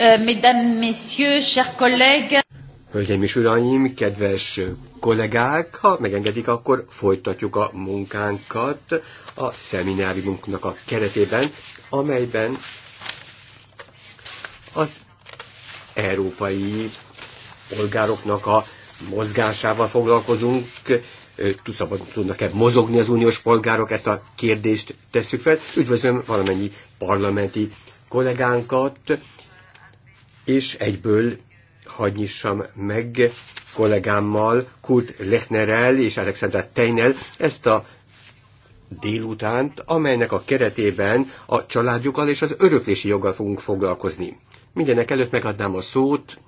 Euh, mesdames, messieurs, chers collègues. Hölgyeim és uraim, kedves kollégák, ha megengedik, akkor folytatjuk a munkánkat a szemináriumunknak a keretében, amelyben az európai polgároknak a mozgásával foglalkozunk, szabad tudnak-e mozogni az uniós polgárok, ezt a kérdést tesszük fel. Üdvözlöm valamennyi parlamenti kollégánkat, és egyből hagynyissam meg kollégámmal, Kurt Lechnerrel és Alexandra Tejnel ezt a délutánt, amelynek a keretében a családjukkal és az öröklési joggal fogunk foglalkozni. Mindenek előtt megadnám a szót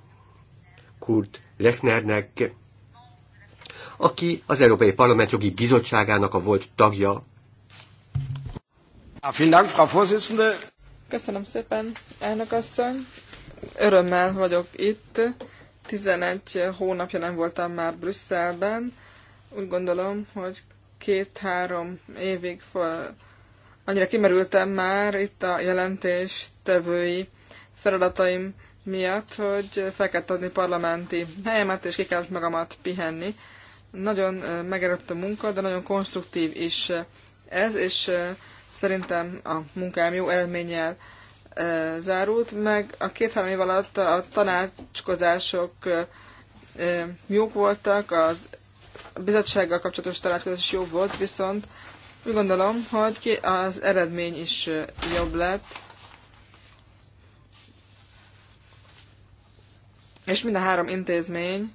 Kurt Lechnernek, aki az Európai Parlament Jogi Bizottságának a volt tagja. Köszönöm szépen, elnök asszony, Örömmel vagyok itt. 11 hónapja nem voltam már Brüsszelben. Úgy gondolom, hogy két-három évig fel, annyira kimerültem már itt a jelentés tevői feladataim miatt, hogy fel kellett adni parlamenti helyemet, és ki kellett magamat pihenni. Nagyon megerőtt a munka, de nagyon konstruktív is ez, és szerintem a munkám jó elménnyel zárult, meg a két-három év alatt a tanácskozások jók voltak, az bizottsággal kapcsolatos tanácskozás is jó volt, viszont úgy gondolom, hogy az eredmény is jobb lett. És mind a három intézmény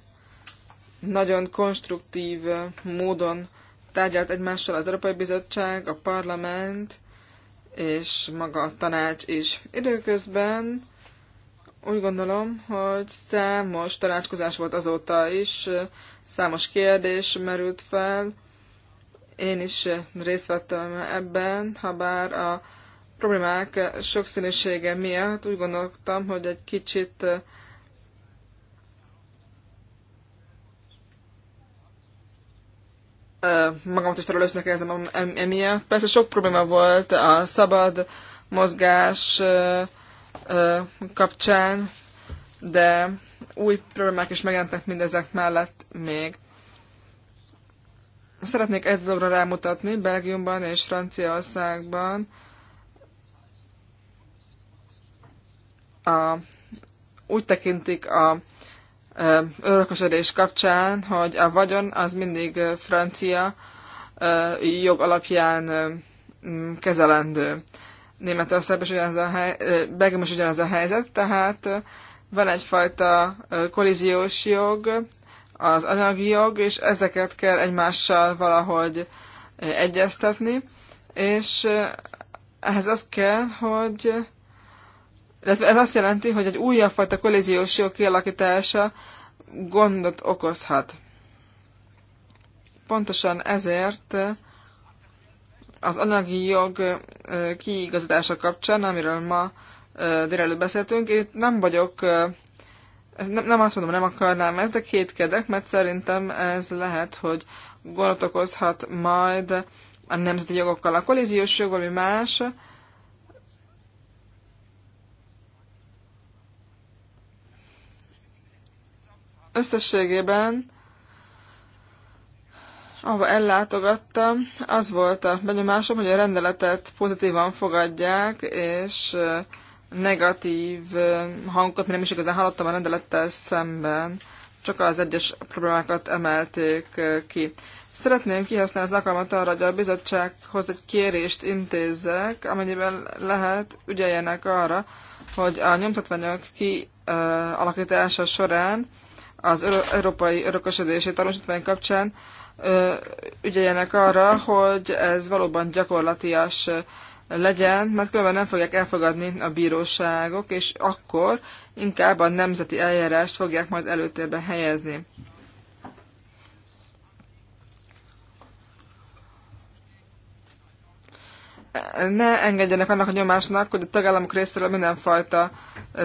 nagyon konstruktív módon tárgyalt egymással az Európai Bizottság, a Parlament, és maga a tanács is. Időközben úgy gondolom, hogy számos tanácskozás volt azóta is, számos kérdés merült fel. Én is részt vettem ebben, ha bár a problémák sokszínűsége miatt úgy gondoltam, hogy egy kicsit magamat is felelősnek érzem emiatt. Persze sok probléma volt a szabad mozgás kapcsán, de új problémák is megjelentek mindezek mellett még. Szeretnék egy dologra rámutatni, Belgiumban és Franciaországban a, úgy tekintik a örökösödés kapcsán, hogy a vagyon az mindig francia jog alapján kezelendő. Németországban is ugyanez a, hely, Belgium is ugyanez a helyzet, tehát van egyfajta kollíziós jog, az anyagi jog, és ezeket kell egymással valahogy egyeztetni, és ehhez az kell, hogy ez azt jelenti, hogy egy újabb fajta kollíziós jog kialakítása gondot okozhat. Pontosan ezért az anyagi jog kiigazítása kapcsán, amiről ma délelőtt beszéltünk, itt nem vagyok, nem, nem azt mondom, nem akarnám ezt, de kétkedek, mert szerintem ez lehet, hogy gondot okozhat majd a nemzeti jogokkal. A kollíziós jog, ami más, Összességében, ahova ellátogattam, az volt a benyomásom, hogy a rendeletet pozitívan fogadják, és eh, negatív eh, hangot, mert nem is igazán hallottam a rendelettel szemben, csak az egyes problémákat emelték eh, ki. Szeretném kihasználni az alkalmat arra, hogy a bizottsághoz egy kérést intézzek, amennyiben lehet, ügyeljenek arra, hogy a nyomtatványok kialakítása során az európai örökösödési tanúsítvány kapcsán ügyeljenek arra, hogy ez valóban gyakorlatias legyen, mert különben nem fogják elfogadni a bíróságok, és akkor inkább a nemzeti eljárást fogják majd előtérbe helyezni. Ne engedjenek annak a nyomásnak, hogy a tagállamok részéről mindenfajta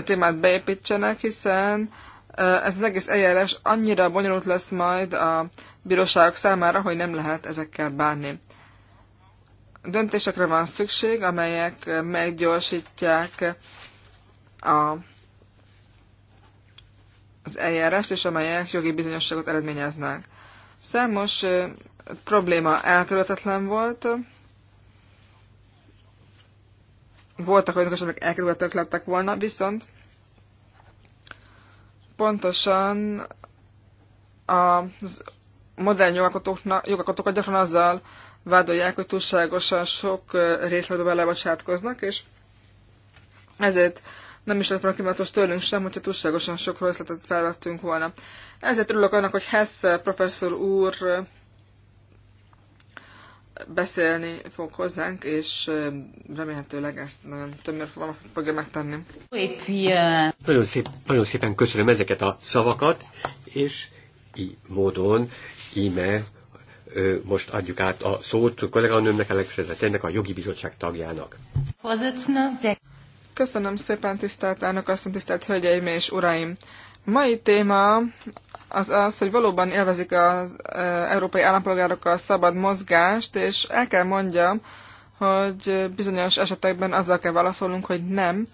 témát beépítsenek, hiszen ez az egész eljárás annyira bonyolult lesz majd a bíróságok számára, hogy nem lehet ezekkel bánni. Döntésekre van szükség, amelyek meggyorsítják a, az eljárást, és amelyek jogi bizonyosságot eredményeznek. Számos probléma elkerülhetetlen volt. Voltak olyanok, amik elkerülhetők lettek volna, viszont pontosan a modern jogalkotókat gyakran azzal vádolják, hogy túlságosan sok részletbe belebocsátkoznak, és ezért nem is lett volna kívánatos tőlünk sem, hogyha túlságosan sok részletet felvettünk volna. Ezért örülök annak, hogy Hess professzor úr beszélni fog hozzánk, és remélhetőleg ezt nagyon tömör fogja megtenni. Nagyon, szép, nagyon szépen köszönöm ezeket a szavakat, és így módon íme most adjuk át a szót a kolléganőmnek, a ennek a jogi bizottság tagjának. Köszönöm szépen, tisztelt elnök azt tisztelt hölgyeim és uraim! mai téma az az, hogy valóban élvezik az európai állampolgárok a szabad mozgást, és el kell mondjam, hogy bizonyos esetekben azzal kell válaszolnunk, hogy nem,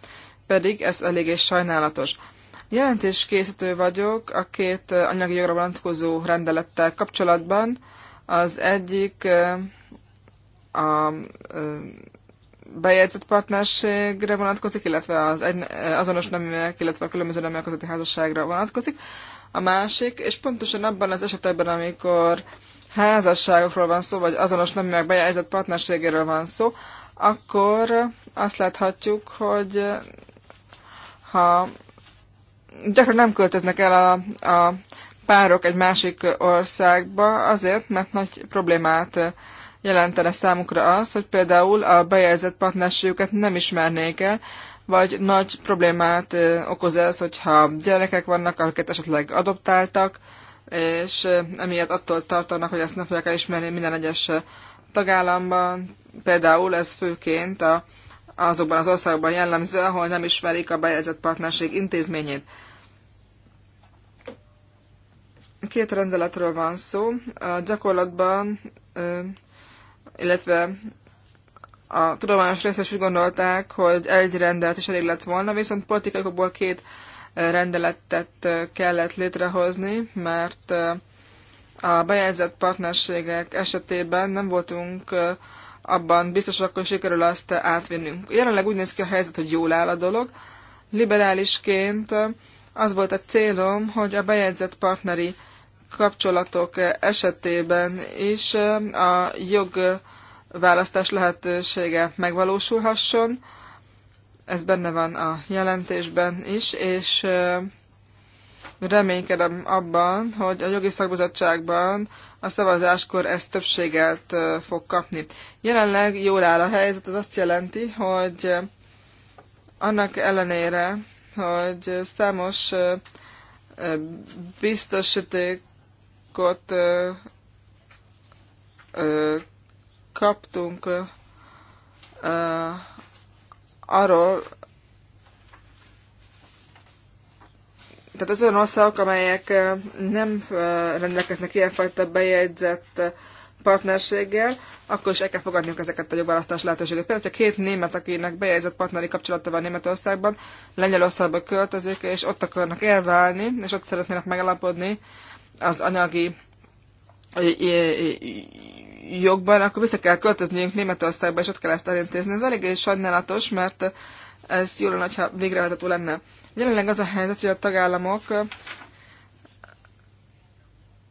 pedig ez eléggé sajnálatos. Jelentéskészítő vagyok a két anyagi jogra vonatkozó rendelettel kapcsolatban. Az egyik a bejegyzett partnerségre vonatkozik, illetve az egy, azonos neműek, illetve a különböző neműek közötti házasságra vonatkozik. A másik, és pontosan abban az esetben, amikor házasságokról van szó, vagy azonos neműek bejegyzett partnerségéről van szó, akkor azt láthatjuk, hogy ha gyakran nem költöznek el a, a párok egy másik országba, azért, mert nagy problémát jelentene számukra az, hogy például a bejelzett partnerségüket nem ismernék el, vagy nagy problémát okoz ez, hogyha gyerekek vannak, akiket esetleg adoptáltak, és emiatt attól tartanak, hogy ezt nem fogják elismerni minden egyes tagállamban. Például ez főként a, azokban az országokban jellemző, ahol nem ismerik a bejegyzett partnerség intézményét. Két rendeletről van szó. A gyakorlatban illetve a tudományos részes úgy gondolták, hogy egy rendelet is elég lett volna, viszont politikaiokból két eh, rendeletet eh, kellett létrehozni, mert eh, a bejegyzett partnerségek esetében nem voltunk abban biztosak, hogy sikerül azt átvinnünk. Jelenleg úgy néz ki a helyzet, hogy jól áll a dolog. Liberálisként az volt a célom, hogy a bejegyzett partneri kapcsolatok esetében is a jogválasztás lehetősége megvalósulhasson. Ez benne van a jelentésben is, és reménykedem abban, hogy a jogi szakbizottságban a szavazáskor ez többséget fog kapni. Jelenleg jól áll a helyzet, az azt jelenti, hogy annak ellenére, hogy számos biztosíték blokkot ö, ö, kaptunk ö, arról, tehát az olyan országok, amelyek nem rendelkeznek ilyenfajta bejegyzett partnerséggel, akkor is el kell fogadniuk ezeket a jogválasztás lehetőséget. Például, ha két német, akinek bejegyzett partneri kapcsolata van Németországban, Lengyelországba költözik, és ott akarnak elválni, és ott szeretnének megalapodni az anyagi jogban, akkor vissza kell költöznünk Németországba, és ott kell ezt elintézni. Ez eléggé sajnálatos, mert ez jól lenne, ha végrehajtható lenne. Jelenleg az a helyzet, hogy a tagállamok,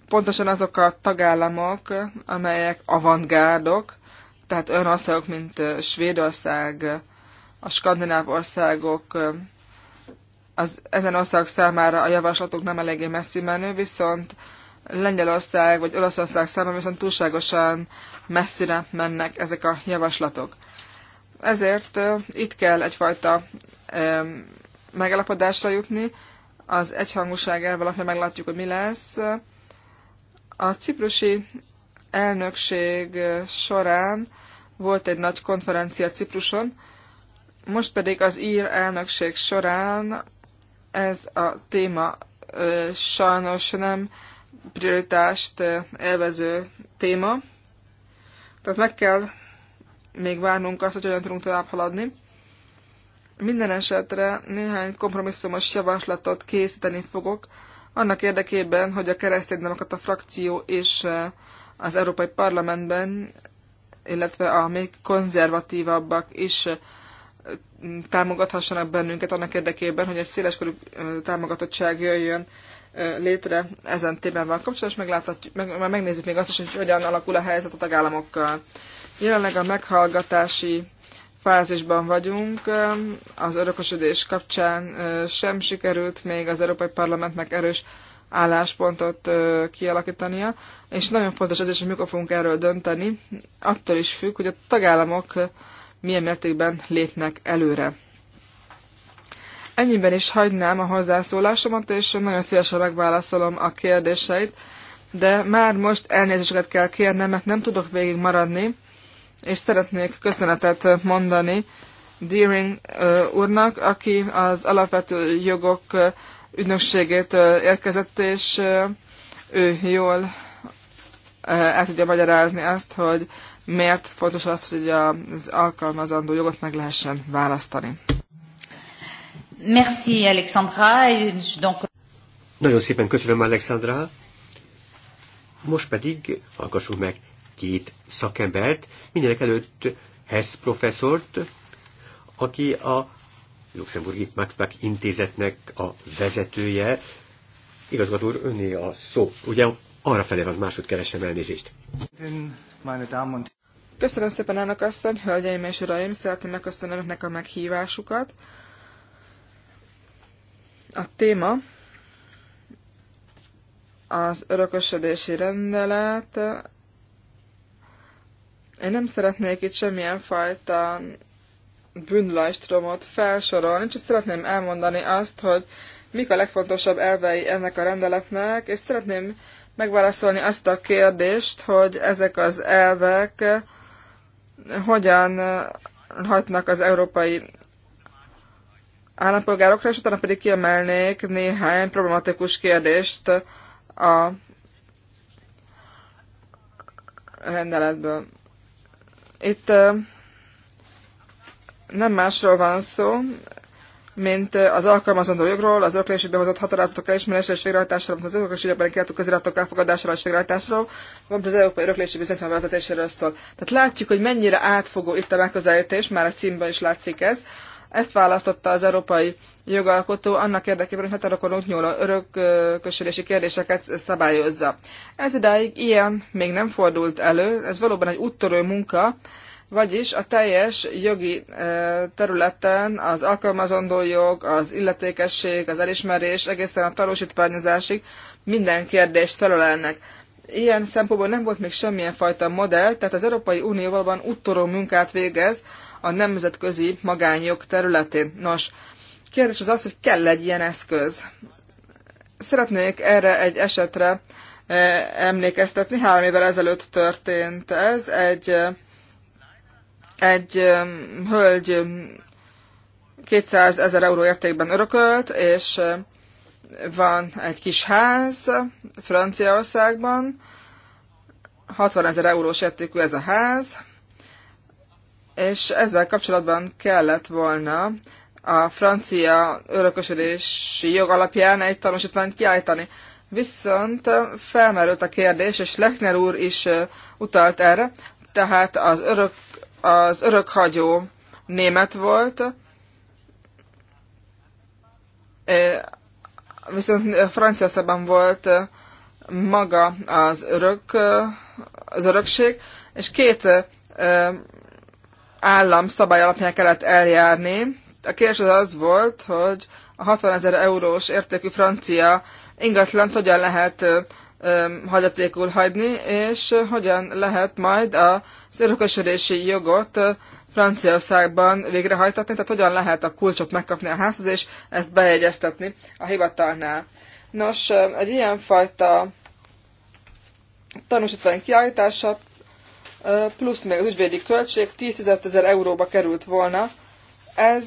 pontosan azok a tagállamok, amelyek avantgárdok, tehát olyan országok, mint Svédország, a skandináv országok, az ezen ország számára a javaslatok nem eléggé messzi menő, viszont Lengyelország vagy Olaszország számára viszont túlságosan messzire mennek ezek a javaslatok. Ezért itt kell egyfajta megállapodásra jutni, az egyhangúság elvalapja meglátjuk, hogy mi lesz. A ciprusi elnökség során volt egy nagy konferencia Cipruson, most pedig az ír elnökség során ez a téma sajnos nem prioritást elvező téma, tehát meg kell még várnunk azt, hogy hogyan tudunk tovább haladni. Minden esetre néhány kompromisszumos javaslatot készíteni fogok, annak érdekében, hogy a a frakció és az Európai Parlamentben, illetve a még konzervatívabbak is támogathassanak bennünket annak érdekében, hogy egy széleskörű támogatottság jöjjön létre ezen témával kapcsolatban, és megláthatjuk, meg, megnézzük még azt is, hogy hogyan alakul a helyzet a tagállamokkal. Jelenleg a meghallgatási fázisban vagyunk. Az örökösödés kapcsán sem sikerült még az Európai Parlamentnek erős álláspontot kialakítania, és nagyon fontos az is, hogy mikor fogunk erről dönteni. Attól is függ, hogy a tagállamok milyen mértékben lépnek előre. Ennyiben is hagynám a hozzászólásomat, és nagyon szívesen megválaszolom a kérdéseit, de már most elnézéseket kell kérnem, mert nem tudok végig maradni, és szeretnék köszönetet mondani Deering úrnak, aki az alapvető jogok ügynökségét érkezett, és ő jól el tudja magyarázni azt, hogy miért fontos az, hogy az alkalmazandó jogot meg lehessen választani. Merci, Alexandra. Donc... Nagyon szépen köszönöm, Alexandra. Most pedig hallgassuk meg két szakembert, mindenek előtt Hess professzort, aki a Luxemburgi Max Planck intézetnek a vezetője. Igazgató úr, önné a szó. Ugye arra felé van, máshogy keresem elnézést meine Damen und Köszönöm szépen, elnök asszony, hölgyeim és uraim, szeretném megköszönni önöknek a meghívásukat. A téma az örökösödési rendelet. Én nem szeretnék itt semmilyen fajta bűnlajstromot felsorolni, csak szeretném elmondani azt, hogy mik a legfontosabb elvei ennek a rendeletnek, és szeretném megválaszolni azt a kérdést, hogy ezek az elvek hogyan hatnak az európai állampolgárokra, és utána pedig kiemelnék néhány problematikus kérdést a rendeletből. Itt nem másról van szó, mint az alkalmazandó jogról, az öröklési behozott határozatok elismerésre és végrehajtásáról, az örökös ügyekben kiadott köziratok elfogadásáról és végrehajtásáról, valamint az európai öröklési bizonyítvány vezetéséről szól. Tehát látjuk, hogy mennyire átfogó itt a megközelítés, már a címben is látszik ez. Ezt választotta az európai jogalkotó annak érdekében, hogy határokon átnyúló örökösödési kérdéseket szabályozza. Ez idáig ilyen még nem fordult elő, ez valóban egy úttörő munka, vagyis a teljes jogi területen az alkalmazandó jog, az illetékesség, az elismerés, egészen a tanúsítványozásig minden kérdést felelelnek. Ilyen szempontból nem volt még semmilyen fajta modell, tehát az Európai Unió valóban úttoró munkát végez a nemzetközi magányjog területén. Nos, kérdés az az, hogy kell egy ilyen eszköz. Szeretnék erre egy esetre emlékeztetni. Három évvel ezelőtt történt ez. Egy egy um, hölgy 200 ezer euró értékben örökölt, és van egy kis ház Franciaországban, 60 ezer eurós értékű ez a ház, és ezzel kapcsolatban kellett volna a francia örökösödési jog alapján egy tanúsítványt kiállítani. Viszont felmerült a kérdés, és Lechner úr is utalt erre, tehát az örök az örökhagyó német volt, viszont Franciaországban volt maga az, örök, az örökség, és két állam szabály alapján kellett eljárni. A kérdés az az volt, hogy a 60 ezer eurós értékű francia ingatlant hogyan lehet hagyatékul hagyni, és hogyan lehet majd az örökösödési jogot Franciaországban végrehajtatni, tehát hogyan lehet a kulcsot megkapni a házhoz, és ezt bejegyeztetni a hivatalnál. Nos, egy ilyenfajta tanúsítvány kiállítása plusz még az ügyvédi költség 10-15 ezer euróba került volna. Ez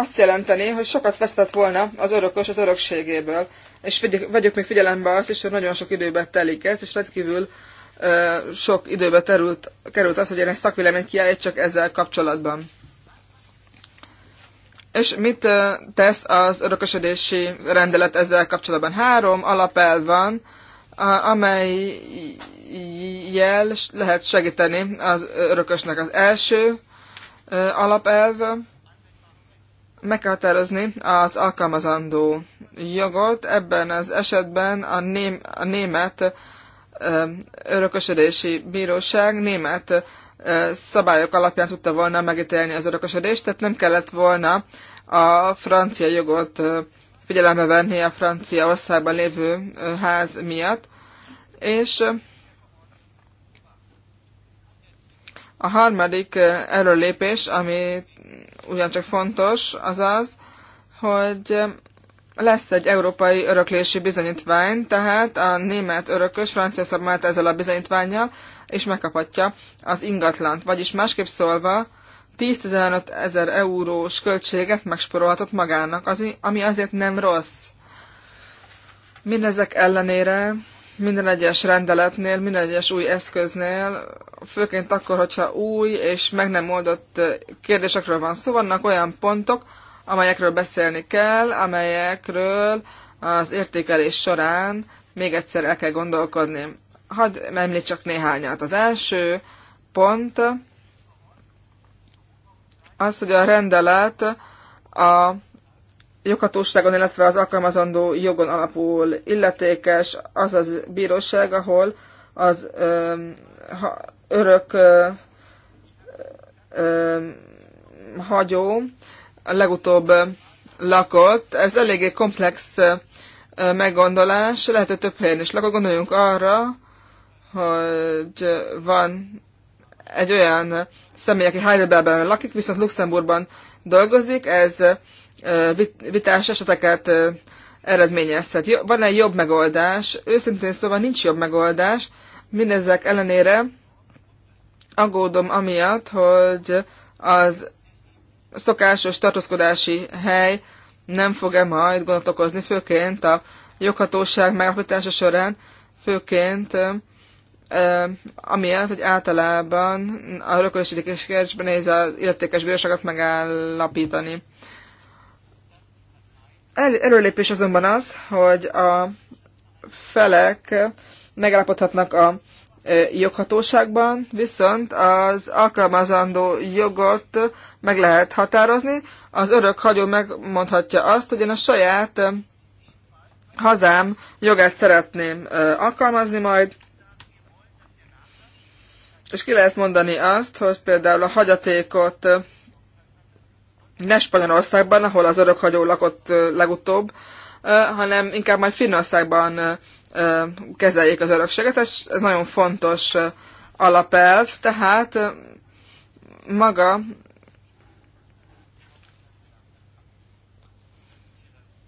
azt jelenteni, hogy sokat vesztett volna az örökös az örökségéből. És vegyük még figyelembe azt is, hogy nagyon sok időben telik ez, és rendkívül ö, sok időbe terült, került az, hogy én egy szakvéleményt kiállítsak ezzel kapcsolatban. És mit tesz az örökösödési rendelet ezzel kapcsolatban? Három alapelv van, amely jel lehet segíteni az örökösnek. Az első alapelv meghatározni az alkalmazandó jogot. Ebben az esetben a, ném, a német örökösödési bíróság német szabályok alapján tudta volna megítélni az örökösödést, tehát nem kellett volna a francia jogot figyelembe venni a francia országban lévő ház miatt, és a harmadik lépés, amit ugyancsak fontos, az az, hogy lesz egy európai öröklési bizonyítvány, tehát a német örökös francia szabmát ezzel a bizonyítványjal, és megkaphatja az ingatlant. Vagyis másképp szólva, 10-15 ezer eurós költséget megsporolhatott magának, ami azért nem rossz. Mindezek ellenére minden egyes rendeletnél, minden egyes új eszköznél, főként akkor, hogyha új és meg nem oldott kérdésekről van szó, vannak olyan pontok, amelyekről beszélni kell, amelyekről az értékelés során még egyszer el kell gondolkodni. Hadd említsek csak néhányat. Az első pont az, hogy a rendelet a joghatóságon, illetve az alkalmazandó jogon alapul illetékes az az bíróság, ahol az ö, ha, örök ö, ö, hagyó a legutóbb lakott. Ez eléggé komplex meggondolás, lehet, hogy több helyen is lakott. Gondoljunk arra, hogy van egy olyan személy, aki Heidelbergben lakik, viszont Luxemburgban dolgozik, ez vitás eseteket eredményezhet. Van-e jobb megoldás? Őszintén szóval nincs jobb megoldás. Mindezek ellenére aggódom amiatt, hogy az szokásos tartózkodási hely nem fog-e majd gondot okozni, főként a joghatóság megállapítása során, főként amiatt, hogy általában a rökölösítékes kérdésben néz az illetékes bíróságot megállapítani. El, előlépés azonban az, hogy a felek megállapodhatnak a joghatóságban, viszont az alkalmazandó jogot meg lehet határozni. Az örök hagyó megmondhatja azt, hogy én a saját hazám jogát szeretném alkalmazni majd, és ki lehet mondani azt, hogy például a hagyatékot ne Spanyolországban, ahol az örökhagyó lakott legutóbb, hanem inkább majd Finnországban kezeljék az örökséget, és ez nagyon fontos alapelv, tehát maga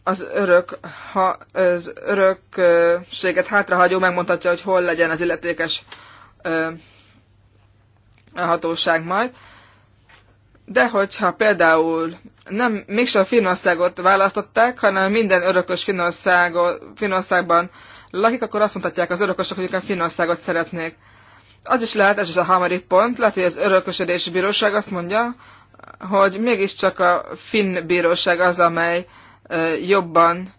az örök, ha az örökséget hátrahagyó megmondhatja, hogy hol legyen az illetékes hatóság majd. De hogyha például nem, mégsem Finnországot választották, hanem minden örökös Finnországban lakik, akkor azt mondhatják az örökösök, hogy inkább Finnországot szeretnék. Az is lehet, ez is a harmadik pont, lehet, hogy az örökösödési bíróság azt mondja, hogy mégiscsak a finn bíróság az, amely jobban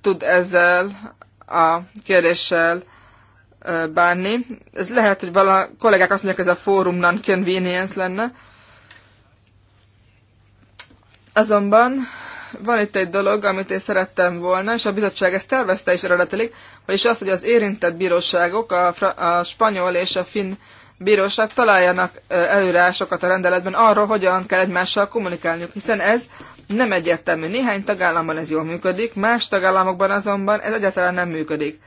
tud ezzel a kérdéssel bánni. Ez lehet, hogy vala kollégák azt mondják, hogy ez a fórumnan convenience lenne, Azonban van itt egy dolog, amit én szerettem volna, és a bizottság ezt tervezte is eredetileg, vagyis az, hogy az érintett bíróságok, a, a spanyol és a finn bíróság találjanak előrásokat a rendeletben arról, hogyan kell egymással kommunikálniuk, hiszen ez nem egyértelmű. Néhány tagállamban ez jól működik, más tagállamokban azonban ez egyáltalán nem működik.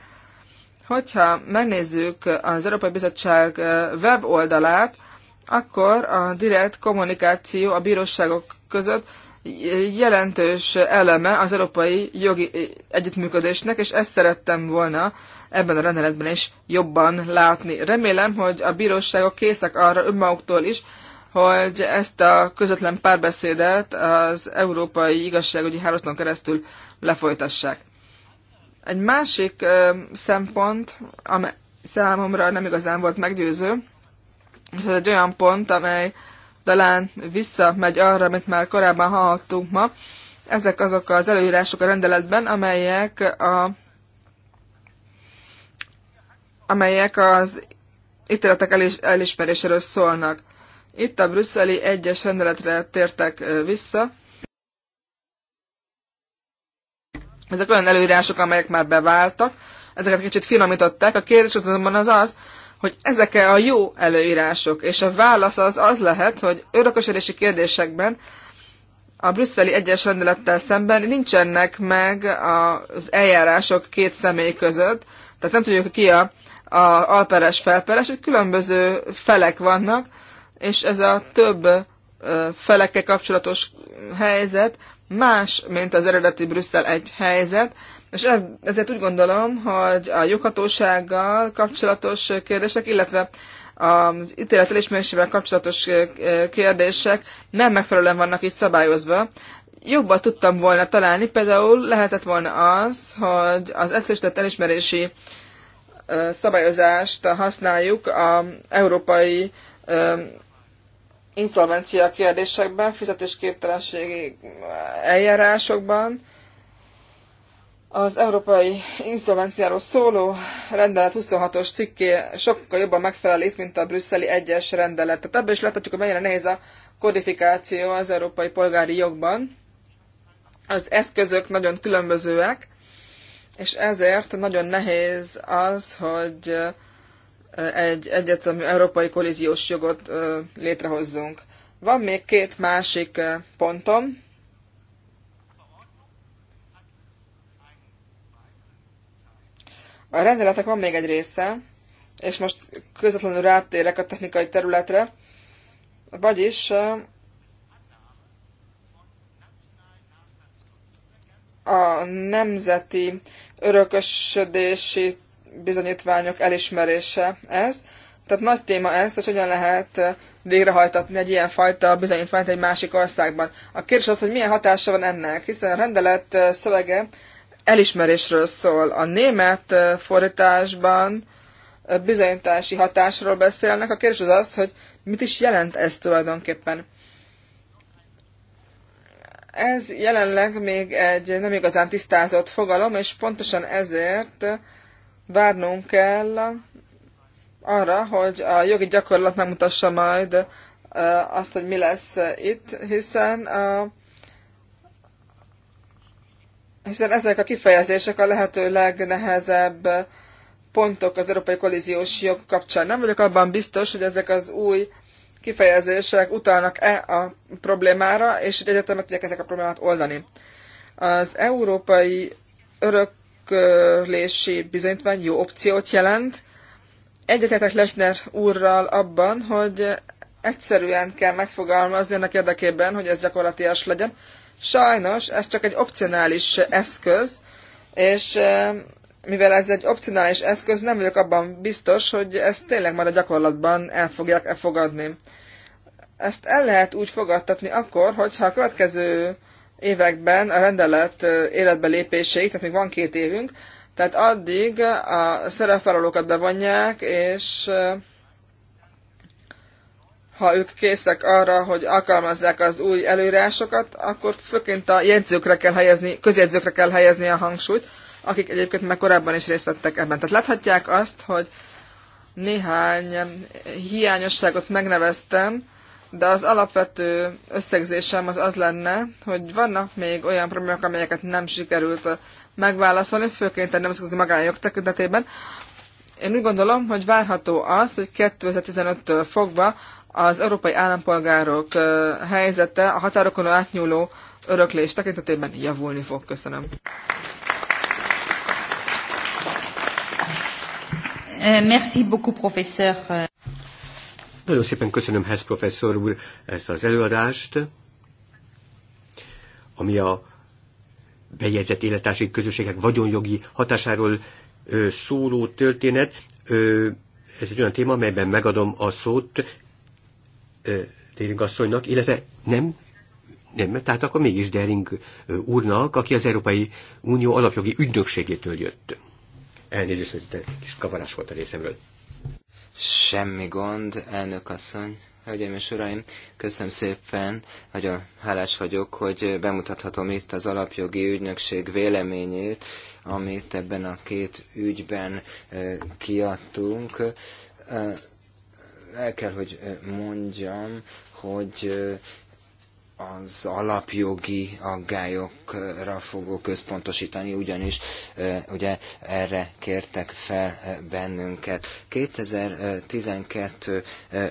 Hogyha megnézzük az Európai Bizottság weboldalát, akkor a direkt kommunikáció a bíróságok között jelentős eleme az európai jogi együttműködésnek, és ezt szerettem volna ebben a rendeletben is jobban látni. Remélem, hogy a bíróságok készek arra önmaguktól is, hogy ezt a közvetlen párbeszédet az Európai Igazságügyi Hálózaton keresztül lefolytassák. Egy másik ö, szempont, ami számomra nem igazán volt meggyőző, és ez egy olyan pont, amely talán visszamegy arra, amit már korábban hallhattunk ma. Ezek azok az előírások a rendeletben, amelyek a amelyek az ítéletek elis, elismeréséről szólnak. Itt a brüsszeli egyes rendeletre tértek vissza. Ezek olyan előírások, amelyek már beváltak, ezeket kicsit finomították. A kérdés azonban az az, hogy ezek -e a jó előírások, és a válasz az az lehet, hogy örökösödési kérdésekben a brüsszeli egyes rendelettel szemben nincsenek meg az eljárások két személy között, tehát nem tudjuk ki a, a alperes, felperes, hogy különböző felek vannak, és ez a több felekkel kapcsolatos helyzet más, mint az eredeti Brüsszel egy helyzet, és e- ezért úgy gondolom, hogy a joghatósággal kapcsolatos kérdések, illetve az ítélet elismerésével kapcsolatos e, kérdések nem megfelelően vannak így szabályozva. Jobban tudtam volna találni, például lehetett volna az, hogy az egyszerűsített elismerési e, szabályozást használjuk az európai inszolvencia kérdésekben, fizetésképtelenségi eljárásokban, az európai inszolvenciáról szóló rendelet 26-os cikké sokkal jobban megfelel itt, mint a brüsszeli egyes rendelet. Tehát ebben is láthatjuk, hogy mennyire nehéz a kodifikáció az európai polgári jogban. Az eszközök nagyon különbözőek, és ezért nagyon nehéz az, hogy eh, egy egyetemű európai kolíziós jogot eh, létrehozzunk. Van még két másik eh, pontom, A rendeletnek van még egy része, és most közvetlenül rátérek a technikai területre, vagyis a nemzeti örökösödési bizonyítványok elismerése ez. Tehát nagy téma ez, hogy hogyan lehet végrehajtatni egy ilyen fajta bizonyítványt egy másik országban. A kérdés az, hogy milyen hatása van ennek, hiszen a rendelet szövege elismerésről szól. A német fordításban bizonyítási hatásról beszélnek. A kérdés az az, hogy mit is jelent ez tulajdonképpen. Ez jelenleg még egy nem igazán tisztázott fogalom, és pontosan ezért várnunk kell arra, hogy a jogi gyakorlat megmutassa majd azt, hogy mi lesz itt, hiszen a hiszen ezek a kifejezések a lehető legnehezebb pontok az európai kolíziós jog kapcsán. Nem vagyok abban biztos, hogy ezek az új kifejezések utalnak-e a problémára, és hogy egyetemek meg tudják ezek a problémát oldani. Az európai öröklési bizonyítvány jó opciót jelent. Egyetetek Lechner úrral abban, hogy egyszerűen kell megfogalmazni ennek érdekében, hogy ez gyakorlatilag legyen. Sajnos ez csak egy opcionális eszköz, és mivel ez egy opcionális eszköz, nem vagyok abban biztos, hogy ezt tényleg majd a gyakorlatban el fogják -e fogadni. Ezt el lehet úgy fogadtatni akkor, hogyha a következő években a rendelet életbe lépéséig, tehát még van két évünk, tehát addig a szerepvállalókat bevonják, és ha ők készek arra, hogy alkalmazzák az új előírásokat, akkor főként a jegyzőkre kell helyezni, közjegyzőkre kell helyezni a hangsúlyt, akik egyébként már korábban is részt vettek ebben. Tehát láthatják azt, hogy néhány hiányosságot megneveztem, de az alapvető összegzésem az az lenne, hogy vannak még olyan problémák, amelyeket nem sikerült megválaszolni, főként a nemzetközi magánjog tekintetében, én úgy gondolom, hogy várható az, hogy 2015-től fogva az európai állampolgárok helyzete a határokon átnyúló öröklés tekintetében javulni fog. Köszönöm. Merci beaucoup, professeur. Nagyon szépen köszönöm, Hess professzor úr, ezt az előadást, ami a bejegyzett élettársi közösségek vagyonjogi hatásáról szóló történet. Ez egy olyan téma, amelyben megadom a szót Déring asszonynak, illetve nem, nem, tehát akkor mégis Dering úrnak, aki az Európai Unió alapjogi ügynökségétől jött. Elnézést, hogy kis kavarás volt a részemről. Semmi gond, elnök asszony. Hölgyeim és Uraim, köszönöm szépen, nagyon hálás vagyok, hogy bemutathatom itt az alapjogi ügynökség véleményét, amit ebben a két ügyben kiadtunk. El kell, hogy mondjam, hogy az alapjogi aggályokra fogok központosítani, ugyanis ugye erre kértek fel bennünket. 2012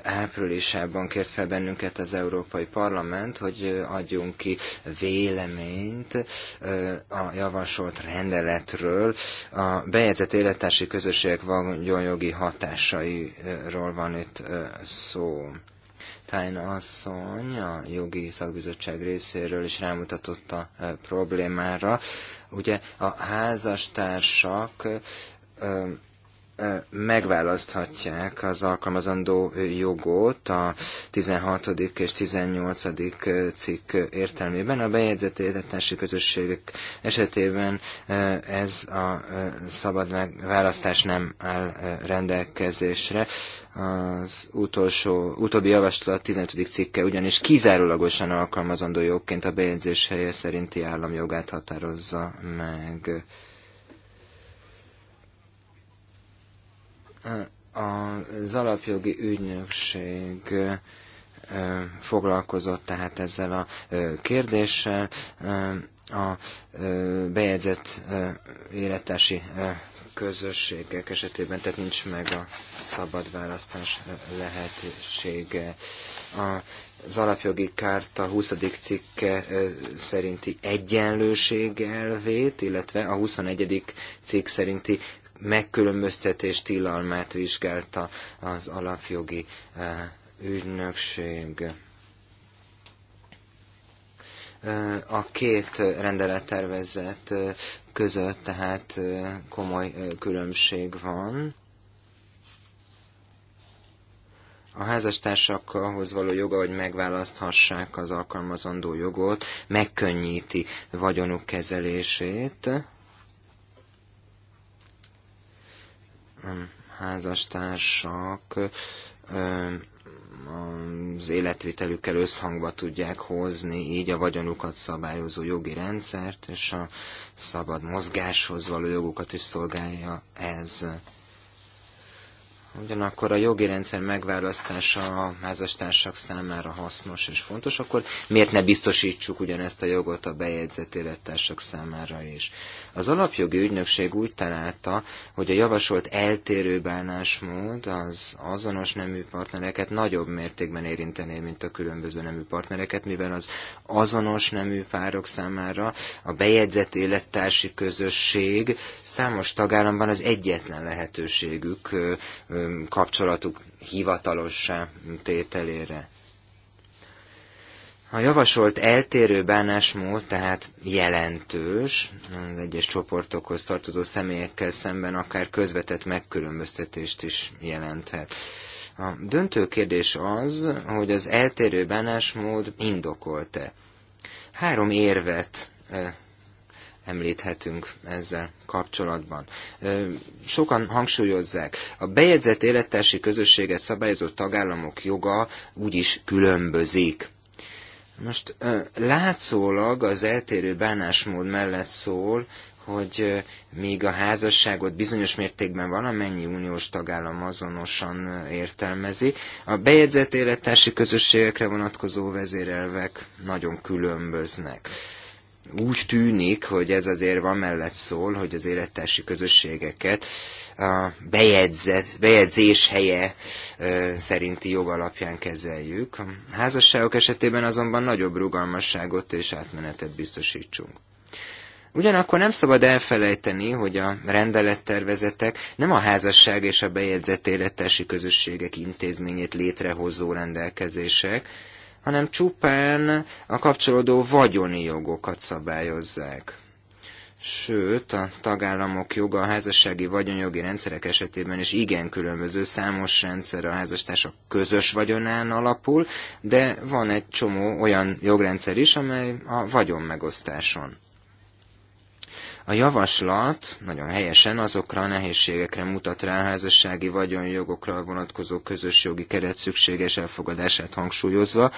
áprilisában kért fel bennünket az Európai Parlament, hogy adjunk ki véleményt a javasolt rendeletről. A bejegyzett élettársi közösségek vagyonjogi hatásairól van itt szó Tájn asszony a jogi szakbizottság részéről is rámutatott a e, problémára. Ugye a házastársak megválaszthatják az alkalmazandó jogot a 16. és 18. cikk értelmében. A bejegyzett élettársi közösségek esetében ez a szabad választás nem áll rendelkezésre. Az utolsó, utóbbi javaslat 15. cikke ugyanis kizárólagosan alkalmazandó jogként a bejegyzés helye szerinti államjogát határozza meg. Az alapjogi ügynökség foglalkozott tehát ezzel a kérdéssel, a bejegyzett élettársi közösségek esetében, tehát nincs meg a szabad választás lehetősége. Az alapjogi kárta 20. cikke szerinti egyenlőség elvét, illetve a 21. cikk szerinti megkülönböztetés tilalmát vizsgálta az alapjogi eh, ügynökség eh, a két rendelettervezet eh, között tehát komoly különbség van. A házastársakhoz való joga, hogy megválaszthassák az alkalmazandó jogot, megkönnyíti vagyonuk kezelését. házastársak az életvitelükkel összhangba tudják hozni így a vagyonukat szabályozó jogi rendszert, és a szabad mozgáshoz való jogukat is szolgálja ez. Ugyanakkor a jogi rendszer megválasztása a házastársak számára hasznos és fontos, akkor miért ne biztosítsuk ugyanezt a jogot a bejegyzett élettársak számára is? Az alapjogi ügynökség úgy találta, hogy a javasolt eltérő bánásmód az azonos nemű partnereket nagyobb mértékben érintené, mint a különböző nemű partnereket, mivel az azonos nemű párok számára a bejegyzett élettársi közösség számos tagállamban az egyetlen lehetőségük kapcsolatuk hivatalossá tételére. A javasolt eltérő bánásmód tehát jelentős, az egyes csoportokhoz tartozó személyekkel szemben akár közvetett megkülönböztetést is jelenthet. A döntő kérdés az, hogy az eltérő bánásmód indokolt-e. Három érvet említhetünk ezzel kapcsolatban. Sokan hangsúlyozzák, a bejegyzett élettársi közösséget szabályozó tagállamok joga úgyis különbözik most látszólag az eltérő bánásmód mellett szól, hogy még a házasságot bizonyos mértékben valamennyi uniós tagállam azonosan értelmezi. A bejegyzett élettársi közösségekre vonatkozó vezérelvek nagyon különböznek. Úgy tűnik, hogy ez azért van mellett szól, hogy az élettársi közösségeket a bejegyzett, bejegyzés helye szerinti jog alapján kezeljük. A házasságok esetében azonban nagyobb rugalmasságot és átmenetet biztosítsunk. Ugyanakkor nem szabad elfelejteni, hogy a rendelettervezetek nem a házasság és a bejegyzett élettársi közösségek intézményét létrehozó rendelkezések, hanem csupán a kapcsolódó vagyoni jogokat szabályozzák sőt a tagállamok joga a házassági vagyonjogi rendszerek esetében is igen különböző. Számos rendszer a házastársak közös vagyonán alapul, de van egy csomó olyan jogrendszer is, amely a vagyonmegosztáson a javaslat nagyon helyesen azokra a nehézségekre mutat rá a házassági vagyonjogokra vonatkozó közös jogi keret szükséges elfogadását hangsúlyozva,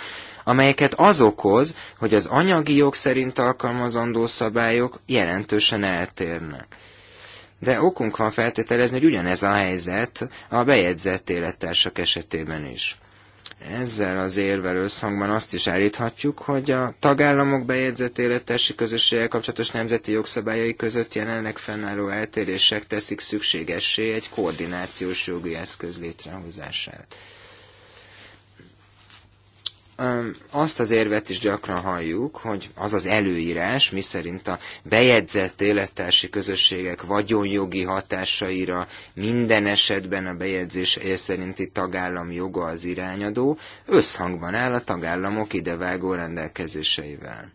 amelyeket az okoz, hogy az anyagi jog szerint alkalmazandó szabályok jelentősen eltérnek. De okunk van feltételezni, hogy ugyanez a helyzet a bejegyzett élettársak esetében is ezzel az érvel összhangban azt is állíthatjuk, hogy a tagállamok bejegyzett élettársi közösségek kapcsolatos nemzeti jogszabályai között jelenleg fennálló eltérések teszik szükségessé egy koordinációs jogi eszköz létrehozását azt az érvet is gyakran halljuk, hogy az az előírás, miszerint a bejegyzett élettársi közösségek vagyonjogi hatásaira minden esetben a bejegyzés szerinti tagállam joga az irányadó, összhangban áll a tagállamok idevágó rendelkezéseivel.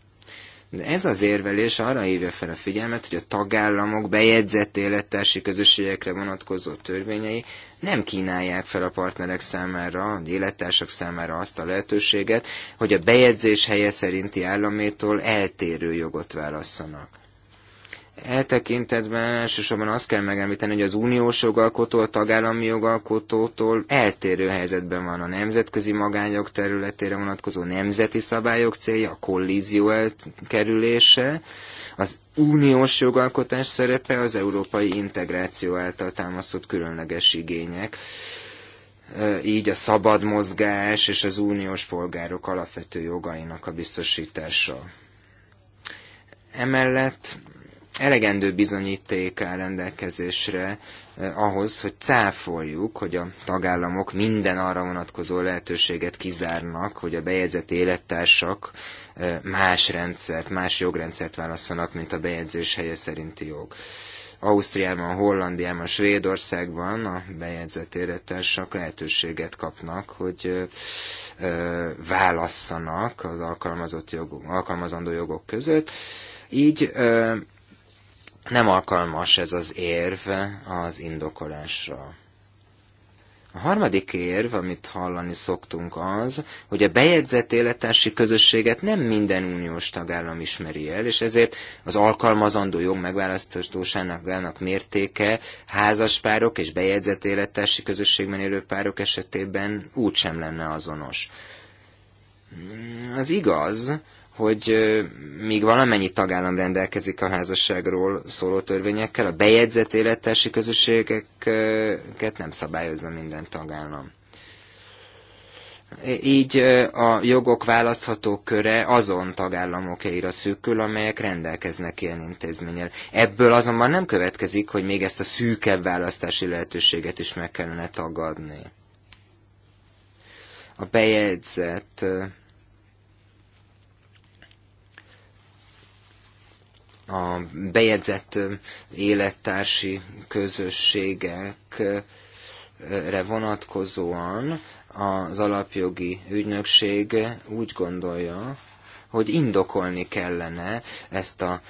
De ez az érvelés arra hívja fel a figyelmet, hogy a tagállamok bejegyzett élettársi közösségekre vonatkozó törvényei nem kínálják fel a partnerek számára, a élettársak számára azt a lehetőséget, hogy a bejegyzés helye szerinti államétól eltérő jogot válasszanak. E tekintetben elsősorban azt kell megemlíteni, hogy az uniós jogalkotó a tagállami jogalkotótól eltérő helyzetben van a nemzetközi magányok területére vonatkozó nemzeti szabályok célja, a kollízió elkerülése, az uniós jogalkotás szerepe az európai integráció által támasztott különleges igények e, így a szabad mozgás és az uniós polgárok alapvető jogainak a biztosítása. Emellett elegendő bizonyíték áll rendelkezésre eh, ahhoz, hogy cáfoljuk, hogy a tagállamok minden arra vonatkozó lehetőséget kizárnak, hogy a bejegyzett élettársak eh, más rendszert, más jogrendszert válaszanak, mint a bejegyzés helye szerinti jog. Ausztriában, Hollandiában, Svédországban a bejegyzett élettársak lehetőséget kapnak, hogy eh, válasszanak az alkalmazott jogok, alkalmazandó jogok között. Így nem alkalmas ez az érv az indokolásra. A harmadik érv, amit hallani szoktunk az, hogy a bejegyzett élettársi közösséget nem minden uniós tagállam ismeri el, és ezért az alkalmazandó jog megválasztóságának mértéke házaspárok és bejegyzett élettársi közösségben élő párok esetében úgysem lenne azonos. Az igaz, hogy míg valamennyi tagállam rendelkezik a házasságról szóló törvényekkel, a bejegyzett élettársi közösségeket nem szabályozza minden tagállam. Így a jogok választható köre azon tagállamokéra szűkül, amelyek rendelkeznek ilyen intézménnyel. Ebből azonban nem következik, hogy még ezt a szűkebb választási lehetőséget is meg kellene tagadni. A bejegyzett a bejegyzett élettársi közösségekre vonatkozóan az alapjogi ügynökség úgy gondolja, hogy indokolni kellene ezt a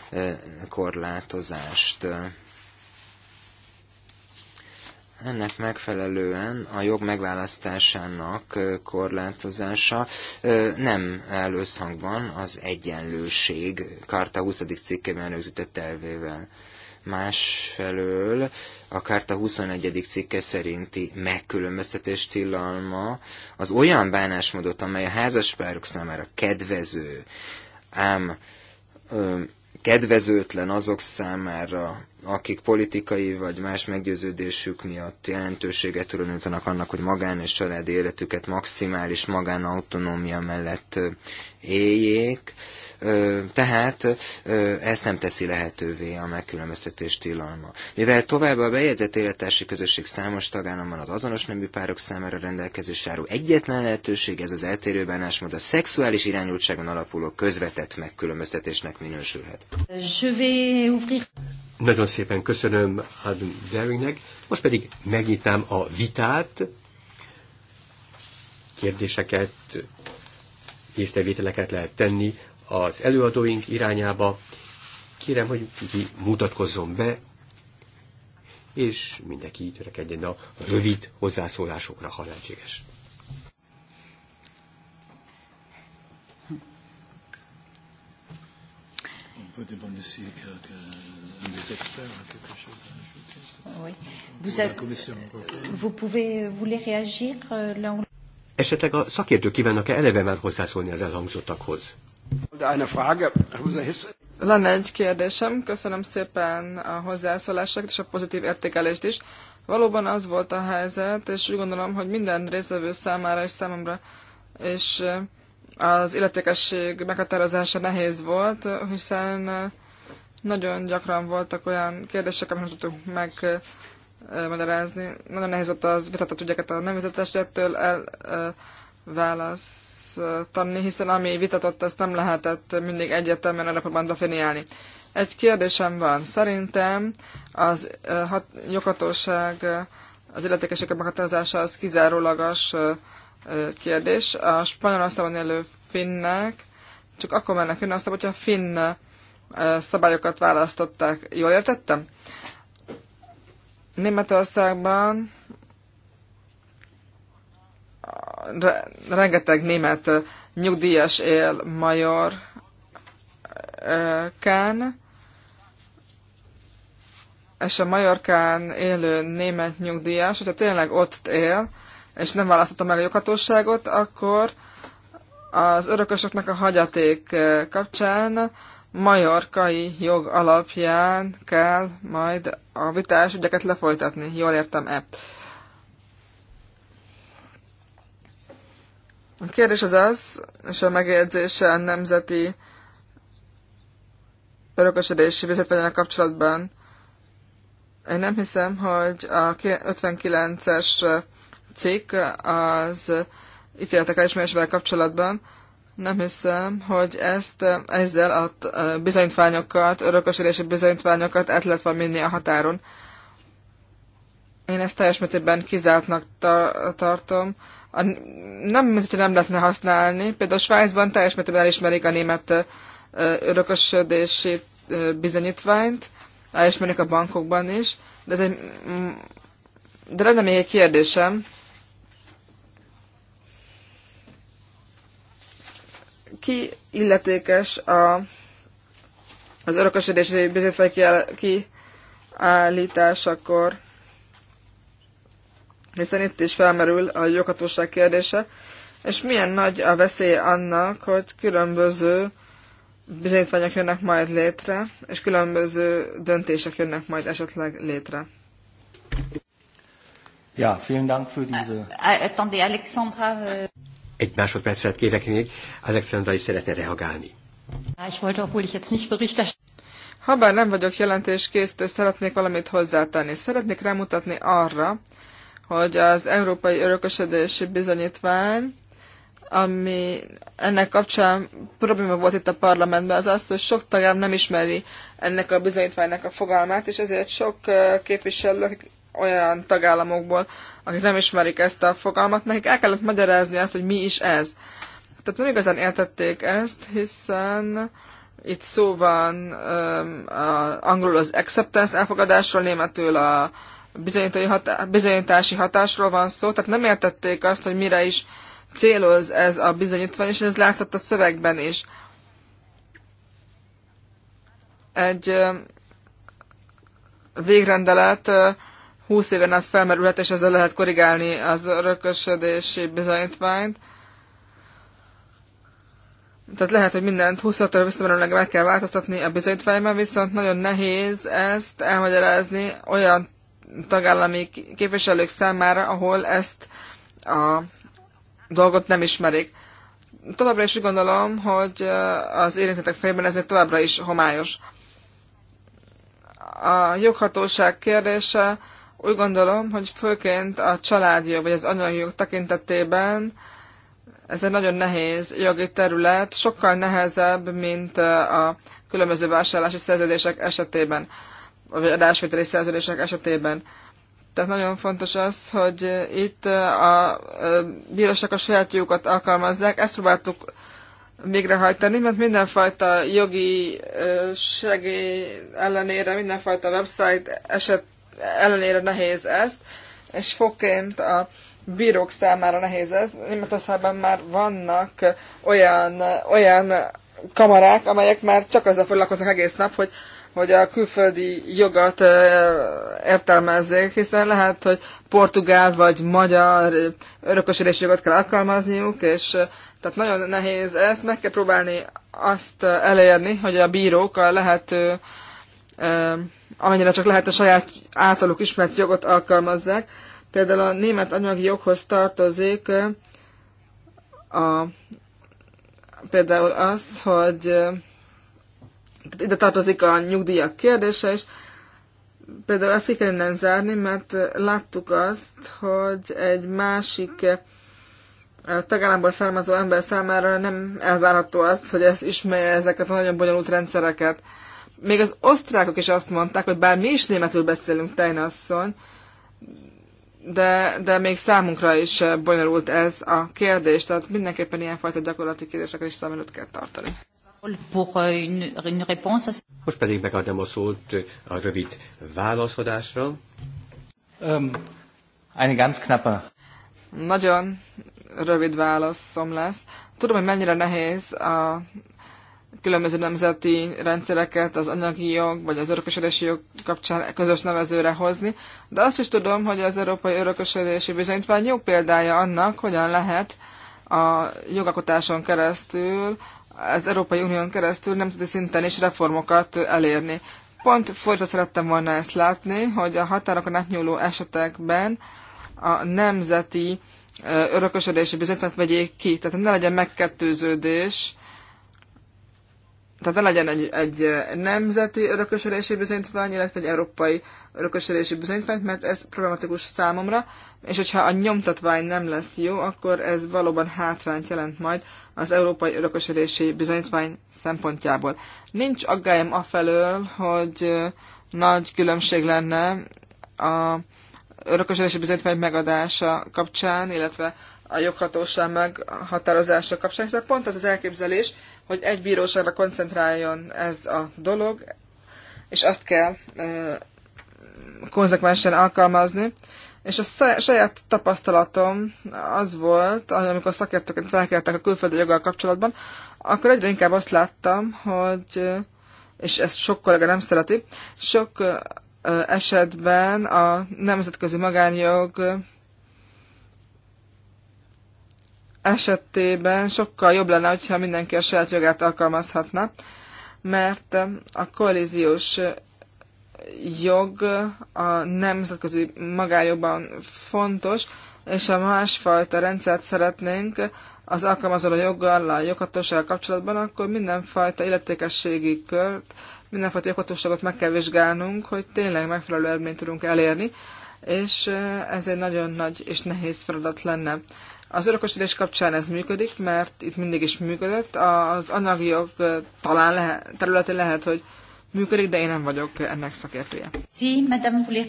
korlátozást ennek megfelelően a jog megválasztásának korlátozása nem áll összhangban az egyenlőség Karta 20. cikkében rögzített elvével. Másfelől a Karta 21. cikke szerinti megkülönböztetés tilalma az olyan bánásmódot, amely a házaspárok számára kedvező, ám ö, kedvezőtlen azok számára, akik politikai vagy más meggyőződésük miatt jelentőséget tulajdonítanak annak, hogy magán és családi életüket maximális magánautonómia mellett éljék. Tehát ezt nem teszi lehetővé a megkülönböztetés tilalma. Mivel továbbá a bejegyzett élettársi közösség számos tagállamban az azonos nemű párok számára rendelkezés álló egyetlen lehetőség, ez az eltérő bánásmód a szexuális irányultságon alapuló közvetett megkülönböztetésnek minősülhet. Nagyon szépen köszönöm Adam Deringnek. Most pedig megnyitám a vitát, kérdéseket, észrevételeket lehet tenni az előadóink irányába. Kérem, hogy ki mutatkozzon be, és mindenki törekedjen a rövid hozzászólásokra, ha lehetséges. On a des experts quelque chose oui. vous, avez, vous pouvez, vous voulez réagir euh, là Esetleg a szakértők kívánnak-e eleve már hozzászólni az elhangzottakhoz? Van egy kérdésem, köszönöm szépen a hozzászólásokat és a pozitív értékelést is. Valóban az volt a helyzet, és úgy gondolom, hogy minden részvevő számára és számomra és az illetékesség meghatározása nehéz volt, hiszen nagyon gyakran voltak olyan kérdések, amit nem tudtuk meg magyarázni. Nagyon nehéz volt az vitatott ügyeket a nem vitatott ügyettől elválasztani, hiszen ami vitatott, ezt nem lehetett mindig egyértelműen alapban definiálni. Egy kérdésem van. Szerintem az hat, joghatóság, az illetékesek meghatározása az kizárólagos kérdés. A spanyol élő finnek csak akkor mennek Finnországba, hogyha finn szabályokat választották. Jól értettem? Németországban rengeteg német nyugdíjas él Majorkán, és a Majorkán élő német nyugdíjas, hogyha tényleg ott él, és nem választotta meg a joghatóságot, akkor az örökösöknek a hagyaték kapcsán majorkai jog alapján kell majd a vitás ügyeket lefolytatni. Jól értem-e? A kérdés az az, és a megjegyzése a nemzeti örökösödési vizetvegyenek kapcsolatban. Én nem hiszem, hogy a 59-es cikk az ítéletek elismerésével kapcsolatban nem hiszem, hogy ezt eh, ezzel a eh, bizonyítványokat, örökösödési bizonyítványokat át lehet vinni a határon. Én ezt teljes mértékben kizártnak tar- tartom. A, nem, mint hogyha nem lehetne használni. Például Svájcban teljes mértékben elismerik a német eh, örökösödési bizonyítványt, elismerik a bankokban is, de ez egy... Mm, de lenne még egy kérdésem, ki illetékes a, az örökösödési bizonyítvány kiállításakor, hiszen itt is felmerül a joghatóság kérdése, és milyen nagy a veszély annak, hogy különböző bizonyítványok jönnek majd létre, és különböző döntések jönnek majd esetleg létre. Ja, vielen Dank für diese... Äh, äh, attendez, Alexandra... Euh- egy másodpercet kérek még, Alexandra is szeretne reagálni. Ha, bár Habár nem vagyok jelentéskészítő, szeretnék valamit hozzátenni. Szeretnék rámutatni arra, hogy az Európai Örökösödési Bizonyítvány, ami ennek kapcsán probléma volt itt a parlamentben, az az, hogy sok tagállam nem ismeri ennek a bizonyítványnak a fogalmát, és ezért sok eh, képviselő, olyan tagállamokból, akik nem ismerik ezt a fogalmat, nekik el kellett magyarázni azt, hogy mi is ez. Tehát nem igazán értették ezt, hiszen itt szó van um, a, angolul az acceptance elfogadásról, németül a hatá- bizonyítási hatásról van szó, tehát nem értették azt, hogy mire is céloz ez a bizonyítvány, és ez látszott a szövegben is. Egy um, végrendelet uh, 20 éven át felmerülhet, és ezzel lehet korrigálni az örökösödési bizonyítványt. Tehát lehet, hogy mindent 26-ra visszamenőleg meg kell változtatni a bizonyítványban, viszont nagyon nehéz ezt elmagyarázni olyan tagállami képviselők számára, ahol ezt a dolgot nem ismerik. Továbbra is úgy gondolom, hogy az érintettek fejében ezért továbbra is homályos. A joghatóság kérdése úgy gondolom, hogy főként a családjog vagy az jog tekintetében ez egy nagyon nehéz jogi terület, sokkal nehezebb, mint a különböző vásárlási szerződések esetében, vagy adásvételi szerződések esetében. Tehát nagyon fontos az, hogy itt a bíróság a saját jogokat alkalmazzák. Ezt próbáltuk végrehajtani, mert mindenfajta jogi segély ellenére, mindenfajta website eset ellenére nehéz ezt, és fokként a bírók számára nehéz ez. Németországban már vannak olyan, olyan kamarák, amelyek már csak azzal foglalkoznak egész nap, hogy, hogy a külföldi jogat értelmezzék, hiszen lehet, hogy portugál vagy magyar örökösödési jogot kell alkalmazniuk, és tehát nagyon nehéz ezt, meg kell próbálni azt elérni, hogy a bírók a lehető amennyire csak lehet a saját általuk ismert jogot alkalmazzák. Például a német anyagi joghoz tartozik a, például az, hogy ide tartozik a nyugdíjak kérdése is, például ezt ki kellene zárni, mert láttuk azt, hogy egy másik eh, tagállamból származó ember számára nem elvárható azt, hogy ezt ismerje ezeket a nagyon bonyolult rendszereket. Még az osztrákok is azt mondták, hogy bár mi is németül beszélünk, Tejnasszony, de, de még számunkra is eh, bonyolult ez a kérdés, tehát mindenképpen ilyenfajta gyakorlati kérdéseket is szem előtt kell tartani. Eh, Most pedig megadom a szót eh, a rövid válaszodásra. Um, eine ganz knappe. Nagyon rövid válaszom lesz. Tudom, hogy mennyire nehéz a különböző nemzeti rendszereket, az anyagi jog vagy az örökösödési jog kapcsán közös nevezőre hozni, de azt is tudom, hogy az Európai Örökösödési Bizonyítvány jó példája annak, hogyan lehet a jogakotáson keresztül, az Európai Unión keresztül nemzeti szinten is reformokat elérni. Pont fordítva szerettem volna ezt látni, hogy a határokon átnyúló esetekben a nemzeti örökösödési bizonyítványt vegyék ki, tehát ne legyen megkettőződés, tehát ne legyen egy, egy nemzeti örökösödési bizonyítvány, illetve egy európai örökösödési bizonyítvány, mert ez problematikus számomra, és hogyha a nyomtatvány nem lesz jó, akkor ez valóban hátrányt jelent majd az európai örökösödési bizonyítvány szempontjából. Nincs aggályom afelől, hogy nagy különbség lenne a örökösödési bizonyítvány megadása kapcsán, illetve a joghatóság meghatározása kapcsán, hiszen pont az az elképzelés, hogy egy bíróságra koncentráljon ez a dolog, és azt kell konzekvensen alkalmazni. És a saját tapasztalatom az volt, amikor szakértőként felkértek a külföldi joggal kapcsolatban, akkor egyre inkább azt láttam, hogy, és ezt sok kollega nem szereti, sok esetben a nemzetközi magánjog esetében sokkal jobb lenne, hogyha mindenki a saját jogát alkalmazhatna, mert a koalíziós jog a nemzetközi magájogban fontos, és a másfajta rendszert szeretnénk az alkalmazó joggal, a joghatósággal kapcsolatban, akkor mindenfajta illetékességi kört, mindenfajta joghatóságot meg kell vizsgálnunk, hogy tényleg megfelelő eredményt tudunk elérni, és ez egy nagyon nagy és nehéz feladat lenne. Az örökösödés kapcsán ez működik, mert itt mindig is működött. Az anyagi jog talán lehet, területe lehet, hogy működik, de én nem vagyok ennek szakértője. Sí, madame,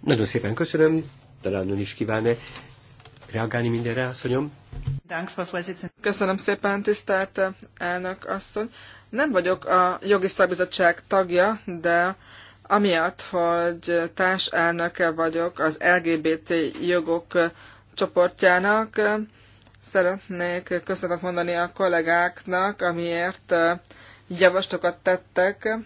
Nagyon szépen köszönöm. Talán ön is kíván-e reagálni mindenre, asszonyom? Köszönöm szépen, tisztelt elnök asszony. Nem vagyok a jogi szakbizottság tagja, de amiatt, hogy társelnöke vagyok az LGBT jogok csoportjának. Szeretnék köszönetet mondani a kollégáknak, amiért javaslatokat tettek,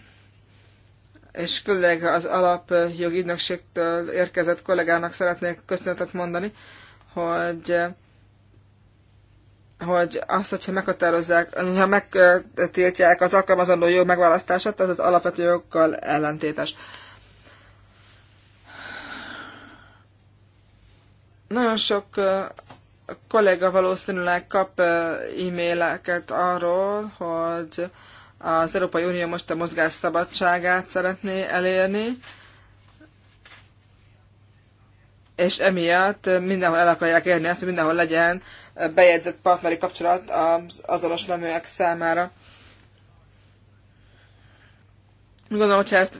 és főleg az alapjogi ügynökségtől érkezett kollégának szeretnék köszönetet mondani, hogy hogy azt, hogyha meghatározzák, ha megtiltják az alkalmazandó jog megválasztását, az az alapvető jogokkal ellentétes. Nagyon sok kollega valószínűleg kap e-maileket arról, hogy az Európai Unió most a mozgás szabadságát szeretné elérni, és emiatt mindenhol el akarják érni azt, hogy mindenhol legyen bejegyzett partneri kapcsolat az azonos neműek számára. Gondolom, hogyha ezt,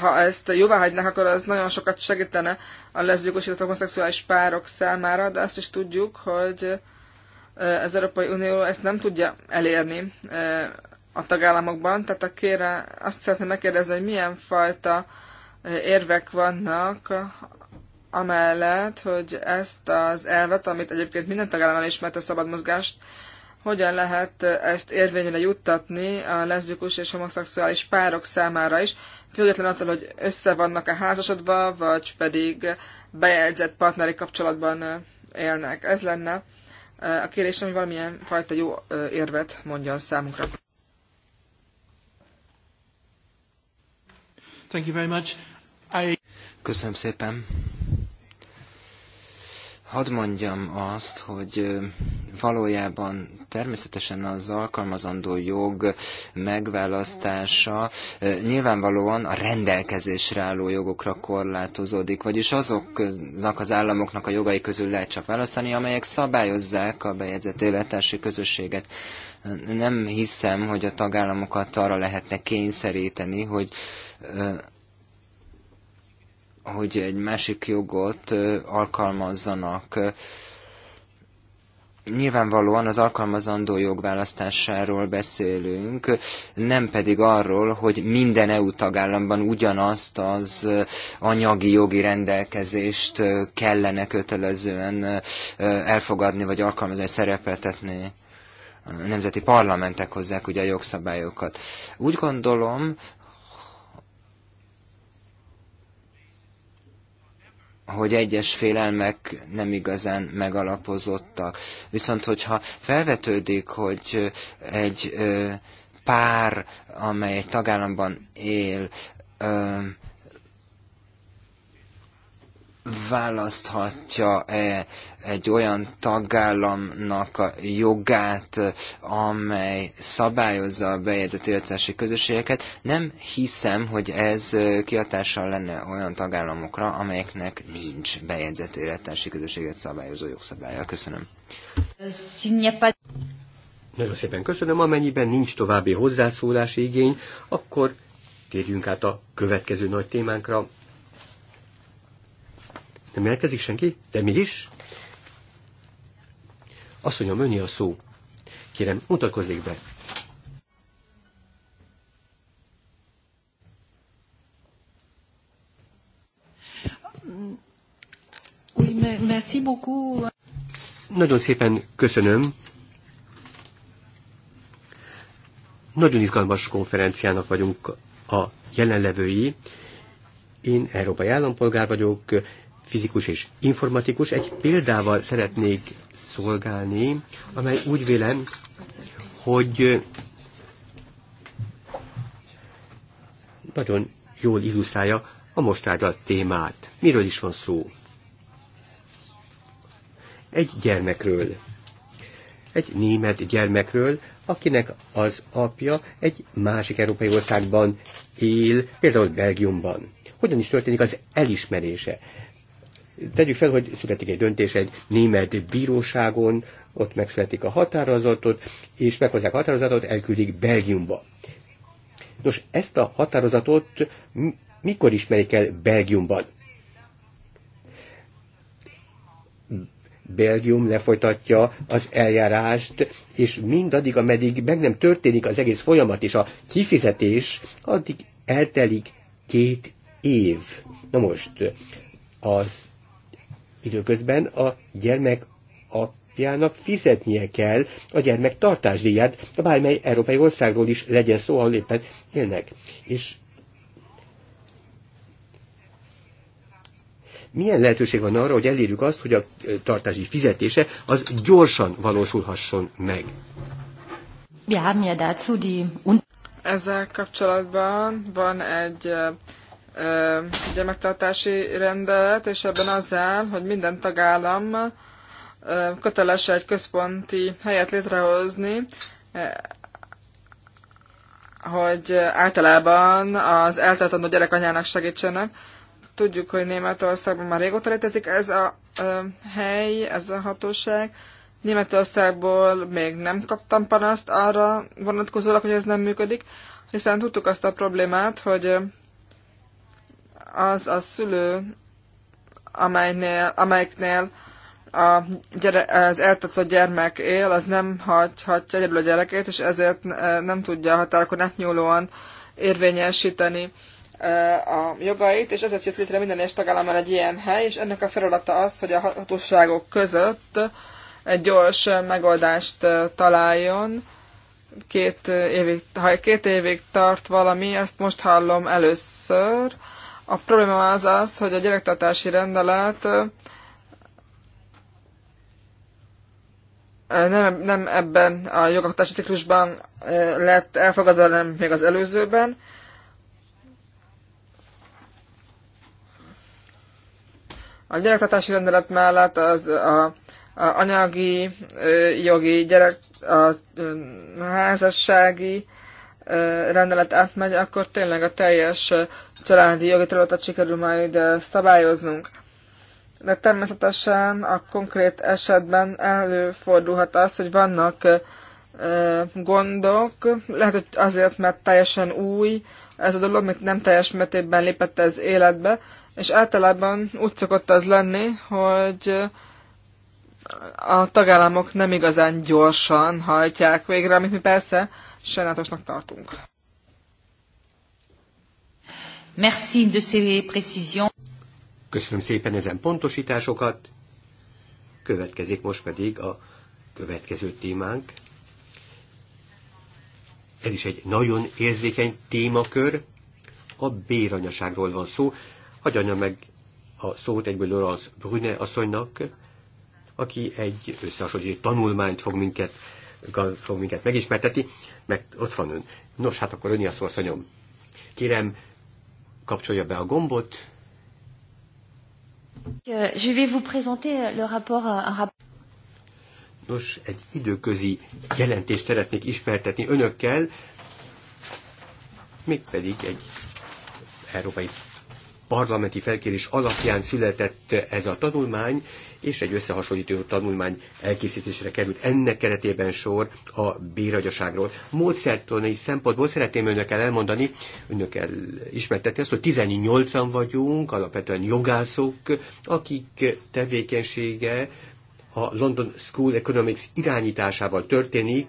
ha ezt jóvá hagynak, akkor az nagyon sokat segítene a leszbikus, illetve homoszexuális párok számára, de azt is tudjuk, hogy az Európai Unió ezt nem tudja elérni a tagállamokban. Tehát a kére, azt szeretném megkérdezni, hogy milyen fajta érvek vannak amellett, hogy ezt az elvet, amit egyébként minden tagállam elismert a szabad mozgást, hogyan lehet ezt érvényre juttatni a leszbikus és homoszexuális párok számára is, független attól, hogy össze vannak-e házasodva, vagy pedig bejegyzett partneri kapcsolatban élnek. Ez lenne a kérés, hogy valamilyen fajta jó érvet mondjon számunkra. Thank you very much. I... Köszönöm szépen. Hadd mondjam azt, hogy valójában Természetesen az alkalmazandó jog megválasztása nyilvánvalóan a rendelkezésre álló jogokra korlátozódik, vagyis azoknak az államoknak a jogai közül lehet csak választani, amelyek szabályozzák a bejegyzett élettársi közösséget nem hiszem, hogy a tagállamokat arra lehetne kényszeríteni, hogy hogy egy másik jogot alkalmazzanak nyilvánvalóan az alkalmazandó jogválasztásáról beszélünk, nem pedig arról, hogy minden EU tagállamban ugyanazt az anyagi jogi rendelkezést kellene kötelezően elfogadni vagy alkalmazni, szerepeltetni a nemzeti parlamentek hozzák ugye a jogszabályokat. Úgy gondolom, hogy egyes félelmek nem igazán megalapozottak. Viszont hogyha felvetődik, hogy egy pár, amely egy tagállamban él, választhatja-e egy olyan tagállamnak a jogát, amely szabályozza a bejegyzett élettársi közösségeket. Nem hiszem, hogy ez kiatással lenne olyan tagállamokra, amelyeknek nincs bejegyzett élettársi közösséget szabályozó jogszabálya. Köszönöm. Nagyon szépen köszönöm. Amennyiben nincs további hozzászólási igény, akkor térjünk át a következő nagy témánkra, nem elkezik senki? De Azt Asszonyom, önnyi a szó. Kérem, mutatkozzék be. Merci beaucoup. Nagyon szépen köszönöm. Nagyon izgalmas konferenciának vagyunk a jelenlevői. Én európai állampolgár vagyok, fizikus és informatikus. Egy példával szeretnék szolgálni, amely úgy vélem, hogy nagyon jól illusztrálja a most tárgyalt témát. Miről is van szó? Egy gyermekről. Egy német gyermekről, akinek az apja egy másik európai országban él, például Belgiumban. Hogyan is történik az elismerése Tegyük fel, hogy születik egy döntés egy német bíróságon, ott megszületik a határozatot, és meghozzák a határozatot, elküldik Belgiumba. Nos, ezt a határozatot mikor ismerik el Belgiumban? Belgium lefolytatja az eljárást, és mindaddig, ameddig meg nem történik az egész folyamat és a kifizetés, addig eltelik két év. Na most, az időközben a gyermek apjának fizetnie kell a gyermek tartásdíját, bármely európai országról is legyen szó, ahol éppen élnek. És milyen lehetőség van arra, hogy elérjük azt, hogy a tartási fizetése az gyorsan valósulhasson meg? Wir haben ja dazu die Ezzel kapcsolatban van egy gyermektartási rendelet, és ebben az áll, hogy minden tagállam köteles egy központi helyet létrehozni, hogy általában az eltartandó gyerekanyának segítsenek. Tudjuk, hogy Németországban már régóta létezik ez a hely, ez a hatóság. Németországból még nem kaptam panaszt arra vonatkozólag, hogy ez nem működik, hiszen tudtuk azt a problémát, hogy az a szülő, amelynél, amelyiknél a gyere, az eltartott gyermek él, az nem hagyhatja egyedül a gyerekét, és ezért eh, nem tudja határokon átnyúlóan érvényesíteni eh, a jogait, és ezért jött létre minden egyes tagállamban egy ilyen hely, és ennek a feladata az, hogy a hatóságok között egy gyors megoldást eh, találjon, két évig, ha két évig tart valami, ezt most hallom először, a probléma az az, hogy a gyerektartási rendelet nem, nem ebben a jogalkotási ciklusban lett elfogadva, hanem még az előzőben. A gyerektartási rendelet mellett az a, a anyagi, jogi, gyerek, a házassági rendelet átmegy, akkor tényleg a teljes családi jogi területet sikerül majd szabályoznunk. De természetesen a konkrét esetben előfordulhat az, hogy vannak gondok, lehet, hogy azért, mert teljesen új ez a dolog, mint nem teljes mértékben lépett ez életbe, és általában úgy szokott az lenni, hogy a tagállamok nem igazán gyorsan hajtják végre, amit mi persze sajnálatosnak tartunk. Merci de ces précisions. Köszönöm szépen ezen pontosításokat. Következik most pedig a következő témánk. Ez is egy nagyon érzékeny témakör. A béranyaságról van szó. Hagyja meg a szót egyből Laurence Brune asszonynak, aki egy összehasonlító tanulmányt fog minket, fog minket megismerteti, meg ott van ön. Nos, hát akkor ön a szó, asszonyom. Kérem, kapcsolja be a gombot. Euh, je vais vous présenter euh, le euh, rapport, Nos, egy időközi jelentést szeretnék ismertetni önökkel, mégpedig egy európai parlamenti felkérés alapján született ez a tanulmány, és egy összehasonlító tanulmány elkészítésre került. Ennek keretében sor a bérhagyaságról. Módszertani szempontból szeretném önökkel elmondani, önökkel ismertetni azt, hogy 18-an vagyunk, alapvetően jogászok, akik tevékenysége a London School Economics irányításával történik,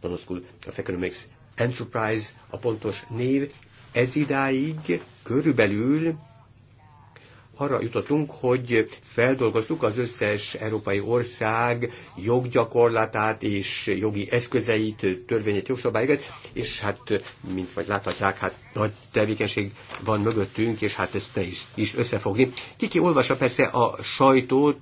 London School of Economics Enterprise a pontos név, ez idáig körülbelül arra jutottunk, hogy feldolgoztuk az összes európai ország joggyakorlatát és jogi eszközeit, törvényét, jogszabályokat, és hát, mint vagy láthatják, hát nagy tevékenység van mögöttünk, és hát ezt te is, is összefogni. Kiki olvassa persze a sajtót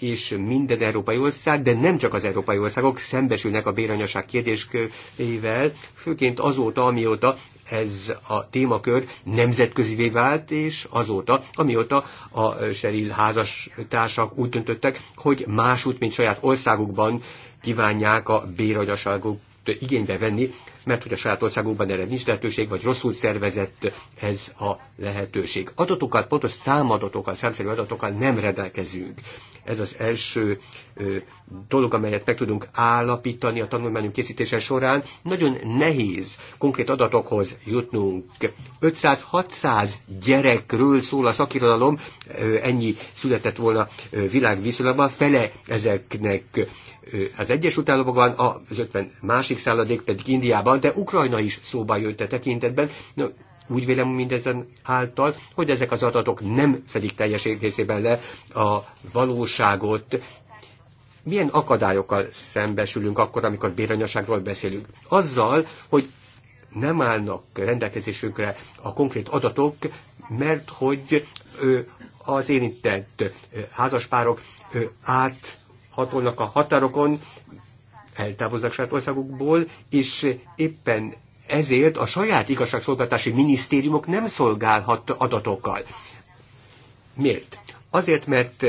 és minden európai ország, de nem csak az európai országok szembesülnek a béranyaság kérdéskörével, főként azóta, amióta ez a témakör nemzetközivé vált, és azóta, amióta a Seril házastársak úgy döntöttek, hogy másút, mint saját országukban kívánják a béragyaságot igénybe venni, mert hogy a saját országokban erre nincs lehetőség, vagy rosszul szervezett ez a lehetőség. Adatokkal, pontos számadatokkal, számszerű adatokkal nem rendelkezünk. Ez az első dolog, amelyet meg tudunk állapítani a tanulmányunk készítése során. Nagyon nehéz konkrét adatokhoz jutnunk. 500-600 gyerekről szól a szakirodalom, ennyi született volna világviszonylatban, fele ezeknek az Egyesült Államokban, az 50 másik szálladék pedig Indiában, de Ukrajna is szóba jött a e tekintetben. Úgy vélem mindezen által, hogy ezek az adatok nem fedik teljes egészében le a valóságot, milyen akadályokkal szembesülünk akkor, amikor béranyaságról beszélünk? Azzal, hogy nem állnak rendelkezésünkre a konkrét adatok, mert hogy az érintett házaspárok áthatolnak a határokon, eltávoznak saját országukból, és éppen ezért a saját igazságszolgáltási minisztériumok nem szolgálhat adatokkal. Miért? Azért, mert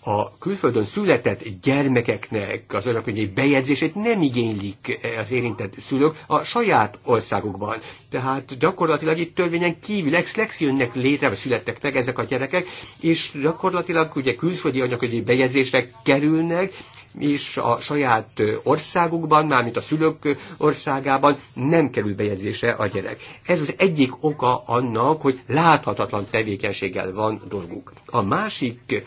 a külföldön született gyermekeknek az örökkönyvi bejegyzését nem igénylik az érintett szülők a saját országokban. Tehát gyakorlatilag itt törvényen kívül ex lex jönnek létre, vagy születtek meg ezek a gyerekek, és gyakorlatilag ugye külföldi anyakönyvi bejegyzésre kerülnek, is a saját országukban, mármint a szülők országában nem kerül bejegyzésre a gyerek. Ez az egyik oka annak, hogy láthatatlan tevékenységgel van dolguk. A másik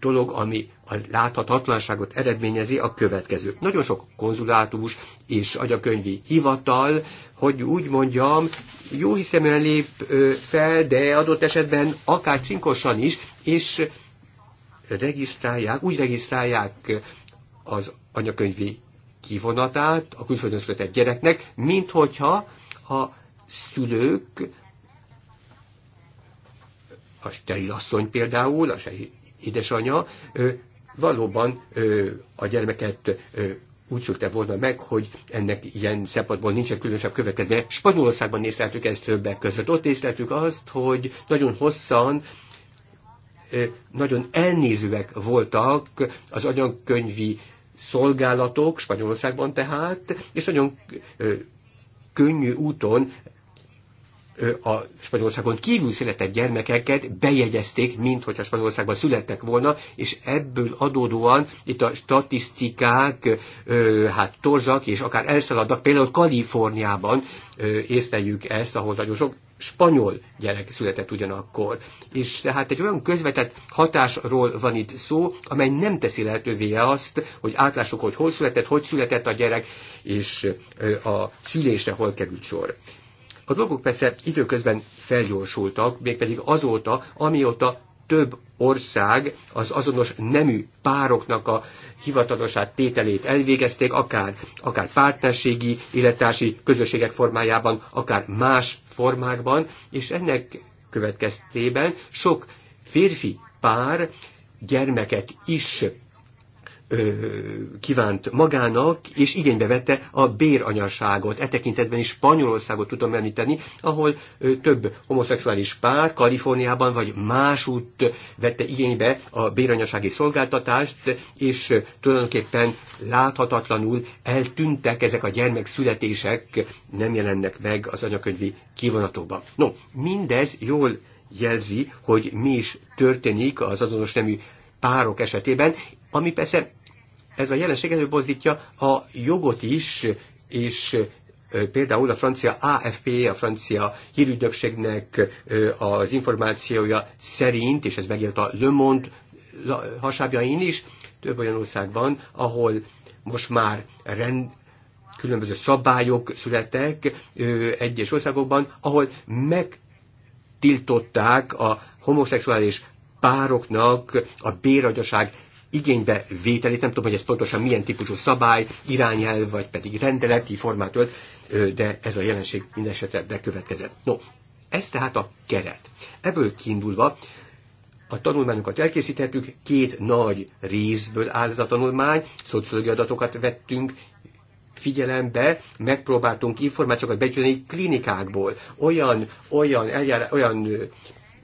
dolog, ami a láthatatlanságot eredményezi a következő. Nagyon sok konzulátus és agyakönyvi hivatal, hogy úgy mondjam, jó hiszeműen lép fel, de adott esetben akár cinkosan is, és regisztrálják, úgy regisztrálják az anyakönyvi kivonatát a külföldön született gyereknek, mint hogyha a szülők, a sterilasszony például, a édesanyja, valóban a gyermeket úgy szülte volna meg, hogy ennek ilyen szempontból nincsen különösebb következménye. Spanyolországban észleltük ezt többek között. Ott észleltük azt, hogy nagyon hosszan nagyon elnézőek voltak az anyagkönyvi szolgálatok, Spanyolországban tehát, és nagyon könnyű úton a Spanyolországon kívül született gyermekeket bejegyezték, mint hogyha Spanyolországban születtek volna, és ebből adódóan itt a statisztikák hát torzak, és akár elszaladnak, például Kaliforniában észleljük ezt, ahol nagyon sok spanyol gyerek született ugyanakkor. És tehát egy olyan közvetett hatásról van itt szó, amely nem teszi lehetővé azt, hogy átlássuk, hogy hol született, hogy született a gyerek, és a szülésre hol került sor. A dolgok persze időközben felgyorsultak, mégpedig azóta, amióta több ország az azonos nemű pároknak a hivatalosát tételét elvégezték, akár, akár pártnerségi, illetási közösségek formájában, akár más formákban, és ennek következtében sok férfi pár gyermeket is kívánt magának, és igénybe vette a béranyaságot. E tekintetben is Spanyolországot tudom említeni, ahol több homoszexuális pár Kaliforniában vagy másút vette igénybe a béranyasági szolgáltatást, és tulajdonképpen láthatatlanul eltűntek ezek a gyermekszületések, nem jelennek meg az anyakönyvi kivonatokban. No, mindez jól jelzi, hogy mi is történik az azonos nemű párok esetében, ami persze ez a jelenség előbozdítja a jogot is, és például a francia AFP, a francia hírügynökségnek az információja szerint, és ez megjelent a Le Monde hasábjain is, több olyan országban, ahol most már rend, különböző szabályok születtek egyes országokban, ahol megtiltották a homoszexuális pároknak a béragyaság igénybe vételét, nem tudom, hogy ez pontosan milyen típusú szabály, irányelv, vagy pedig rendeleti formát ölt, de ez a jelenség minden esetre bekövetkezett. No, ez tehát a keret. Ebből kiindulva a tanulmányokat elkészítettük, két nagy részből ez a tanulmány, szociológiai adatokat vettünk figyelembe, megpróbáltunk információkat bejönni klinikákból, olyan, olyan, eljár, olyan ö,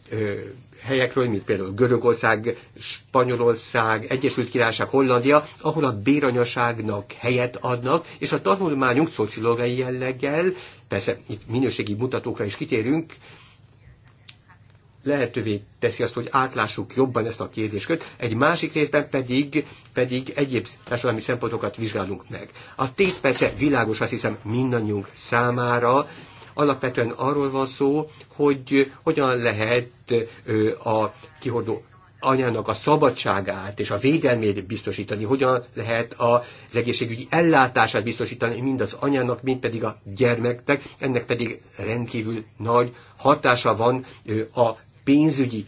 ö, helyekről, mint például Görögország, Spanyolország, Egyesült Királyság, Hollandia, ahol a béranyaságnak helyet adnak, és a tanulmányunk szociológiai jelleggel, persze itt minőségi mutatókra is kitérünk, lehetővé teszi azt, hogy átlássuk jobban ezt a kérdéskört, egy másik részben pedig, pedig egyéb társadalmi szempontokat vizsgálunk meg. A tét persze világos, azt hiszem, mindannyiunk számára, Alapvetően arról van szó, hogy hogyan lehet a kihordó anyának a szabadságát és a védelmét biztosítani, hogyan lehet az egészségügyi ellátását biztosítani mind az anyának, mind pedig a gyermeknek, ennek pedig rendkívül nagy hatása van a pénzügyi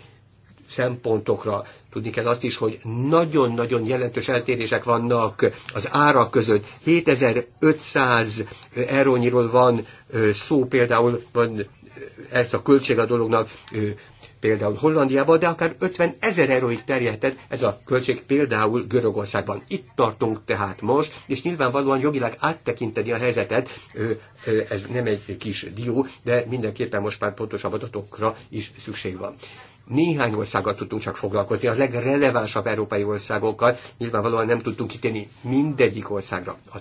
szempontokra. Tudni kell azt is, hogy nagyon-nagyon jelentős eltérések vannak az árak között. 7500 eurónyiról van szó például, van ez a költség a dolognak, például Hollandiában, de akár 50 ezer euróig terjedhet ez a költség például Görögországban. Itt tartunk tehát most, és nyilvánvalóan jogilag áttekinteni a helyzetet, ez nem egy kis dió, de mindenképpen most már pontosabb adatokra is szükség van néhány országgal tudtunk csak foglalkozni, a legrelevánsabb európai országokkal, nyilvánvalóan nem tudtunk kitenni mindegyik országra. A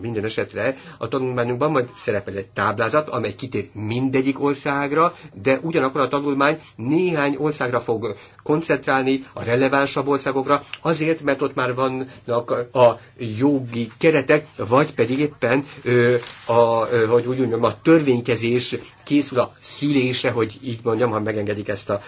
minden esetre a tanulmányunkban majd szerepel egy táblázat, amely kitér mindegyik országra, de ugyanakkor a tanulmány néhány országra fog koncentrálni, a relevánsabb országokra, azért, mert ott már vannak a jogi keretek, vagy pedig éppen a, hogy úgy mondjam, a törvénykezés készül a szülése, hogy így mondjam, ha megengedik ezt a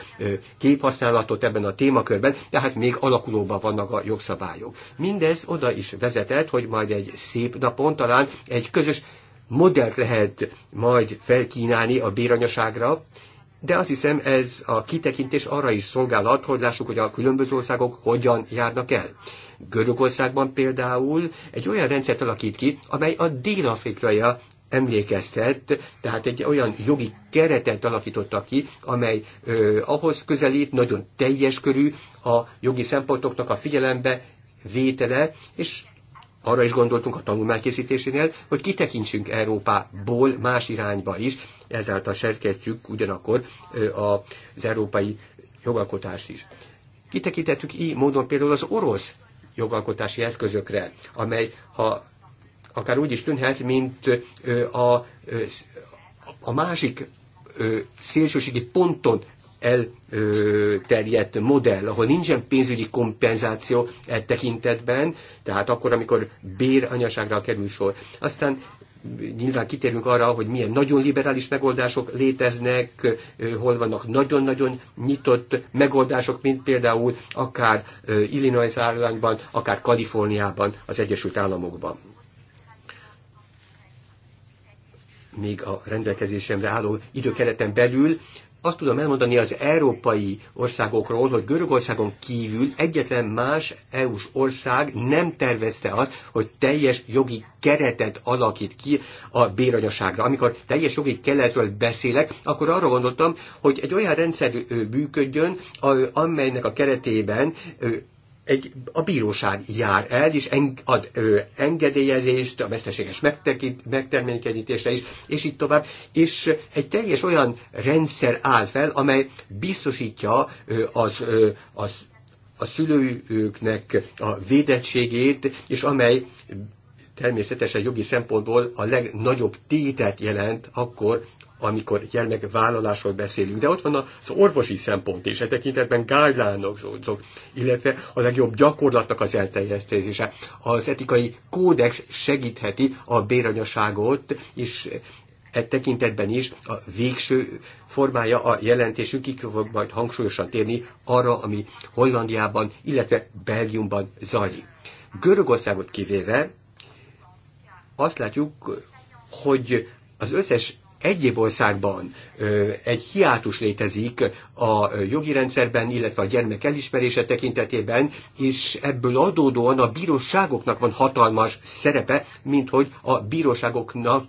képhasználatot ebben a témakörben, de hát még alakulóban vannak a jogszabályok. Mindez oda is vezetett, hogy majd egy szép napon talán egy közös modellt lehet majd felkínálni a béranyaságra, de azt hiszem ez a kitekintés arra is szolgálat, hogy lássuk, hogy a különböző országok hogyan járnak el. Görögországban például egy olyan rendszert alakít ki, amely a dél-afrikai emlékeztet, tehát egy olyan jogi keretet alakította ki, amely ö, ahhoz közelít, nagyon teljes körű a jogi szempontoknak a figyelembe vétele, és arra is gondoltunk a tanulmánykészítésénél, hogy kitekintsünk Európából más irányba is, ezáltal serkedjük ugyanakkor az európai jogalkotást is. Kitekintettük így módon például az orosz jogalkotási eszközökre, amely, ha akár úgy is tűnhet, mint a, a másik szélsőségi ponton elterjedt modell, ahol nincsen pénzügyi kompenzáció e tekintetben, tehát akkor, amikor béranyaságra kerül sor. Aztán nyilván kitérünk arra, hogy milyen nagyon liberális megoldások léteznek, hol vannak nagyon-nagyon nyitott megoldások, mint például akár Illinois államban, akár Kaliforniában, az Egyesült Államokban. még a rendelkezésemre álló időkereten belül, azt tudom elmondani az európai országokról, hogy Görögországon kívül egyetlen más EU-s ország nem tervezte azt, hogy teljes jogi keretet alakít ki a béranyaságra. Amikor teljes jogi keretről beszélek, akkor arra gondoltam, hogy egy olyan rendszer működjön, amelynek a keretében egy, a bíróság jár el, és eng, ad ö, engedélyezést a mesterséges megtermékenyítésre is, és így tovább. És egy teljes olyan rendszer áll fel, amely biztosítja ö, az, ö, az a szülőknek a védettségét, és amely természetesen jogi szempontból a legnagyobb tétet jelent akkor, amikor gyermekvállalásról beszélünk. De ott van az orvosi szempont is, e tekintetben guideline-ok, illetve a legjobb gyakorlatnak az elterjesztése. Az etikai kódex segítheti a béranyaságot, és e tekintetben is a végső formája a jelentésünkig fog majd hangsúlyosan térni arra, ami Hollandiában, illetve Belgiumban zajlik. Görögországot kivéve azt látjuk, hogy az összes egyéb országban egy hiátus létezik a jogi rendszerben, illetve a gyermek elismerése tekintetében, és ebből adódóan a bíróságoknak van hatalmas szerepe, mint hogy a bíróságoknak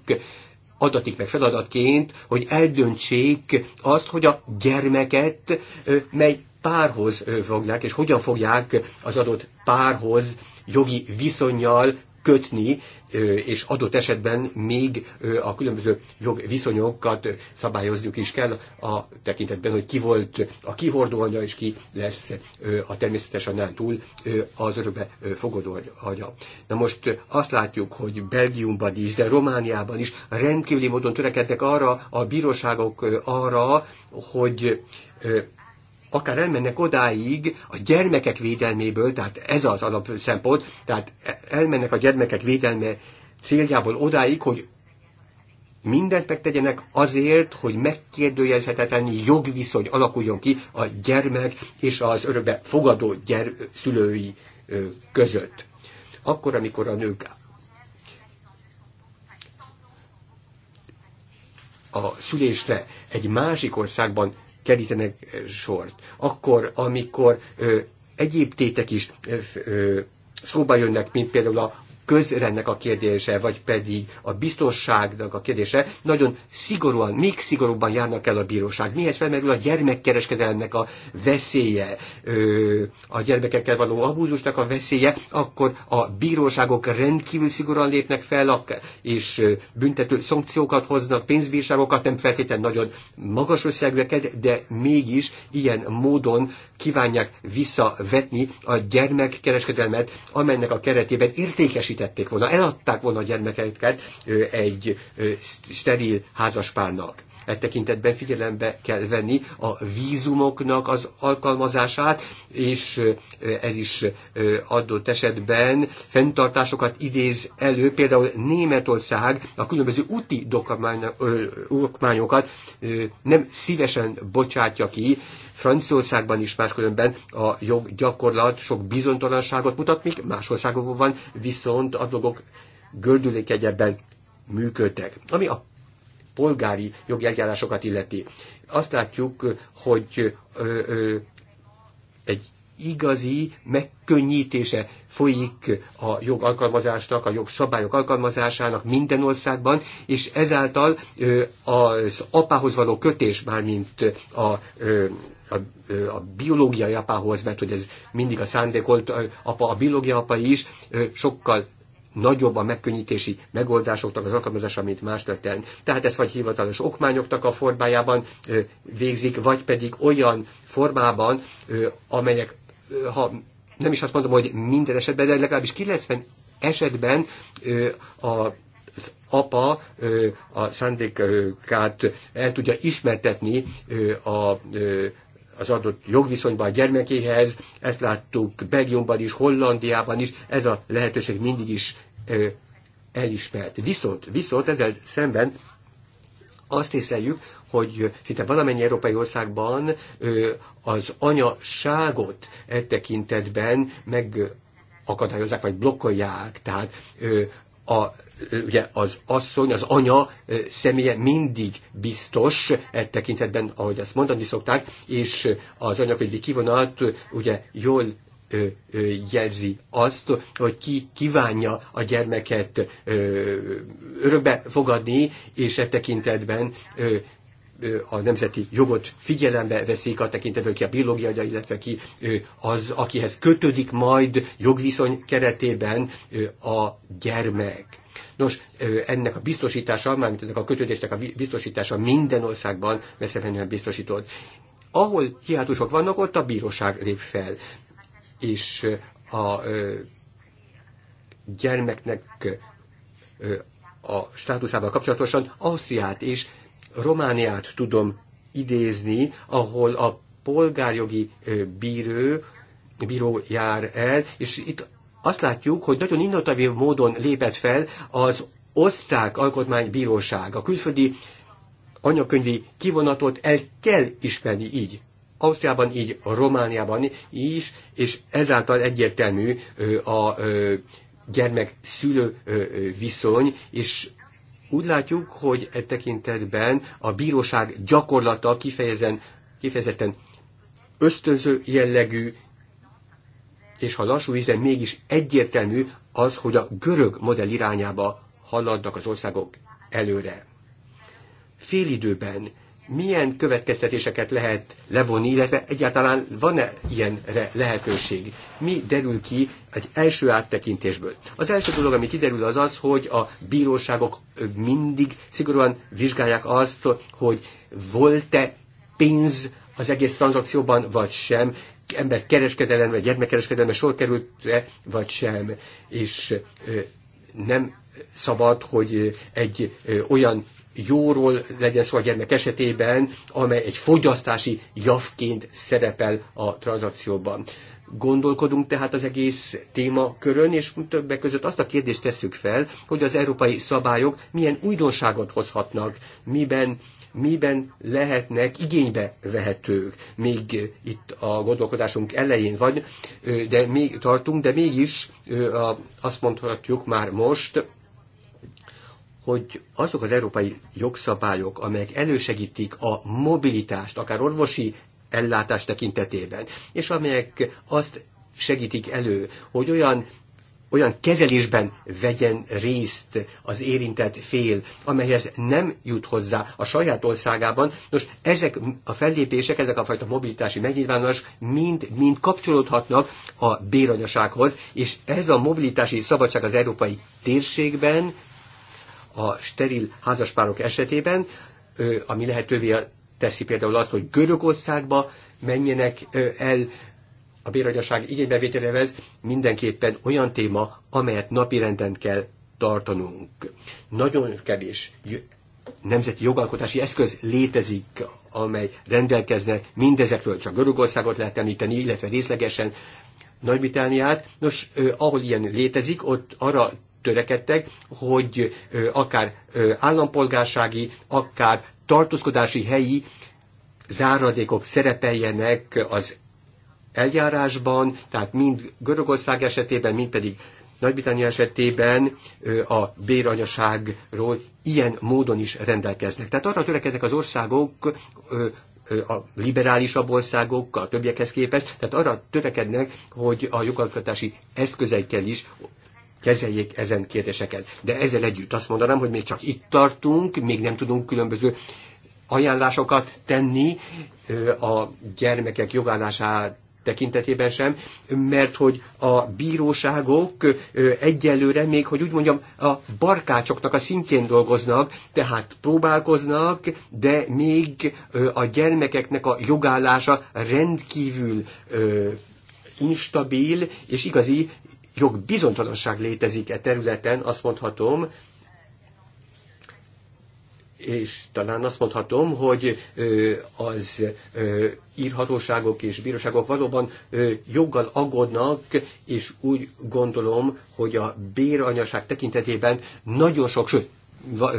adatik meg feladatként, hogy eldöntsék azt, hogy a gyermeket mely párhoz fognák, és hogyan fogják az adott párhoz jogi viszonyjal kötni, és adott esetben még a különböző jogviszonyokat szabályozniuk is kell a tekintetben, hogy ki volt a kihordó anya, és ki lesz a természetes annál túl az örökbe fogadó anya. Na most azt látjuk, hogy Belgiumban is, de Romániában is rendkívüli módon törekednek arra a bíróságok arra, hogy akár elmennek odáig a gyermekek védelméből, tehát ez az alapszempont, tehát elmennek a gyermekek védelme céljából odáig, hogy mindent megtegyenek azért, hogy megkérdőjelezhetetlen jogviszony alakuljon ki a gyermek és az örökbe fogadó gyer- szülői között. Akkor, amikor a nők a szülésre egy másik országban kerítenek sort. Akkor, amikor ö, egyéb tétek is ö, ö, szóba jönnek, mint például a közrendnek a kérdése, vagy pedig a biztonságnak a kérdése, nagyon szigorúan, még szigorúbban járnak el a bíróság. Mihez felmerül a gyermekkereskedelemnek a veszélye, a gyermekekkel való abúzusnak a veszélye, akkor a bíróságok rendkívül szigorúan lépnek fel, és büntető szankciókat hoznak, pénzbírságokat, nem feltétlenül nagyon magas összegűeket, de mégis ilyen módon kívánják visszavetni a gyermekkereskedelmet, amelynek a keretében értékesít veszítették volna, eladták volna a gyermekeiket egy steril házaspárnak. E tekintetben figyelembe kell venni a vízumoknak az alkalmazását, és ez is adott esetben fenntartásokat idéz elő, például Németország a különböző úti dokumányokat nem szívesen bocsátja ki, Franciaországban is máskülönben a joggyakorlat sok bizonytalanságot mutat, míg más országokban viszont a dolgok gördülékegyebben működtek. Ami a polgári jogi eljárásokat illeti. Azt látjuk, hogy ö, ö, egy igazi megkönnyítése folyik a jogalkalmazásnak, a jogszabályok alkalmazásának minden országban, és ezáltal az apához való kötés, mármint a a, a biológiai apához, mert hogy ez mindig a szándékolt apa, a biológia apa is sokkal nagyobb a megkönnyítési megoldásoknak az alkalmazása, mint más történet. Tehát ezt vagy hivatalos okmányoknak a formájában végzik, vagy pedig olyan formában, amelyek, ha nem is azt mondom, hogy minden esetben, de legalábbis 90 esetben a az apa a szándékát el tudja ismertetni a az adott jogviszonyban a gyermekéhez, ezt láttuk Belgiumban is, Hollandiában is, ez a lehetőség mindig is ö, elismert. Viszont, viszont ezzel szemben azt észleljük, hogy szinte valamennyi európai országban ö, az anyaságot e tekintetben meg akadályozzák, vagy blokkolják, tehát ö, a, ugye az asszony, az anya személye mindig biztos e tekintetben, ahogy ezt mondani szokták, és az anyakönyvi kivonat ugye jól jelzi azt, hogy ki kívánja a gyermeket örökbe fogadni, és e tekintetben a nemzeti jogot figyelembe veszik a tekintetben, ki a biológiai, illetve ki az, akihez kötődik majd jogviszony keretében a gyermek. Nos, ennek a biztosítása, mármint ennek a kötődésnek a biztosítása minden országban messze menően biztosított. Ahol hiátusok vannak, ott a bíróság lép fel, és a gyermeknek a státuszával kapcsolatosan Ausztriát is Romániát tudom idézni, ahol a polgárjogi bíró, bíró jár el, és itt azt látjuk, hogy nagyon innovatív módon lépett fel az osztrák alkotmánybíróság. A külföldi anyakönyvi kivonatot el kell ismerni így. Ausztriában így, Romániában is, és ezáltal egyértelmű a gyermek-szülő viszony, és úgy látjuk, hogy e tekintetben a bíróság gyakorlata kifejezen, kifejezetten ösztönző jellegű, és ha lassú is, de mégis egyértelmű az, hogy a görög modell irányába haladnak az országok előre. Félidőben milyen következtetéseket lehet levonni, illetve egyáltalán van-e ilyenre lehetőség? Mi derül ki egy első áttekintésből? Az első dolog, ami kiderül, az az, hogy a bíróságok mindig szigorúan vizsgálják azt, hogy volt-e pénz az egész tranzakcióban, vagy sem, ember vagy gyermekkereskedelme sor került-e, vagy sem, és nem szabad, hogy egy olyan jóról legyen szó a gyermek esetében, amely egy fogyasztási javként szerepel a tranzakcióban. Gondolkodunk tehát az egész témakörön, és többek között azt a kérdést tesszük fel, hogy az európai szabályok milyen újdonságot hozhatnak, miben miben lehetnek igénybe vehetők, még itt a gondolkodásunk elején vagy, de még tartunk, de mégis azt mondhatjuk már most, hogy azok az európai jogszabályok, amelyek elősegítik a mobilitást, akár orvosi ellátás tekintetében, és amelyek azt segítik elő, hogy olyan olyan kezelésben vegyen részt az érintett fél, amelyhez nem jut hozzá a saját országában. Nos, ezek a fellépések, ezek a fajta mobilitási megnyilvánulás mind-mind kapcsolódhatnak a béranyasághoz, és ez a mobilitási szabadság az európai térségben a steril házaspárok esetében, ami lehetővé teszi például azt, hogy Görögországba menjenek el a béranyaság igénybevételevez mindenképpen olyan téma, amelyet napirenden kell tartanunk. Nagyon kevés nemzeti jogalkotási eszköz létezik, amely rendelkezne mindezekről, csak Görögországot lehet említeni, illetve részlegesen nagy-Britániát. Nos, ahol ilyen létezik, ott arra törekedtek, hogy akár állampolgársági, akár tartózkodási helyi záradékok szerepeljenek az eljárásban, tehát mind Görögország esetében, mind pedig Nagy-Britannia esetében a béranyaságról ilyen módon is rendelkeznek. Tehát arra törekednek az országok, a liberálisabb országok, a többiekhez képest, tehát arra törekednek, hogy a jogalkotási eszközeikkel is kezeljék ezen kérdéseket. De ezzel együtt azt mondanám, hogy még csak itt tartunk, még nem tudunk különböző ajánlásokat tenni a gyermekek jogállását tekintetében sem, mert hogy a bíróságok egyelőre még, hogy úgy mondjam, a barkácsoknak a szintjén dolgoznak, tehát próbálkoznak, de még a gyermekeknek a jogállása rendkívül instabil és igazi jogbizonytalanság létezik e területen, azt mondhatom, és talán azt mondhatom, hogy az írhatóságok és bíróságok valóban joggal aggódnak, és úgy gondolom, hogy a béranyaság tekintetében nagyon sok, sőt,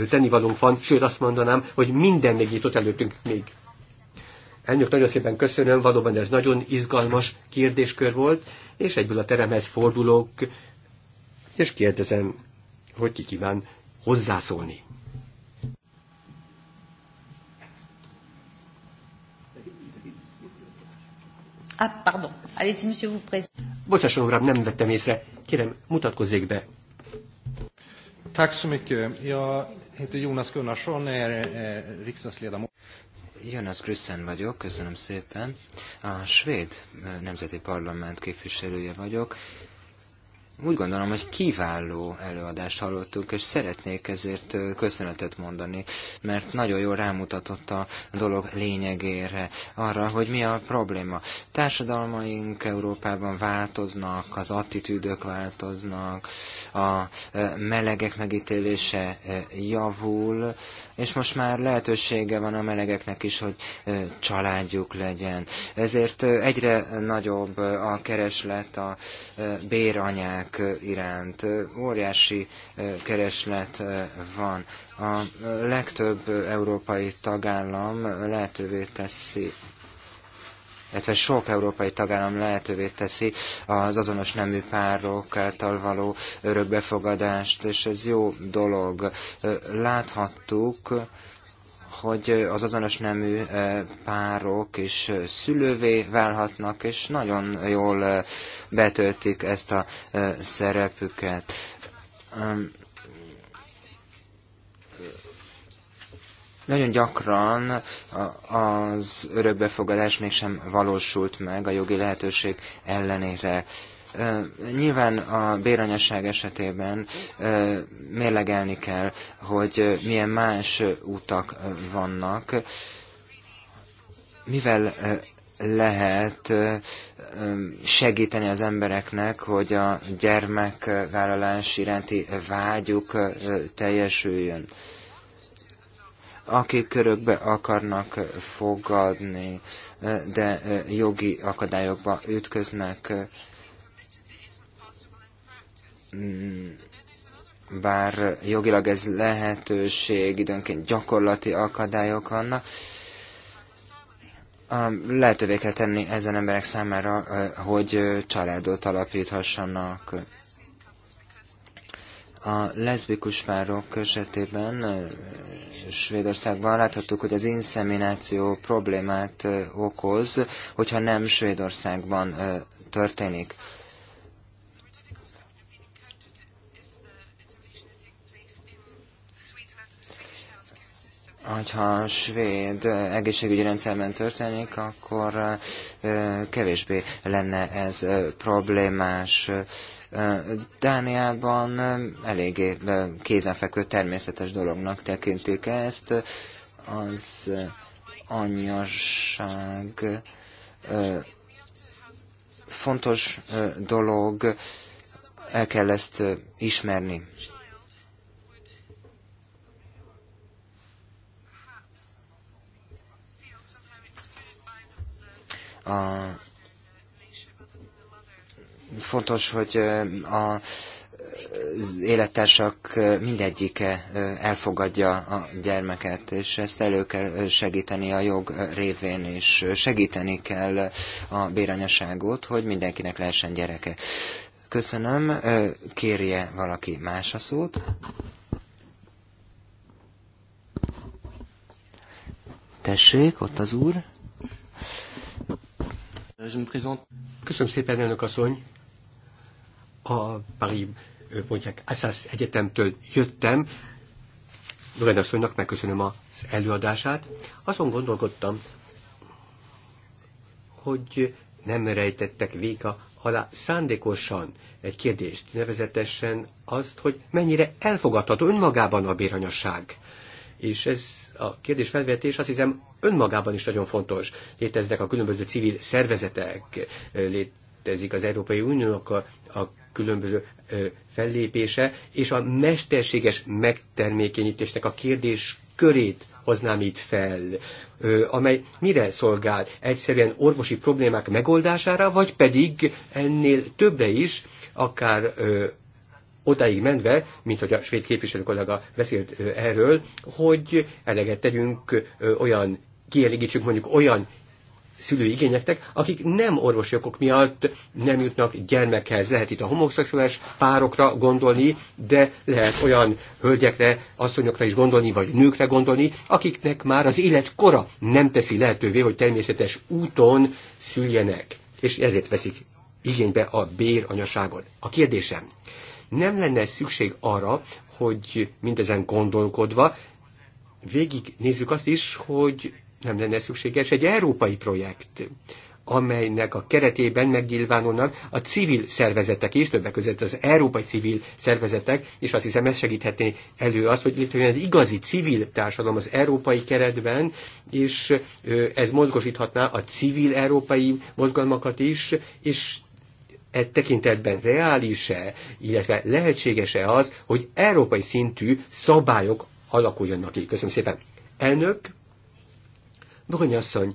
tennivalónk van, sőt azt mondanám, hogy minden még nyitott előttünk még. Elnök, nagyon szépen köszönöm, valóban ez nagyon izgalmas kérdéskör volt, és egyből a teremhez fordulok, és kérdezem, hogy ki kíván hozzászólni. Ah, pardon. allez monsieur, vous présentez. Bocsásson, uram, nem vettem észre. Kérem, mutatkozzék be. Tack så mycket. Jag heter Jonas Gunnarsson, är eh, riksdagsledamot. Jonas Grüssen vagyok, köszönöm szépen. A svéd nemzeti parlament képviselője vagyok. Úgy gondolom, hogy kiváló előadást hallottuk, és szeretnék ezért köszönetet mondani, mert nagyon jól rámutatott a dolog lényegére, arra, hogy mi a probléma. Társadalmaink Európában változnak, az attitűdök változnak, a melegek megítélése javul, és most már lehetősége van a melegeknek is, hogy családjuk legyen. Ezért egyre nagyobb a kereslet a béranyák iránt. Óriási kereslet van. A legtöbb európai tagállam lehetővé teszi illetve sok európai tagállam lehetővé teszi az azonos nemű párok által való örökbefogadást, és ez jó dolog. Láthattuk, hogy az azonos nemű eh, párok is szülővé válhatnak, és nagyon jól eh, betöltik ezt a eh, szerepüket. Nagyon gyakran az örökbefogadás mégsem valósult meg a jogi lehetőség ellenére. Nyilván a béranyaság esetében mérlegelni kell, hogy milyen más utak vannak, mivel lehet segíteni az embereknek, hogy a gyermekvállalás iránti vágyuk teljesüljön akik körökbe akarnak fogadni, de jogi akadályokba ütköznek, bár jogilag ez lehetőség, időnként gyakorlati akadályok vannak, lehetővé kell tenni ezen emberek számára, hogy családot alapíthassanak. A leszbikus párok esetében Svédországban láthattuk, hogy az inszemináció problémát okoz, hogyha nem Svédországban történik. hogyha a svéd egészségügyi rendszerben történik, akkor kevésbé lenne ez problémás. Dániában eléggé kézenfekvő természetes dolognak tekintik ezt. Az anyaság fontos dolog, el kell ezt ismerni. A Fontos, hogy a az élettársak mindegyike elfogadja a gyermeket, és ezt elő kell segíteni a jog révén, és segíteni kell a béranyaságot, hogy mindenkinek lehessen gyereke. Köszönöm. Kérje valaki más a szót? Tessék, ott az úr. Köszönöm szépen, elnök asszony a Paris mondják, Assas Egyetemtől jöttem, Loren asszonynak megköszönöm az előadását. Azon gondolkodtam, hogy nem rejtettek véka alá szándékosan egy kérdést, nevezetesen azt, hogy mennyire elfogadható önmagában a béranyasság. És ez a kérdés felvetés azt hiszem önmagában is nagyon fontos. Léteznek a különböző civil szervezetek, létezik az Európai Uniónak a, a különböző fellépése, és a mesterséges megtermékenyítésnek a kérdés körét hoznám itt fel, amely mire szolgál? Egyszerűen orvosi problémák megoldására, vagy pedig ennél többre is, akár odáig mentve, mint hogy a svéd képviselő kollega beszélt erről, hogy eleget tegyünk olyan kielégítsük mondjuk olyan szülői igényeknek, akik nem orvosi okok miatt nem jutnak gyermekhez. Lehet itt a homoszexuális párokra gondolni, de lehet olyan hölgyekre, asszonyokra is gondolni, vagy nőkre gondolni, akiknek már az életkora nem teszi lehetővé, hogy természetes úton szüljenek, és ezért veszik igénybe a béranyaságot. A kérdésem, nem lenne szükség arra, hogy mindezen gondolkodva végig nézzük azt is, hogy nem lenne szükséges egy európai projekt, amelynek a keretében megnyilvánulnak a civil szervezetek is, többek között az európai civil szervezetek, és azt hiszem ez segíthetné elő azt, hogy létrejön egy igazi civil társadalom az európai keretben, és ez mozgosíthatná a civil európai mozgalmakat is, és e tekintetben reális-e, illetve lehetséges-e az, hogy európai szintű szabályok alakuljanak ki. Köszönöm szépen. Elnök, Brony asszony,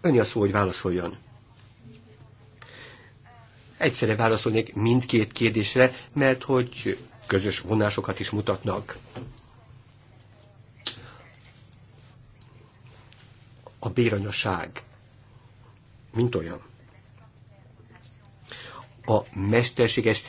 ön a szó, hogy válaszoljon. Egyszerre válaszolnék mindkét kérdésre, mert hogy közös vonásokat is mutatnak. A béranyaság, mint olyan. A mesterséges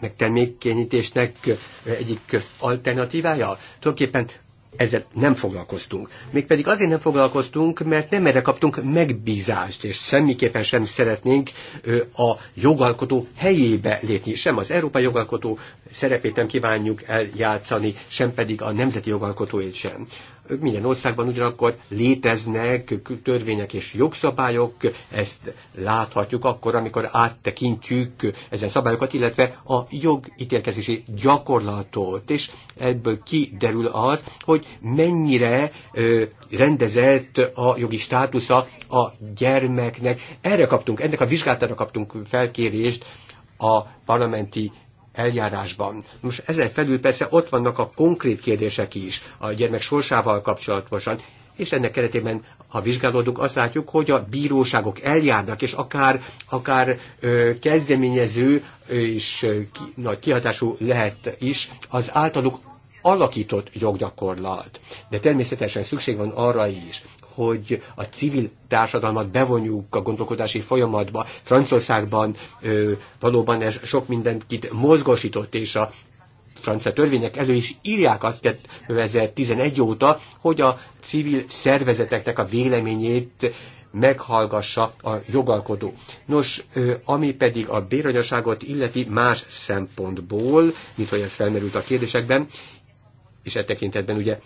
megtermékenyítésnek egyik alternatívája? Tulajdonképpen ezzel nem foglalkoztunk. Mégpedig azért nem foglalkoztunk, mert nem erre kaptunk megbízást, és semmiképpen sem szeretnénk a jogalkotó helyébe lépni. Sem az európai jogalkotó szerepét nem kívánjuk eljátszani, sem pedig a nemzeti jogalkotóét sem minden országban ugyanakkor léteznek törvények és jogszabályok, ezt láthatjuk akkor, amikor áttekintjük ezen szabályokat, illetve a jogítélkezési gyakorlatot, és ebből kiderül az, hogy mennyire ö, rendezett a jogi státusza a gyermeknek. Erre kaptunk, ennek a vizsgálatára kaptunk felkérést a parlamenti eljárásban. Most ezen felül persze ott vannak a konkrét kérdések is a gyermek sorsával kapcsolatosan, és ennek keretében, ha vizsgálódunk, azt látjuk, hogy a bíróságok eljárnak, és akár, akár ö, kezdeményező és ö, ki, nagy kihatású lehet is az általuk alakított joggyakorlat. De természetesen szükség van arra is, hogy a civil társadalmat bevonjuk a gondolkodási folyamatba. Franciaországban ö, valóban ez sok mindenkit mozgosított, és a francia törvények elő is írják azt 2011 óta, hogy a civil szervezeteknek a véleményét meghallgassa a jogalkodó. Nos, ami pedig a béranyaságot illeti más szempontból, mint hogy ez felmerült a kérdésekben, és e tekintetben ugye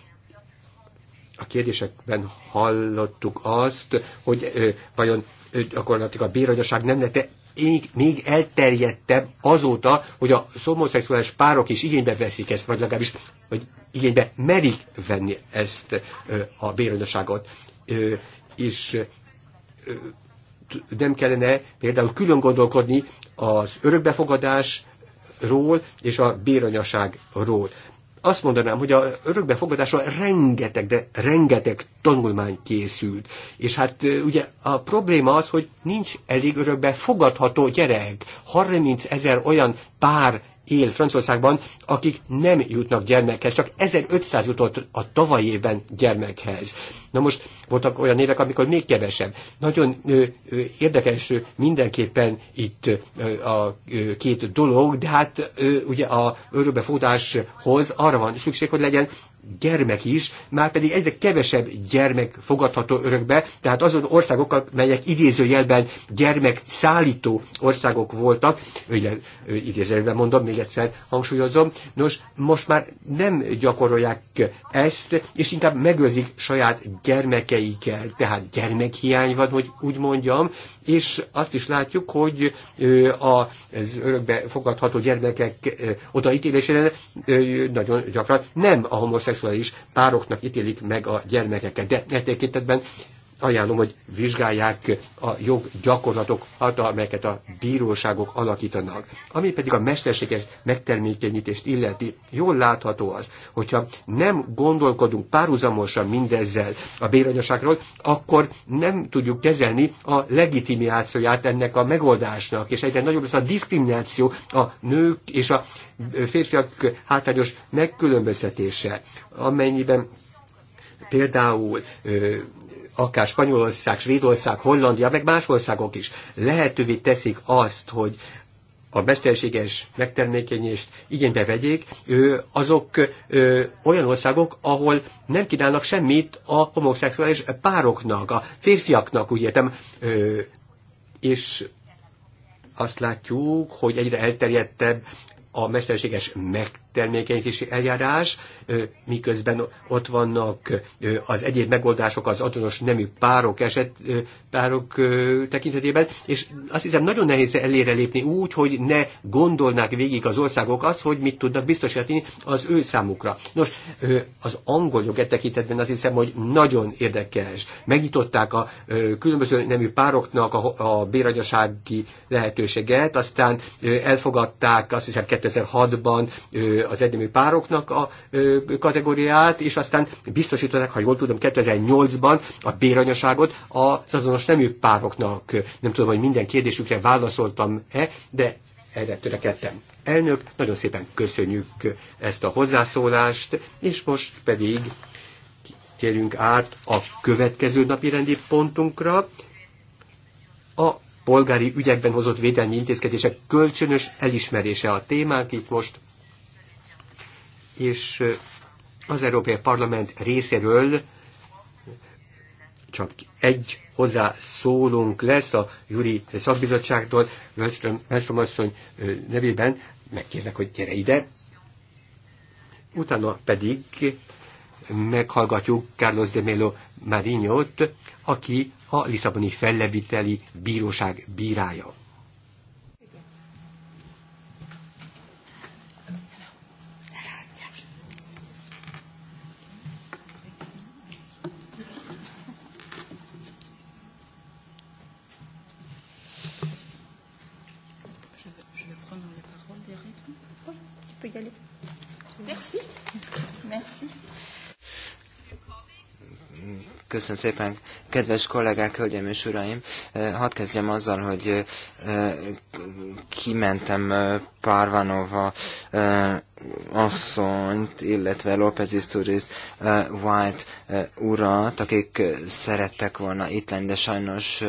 a kérdésekben hallottuk azt, hogy ö, vajon ö, gyakorlatilag a béranyaság nem lett még, még elterjedtebb azóta, hogy a szomoszexuális párok is igénybe veszik ezt, vagy legalábbis hogy igénybe merik venni ezt ö, a béranyaságot. Ö, és ö, nem kellene például külön gondolkodni az örökbefogadásról és a béranyaságról azt mondanám, hogy a örökbefogadásra rengeteg, de rengeteg tanulmány készült. És hát ugye a probléma az, hogy nincs elég örökbefogadható gyerek. 30 ezer olyan pár él Franciaországban, akik nem jutnak gyermekhez, csak 1500 jutott a tavalyi évben gyermekhez. Na most voltak olyan évek, amikor még kevesebb. Nagyon ö, ö, érdekes ö, mindenképpen itt ö, a ö, két dolog, de hát ö, ugye a örökbefogadáshoz arra van szükség, hogy legyen gyermek is, már pedig egyre kevesebb gyermek fogadható örökbe, tehát azon országok, melyek idézőjelben gyermek szállító országok voltak, ugye, idézőjelben mondom, még egyszer hangsúlyozom, nos, most már nem gyakorolják ezt, és inkább megőrzik saját gyermekeiket, tehát gyermekhiány van, hogy úgy mondjam, és azt is látjuk, hogy az örökbe fogadható gyermekek odaítélésére nagyon gyakran nem a homoszexuális pároknak ítélik meg a gyermekeket. De e ajánlom, hogy vizsgálják a joggyakorlatokat, amelyeket a bíróságok alakítanak. Ami pedig a mesterséges megtermékenyítést illeti, jól látható az, hogyha nem gondolkodunk párhuzamosan mindezzel a béranyaságról, akkor nem tudjuk kezelni a legitimációját ennek a megoldásnak, és egyre nagyobb lesz a diszkrimináció a nők és a férfiak hátrányos megkülönböztetése, amennyiben például akár Spanyolország, Svédország, Hollandia, meg más országok is lehetővé teszik azt, hogy a mesterséges megtermékenyést igénybe vegyék, azok olyan országok, ahol nem kínálnak semmit a homoszexuális pároknak, a férfiaknak, úgy értem, és azt látjuk, hogy egyre elterjedtebb a mesterséges megtermékenyés termékenyítési eljárás, miközben ott vannak az egyéb megoldások az azonos nemű párok eset, párok tekintetében, és azt hiszem nagyon nehéz elére lépni úgy, hogy ne gondolnák végig az országok azt, hogy mit tudnak biztosítani az ő számukra. Nos, az angol jog tekintetben azt hiszem, hogy nagyon érdekes. Megnyitották a különböző nemű pároknak a, a béranyasági lehetőséget, aztán elfogadták azt hiszem 2006-ban az egynemű pároknak a kategóriát, és aztán biztosították, ha jól tudom, 2008-ban a béranyaságot az azonos nemű pároknak. Nem tudom, hogy minden kérdésükre válaszoltam-e, de erre törekedtem. Elnök, nagyon szépen köszönjük ezt a hozzászólást, és most pedig térjünk át a következő napi rendi pontunkra, a polgári ügyekben hozott védelmi intézkedések kölcsönös elismerése a témánk. Itt most és az Európai Parlament részéről csak egy hozzá szólunk lesz a Júri Szakbizottságtól, Melstrom asszony nevében, megkérnek, hogy gyere ide. Utána pedig meghallgatjuk Carlos de Melo Marinho-t, aki a Lisszaboni felleviteli bíróság bírája. Köszönöm szépen, kedves kollégák, hölgyeim és uraim! Eh, hadd kezdjem azzal, hogy eh, kimentem eh, Párvanova asszonyt, illetve López Isturiz eh, White eh, urat, akik eh, szerettek volna itt lenni, de sajnos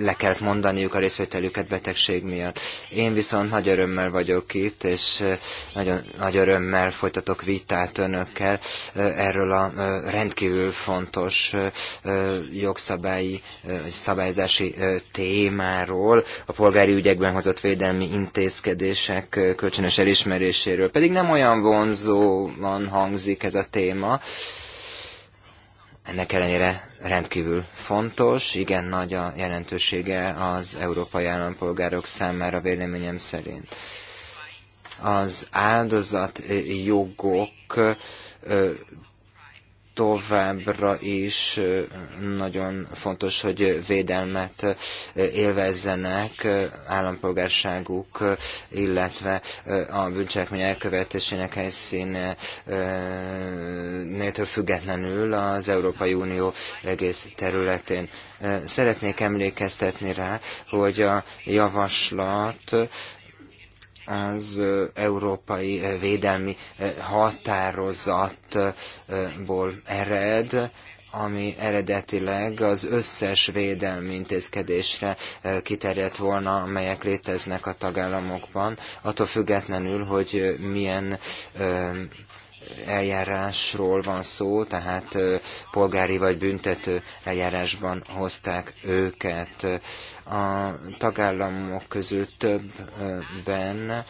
le kellett mondaniuk a részvételüket betegség miatt. Én viszont nagy örömmel vagyok itt, és nagyon nagy örömmel folytatok vitát önökkel erről a rendkívül fontos jogszabályi, szabályzási témáról, a polgári ügyekben hozott védelmi intézkedések kölcsönös elismeréséről, elismeréséről. Pedig nem olyan vonzóan hangzik ez a téma. Ennek ellenére rendkívül fontos, igen nagy a jelentősége az európai állampolgárok számára véleményem szerint. Az áldozat jogok továbbra is nagyon fontos, hogy védelmet élvezzenek állampolgárságuk, illetve a bűncselekmény elkövetésének helyszínétől függetlenül az Európai Unió egész területén. Szeretnék emlékeztetni rá, hogy a javaslat az európai védelmi határozatból ered, ami eredetileg az összes védelmi intézkedésre kiterjedt volna, amelyek léteznek a tagállamokban, attól függetlenül, hogy milyen eljárásról van szó, tehát polgári vagy büntető eljárásban hozták őket a tagállamok közül többben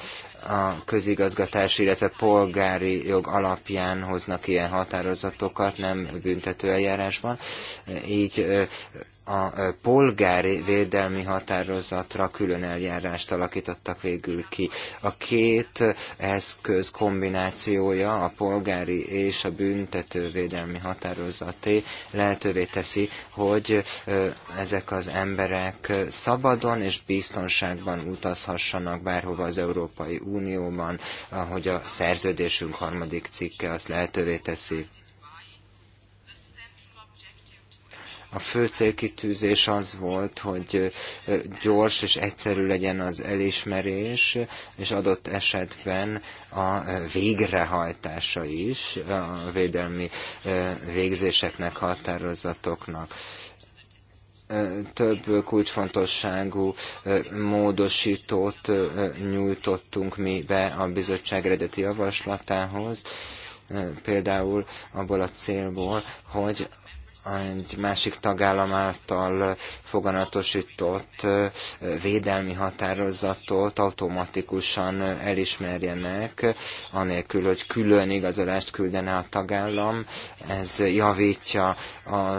a közigazgatás, illetve polgári jog alapján hoznak ilyen határozatokat, nem büntető eljárásban. Így a e, polgári védelmi határozatra külön eljárást alakítottak végül ki. A két eszköz kombinációja, a polgári és a büntető védelmi határozaté lehetővé teszi, hogy e, ezek az emberek szabadon és biztonságban utazhassanak bárhova az Európai Unióban, ahogy a szerződésünk harmadik cikke azt lehetővé teszi. A fő célkitűzés az volt, hogy gyors és egyszerű legyen az elismerés, és adott esetben a végrehajtása is a védelmi végzéseknek, határozatoknak több kulcsfontosságú módosítót nyújtottunk mi be a bizottság eredeti javaslatához, például abból a célból, hogy egy másik tagállam által foganatosított védelmi határozatot automatikusan elismerjenek, anélkül, hogy külön igazolást küldene a tagállam. Ez javítja a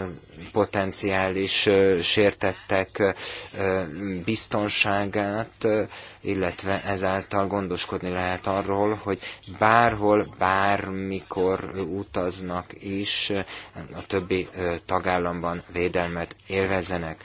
potenciális sértettek biztonságát, illetve ezáltal gondoskodni lehet arról, hogy bárhol, bármikor utaznak is a többi tagállamban védelmet élvezenek.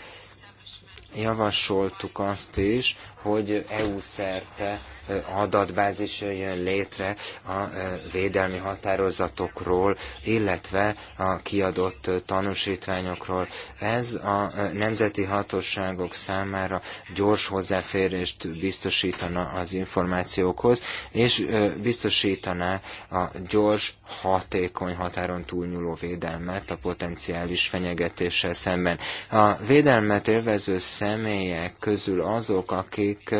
Javasoltuk azt is, hogy EU szerte Eh, adatbázis jön létre a eh, védelmi határozatokról, illetve a kiadott eh, tanúsítványokról. Ez a nemzeti hatóságok számára gyors hozzáférést biztosítana az információkhoz, és biztosítaná a gyors, hatékony határon túlnyúló védelmet a potenciális fenyegetéssel szemben. A védelmet élvező személyek közül azok, akik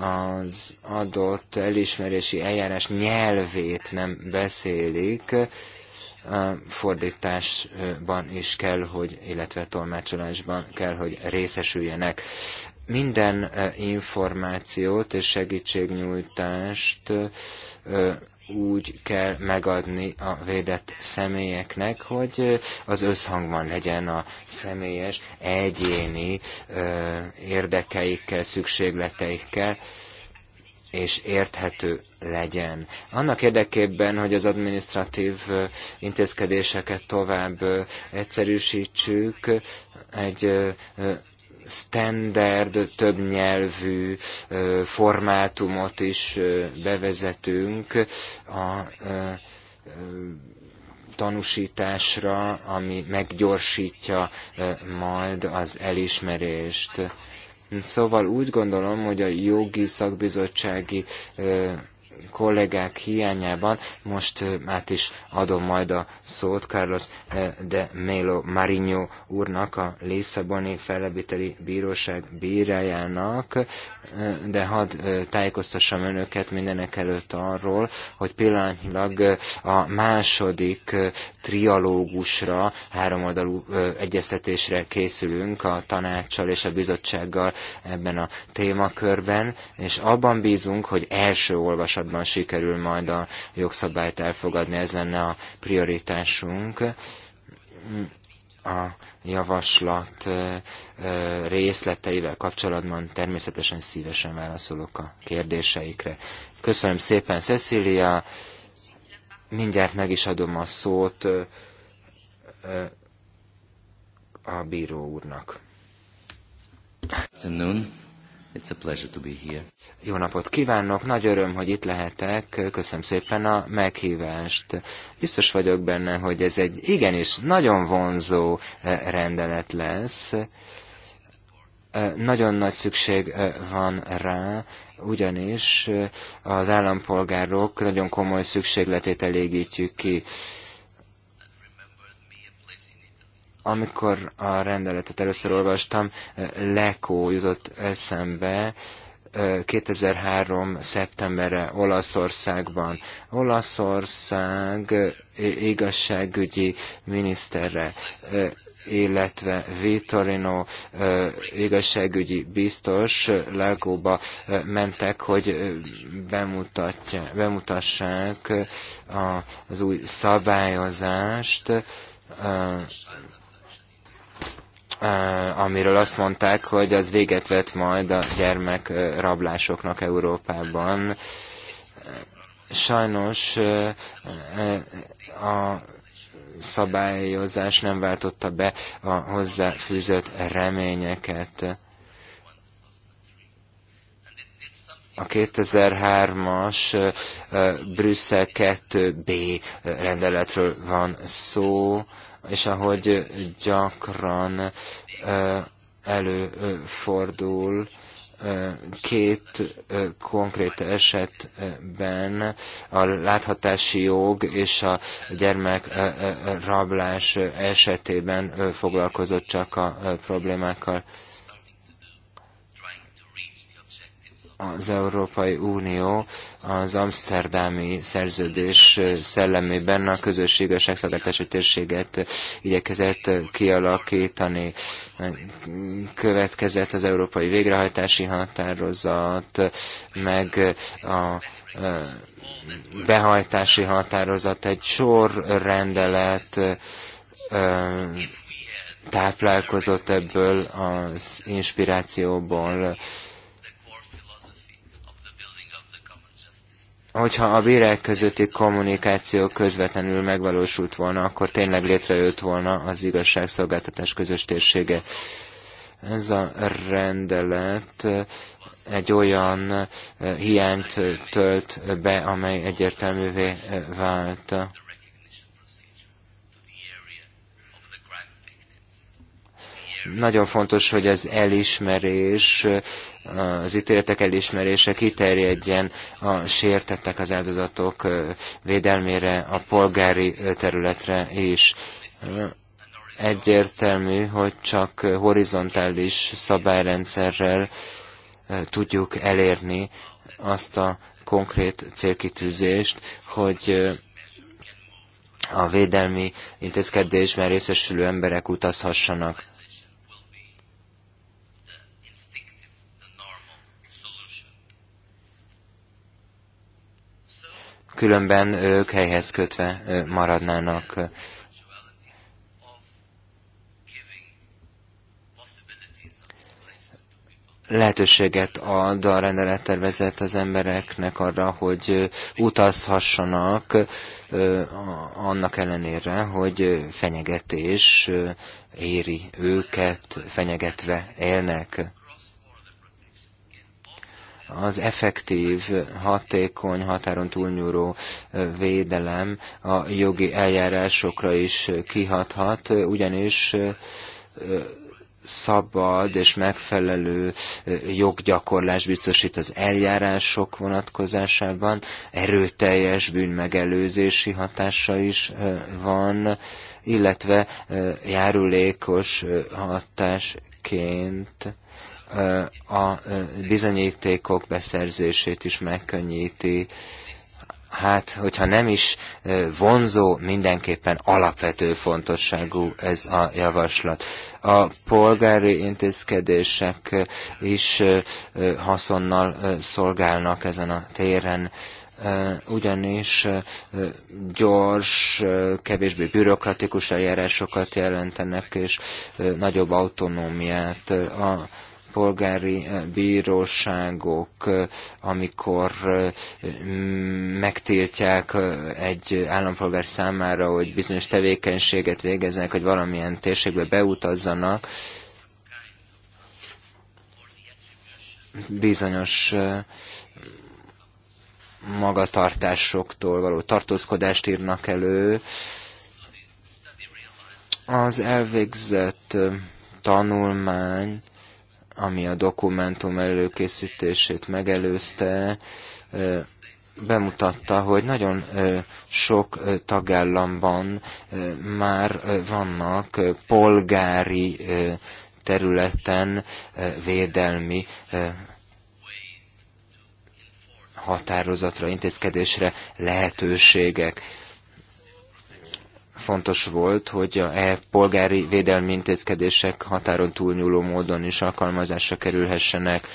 az adott elismerési eljárás nyelvét nem beszélik, fordításban is kell, hogy, illetve tolmácsolásban kell, hogy részesüljenek. Minden információt és segítségnyújtást úgy kell megadni a védett személyeknek, hogy az összhangban legyen a személyes, egyéni érdekeikkel, szükségleteikkel, és érthető legyen. Annak érdekében, hogy az administratív intézkedéseket tovább egyszerűsítsük, egy standard, többnyelvű formátumot is bevezetünk a tanúsításra, ami meggyorsítja majd az elismerést. Szóval úgy gondolom, hogy a jogi szakbizottsági kollégák hiányában most át is adom majd a szót Carlos de Melo Marinho úrnak, a Lisszaboni Fellebiteli Bíróság bírájának, de hadd tájékoztassam önöket mindenek előtt arról, hogy pillanatnyilag a második trialógusra, háromoldalú egyeztetésre készülünk a tanácssal és a bizottsággal ebben a témakörben, és abban bízunk, hogy első olvasat gyakorlatban sikerül majd a jogszabályt elfogadni, ez lenne a prioritásunk. A javaslat részleteivel kapcsolatban természetesen szívesen válaszolok a kérdéseikre. Köszönöm szépen, Cecilia. Mindjárt meg is adom a szót a bíró úrnak. Afternoon. It's a pleasure to be here. Jó napot kívánok, nagy öröm, hogy itt lehetek, köszönöm szépen a meghívást. Biztos vagyok benne, hogy ez egy igenis nagyon vonzó eh, rendelet lesz. Eh, nagyon nagy szükség eh, van rá, ugyanis az állampolgárok nagyon komoly szükségletét elégítjük ki Amikor a rendeletet először olvastam, eh, Lekó jutott eszembe, 2003. Eh, szeptemberre Olaszországban. Olaszország eh, igazságügyi minisztere illetve Vitorino igazságügyi biztos Legóba mentek, hogy bemutassák az új szabályozást Eh, amiről azt mondták, hogy az véget vet majd a gyermek rablásoknak Európában. Sajnos eh, eh, a szabályozás nem váltotta be a hozzáfűzött reményeket. a 2003-as Brüsszel 2B rendeletről van szó, és ahogy gyakran előfordul, két konkrét esetben a láthatási jog és a gyermek rablás esetében foglalkozott csak a problémákkal. Az Európai Unió az amszterdámi szerződés szellemében a közösség a szolgáltatási térséget igyekezett kialakítani. Következett az európai végrehajtási határozat, meg a behajtási határozat, egy sor rendelet táplálkozott ebből az inspirációból hogyha a bérek közötti kommunikáció közvetlenül megvalósult volna, akkor tényleg létrejött volna az igazságszolgáltatás közös térsége. Ez a rendelet egy olyan eh, hiányt tölt be, amely egyértelművé eh, vált. Nagyon fontos, hogy az elismerés eh, az ítéletek elismerése kiterjedjen a sértettek az áldozatok védelmére, a polgári területre is egyértelmű, hogy csak horizontális szabályrendszerrel tudjuk elérni azt a konkrét célkitűzést, hogy a védelmi intézkedésben részesülő emberek utazhassanak különben ők helyhez kötve maradnának. lehetőséget ad a rendelettervezet az embereknek arra, hogy utazhassanak annak ellenére, hogy fenyegetés éri őket, fenyegetve élnek az effektív, hatékony, határon túlnyúló védelem a jogi eljárásokra is kihathat, ugyanis szabad és megfelelő joggyakorlás biztosít az eljárások vonatkozásában, erőteljes bűnmegelőzési hatása is van, illetve járulékos hatásként a bizonyítékok beszerzését is megkönnyíti. Hát, hogyha nem is vonzó, mindenképpen alapvető fontosságú ez a javaslat. A polgári intézkedések is haszonnal szolgálnak ezen a téren ugyanis gyors, kevésbé bürokratikus eljárásokat jelentenek, és nagyobb autonómiát a polgári eh, bíróságok, eh, amikor eh, mm, megtiltják egy állampolgár számára, hogy bizonyos tevékenységet végeznek, hogy valamilyen térségbe beutazzanak, bizonyos magatartásoktól való tartózkodást írnak elő. Az elvégzett tanulmány ami a dokumentum előkészítését megelőzte, bemutatta, hogy nagyon sok tagállamban már vannak polgári területen védelmi határozatra, intézkedésre lehetőségek fontos volt, hogy a e polgári védelmi intézkedések határon túlnyúló módon is alkalmazásra kerülhessenek.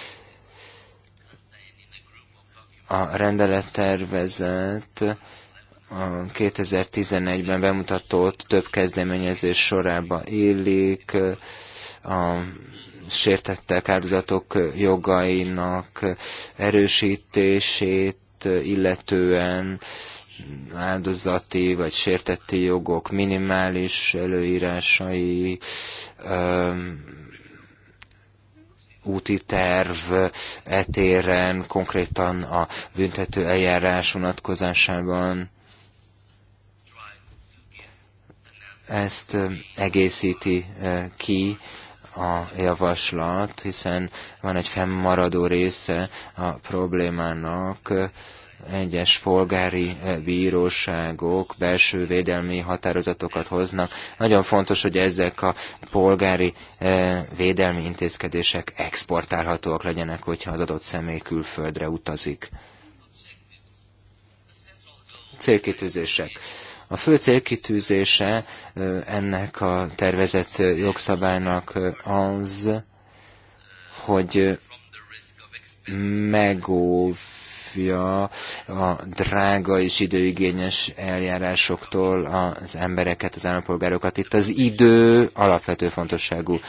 A rendelettervezet a 2011-ben bemutatott több kezdeményezés sorába illik, a sértettek áldozatok jogainak erősítését illetően áldozati vagy sértetti jogok minimális előírásai, úti terv etéren, konkrétan a büntető eljárás vonatkozásában. Ezt egészíti ki a javaslat, hiszen van egy fennmaradó része a problémának, egyes polgári eh, bíróságok belső védelmi határozatokat hoznak. Nagyon fontos, hogy ezek a polgári eh, védelmi intézkedések exportálhatóak legyenek, hogyha az adott személy külföldre utazik. Célkitűzések. A fő célkitűzése eh, ennek a tervezett jogszabálynak az, hogy megóv óvja a drága és időigényes eljárásoktól az embereket, az állampolgárokat. Itt az idő alapvető fontosságú.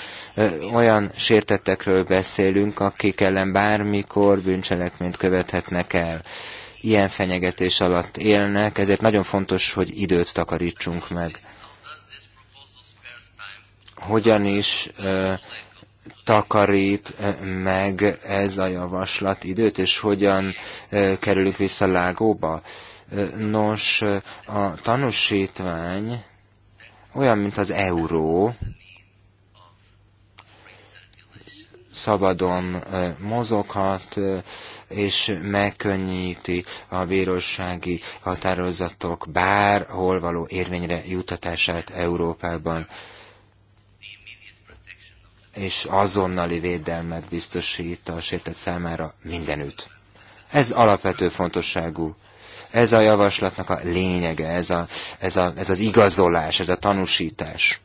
Olyan sértettekről beszélünk, akik ellen bármikor bűncselekményt követhetnek el ilyen fenyegetés alatt élnek, ezért nagyon fontos, hogy időt takarítsunk meg. Hogyan is takarít eh, meg ez a javaslat időt, és hogyan eh, kerülünk vissza lágóba. Eh, nos, a tanúsítvány olyan, mint az euró, szabadon mozoghat, és megkönnyíti a bírósági határozatok bárhol való érvényre jutatását Európában és azonnali védelmet biztosít a sértett számára mindenütt. Ez alapvető fontosságú. Ez a javaslatnak a lényege, ez, a, ez, a, ez az igazolás, ez a tanúsítás.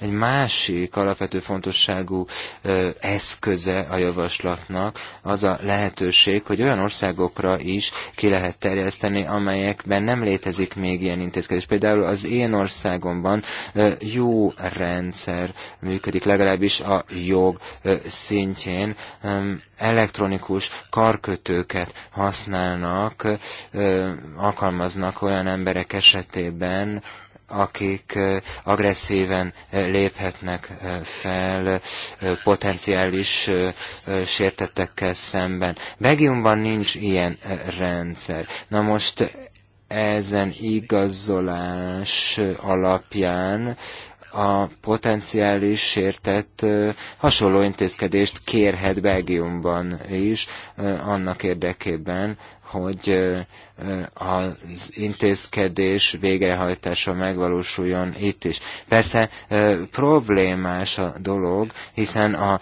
Egy másik alapvető fontosságú eszköze a javaslatnak az a lehetőség, hogy olyan országokra is ki lehet terjeszteni, amelyekben nem létezik még ilyen intézkedés. Például az én országomban jó rendszer működik, legalábbis a jog szintjén elektronikus karkötőket használnak, alkalmaznak olyan emberek esetében, akik agresszíven léphetnek fel potenciális sértettekkel szemben. Belgiumban nincs ilyen rendszer. Na most ezen igazolás alapján a potenciális sértett hasonló intézkedést kérhet Belgiumban is annak érdekében, hogy az intézkedés végrehajtása megvalósuljon itt is. Persze problémás a dolog, hiszen a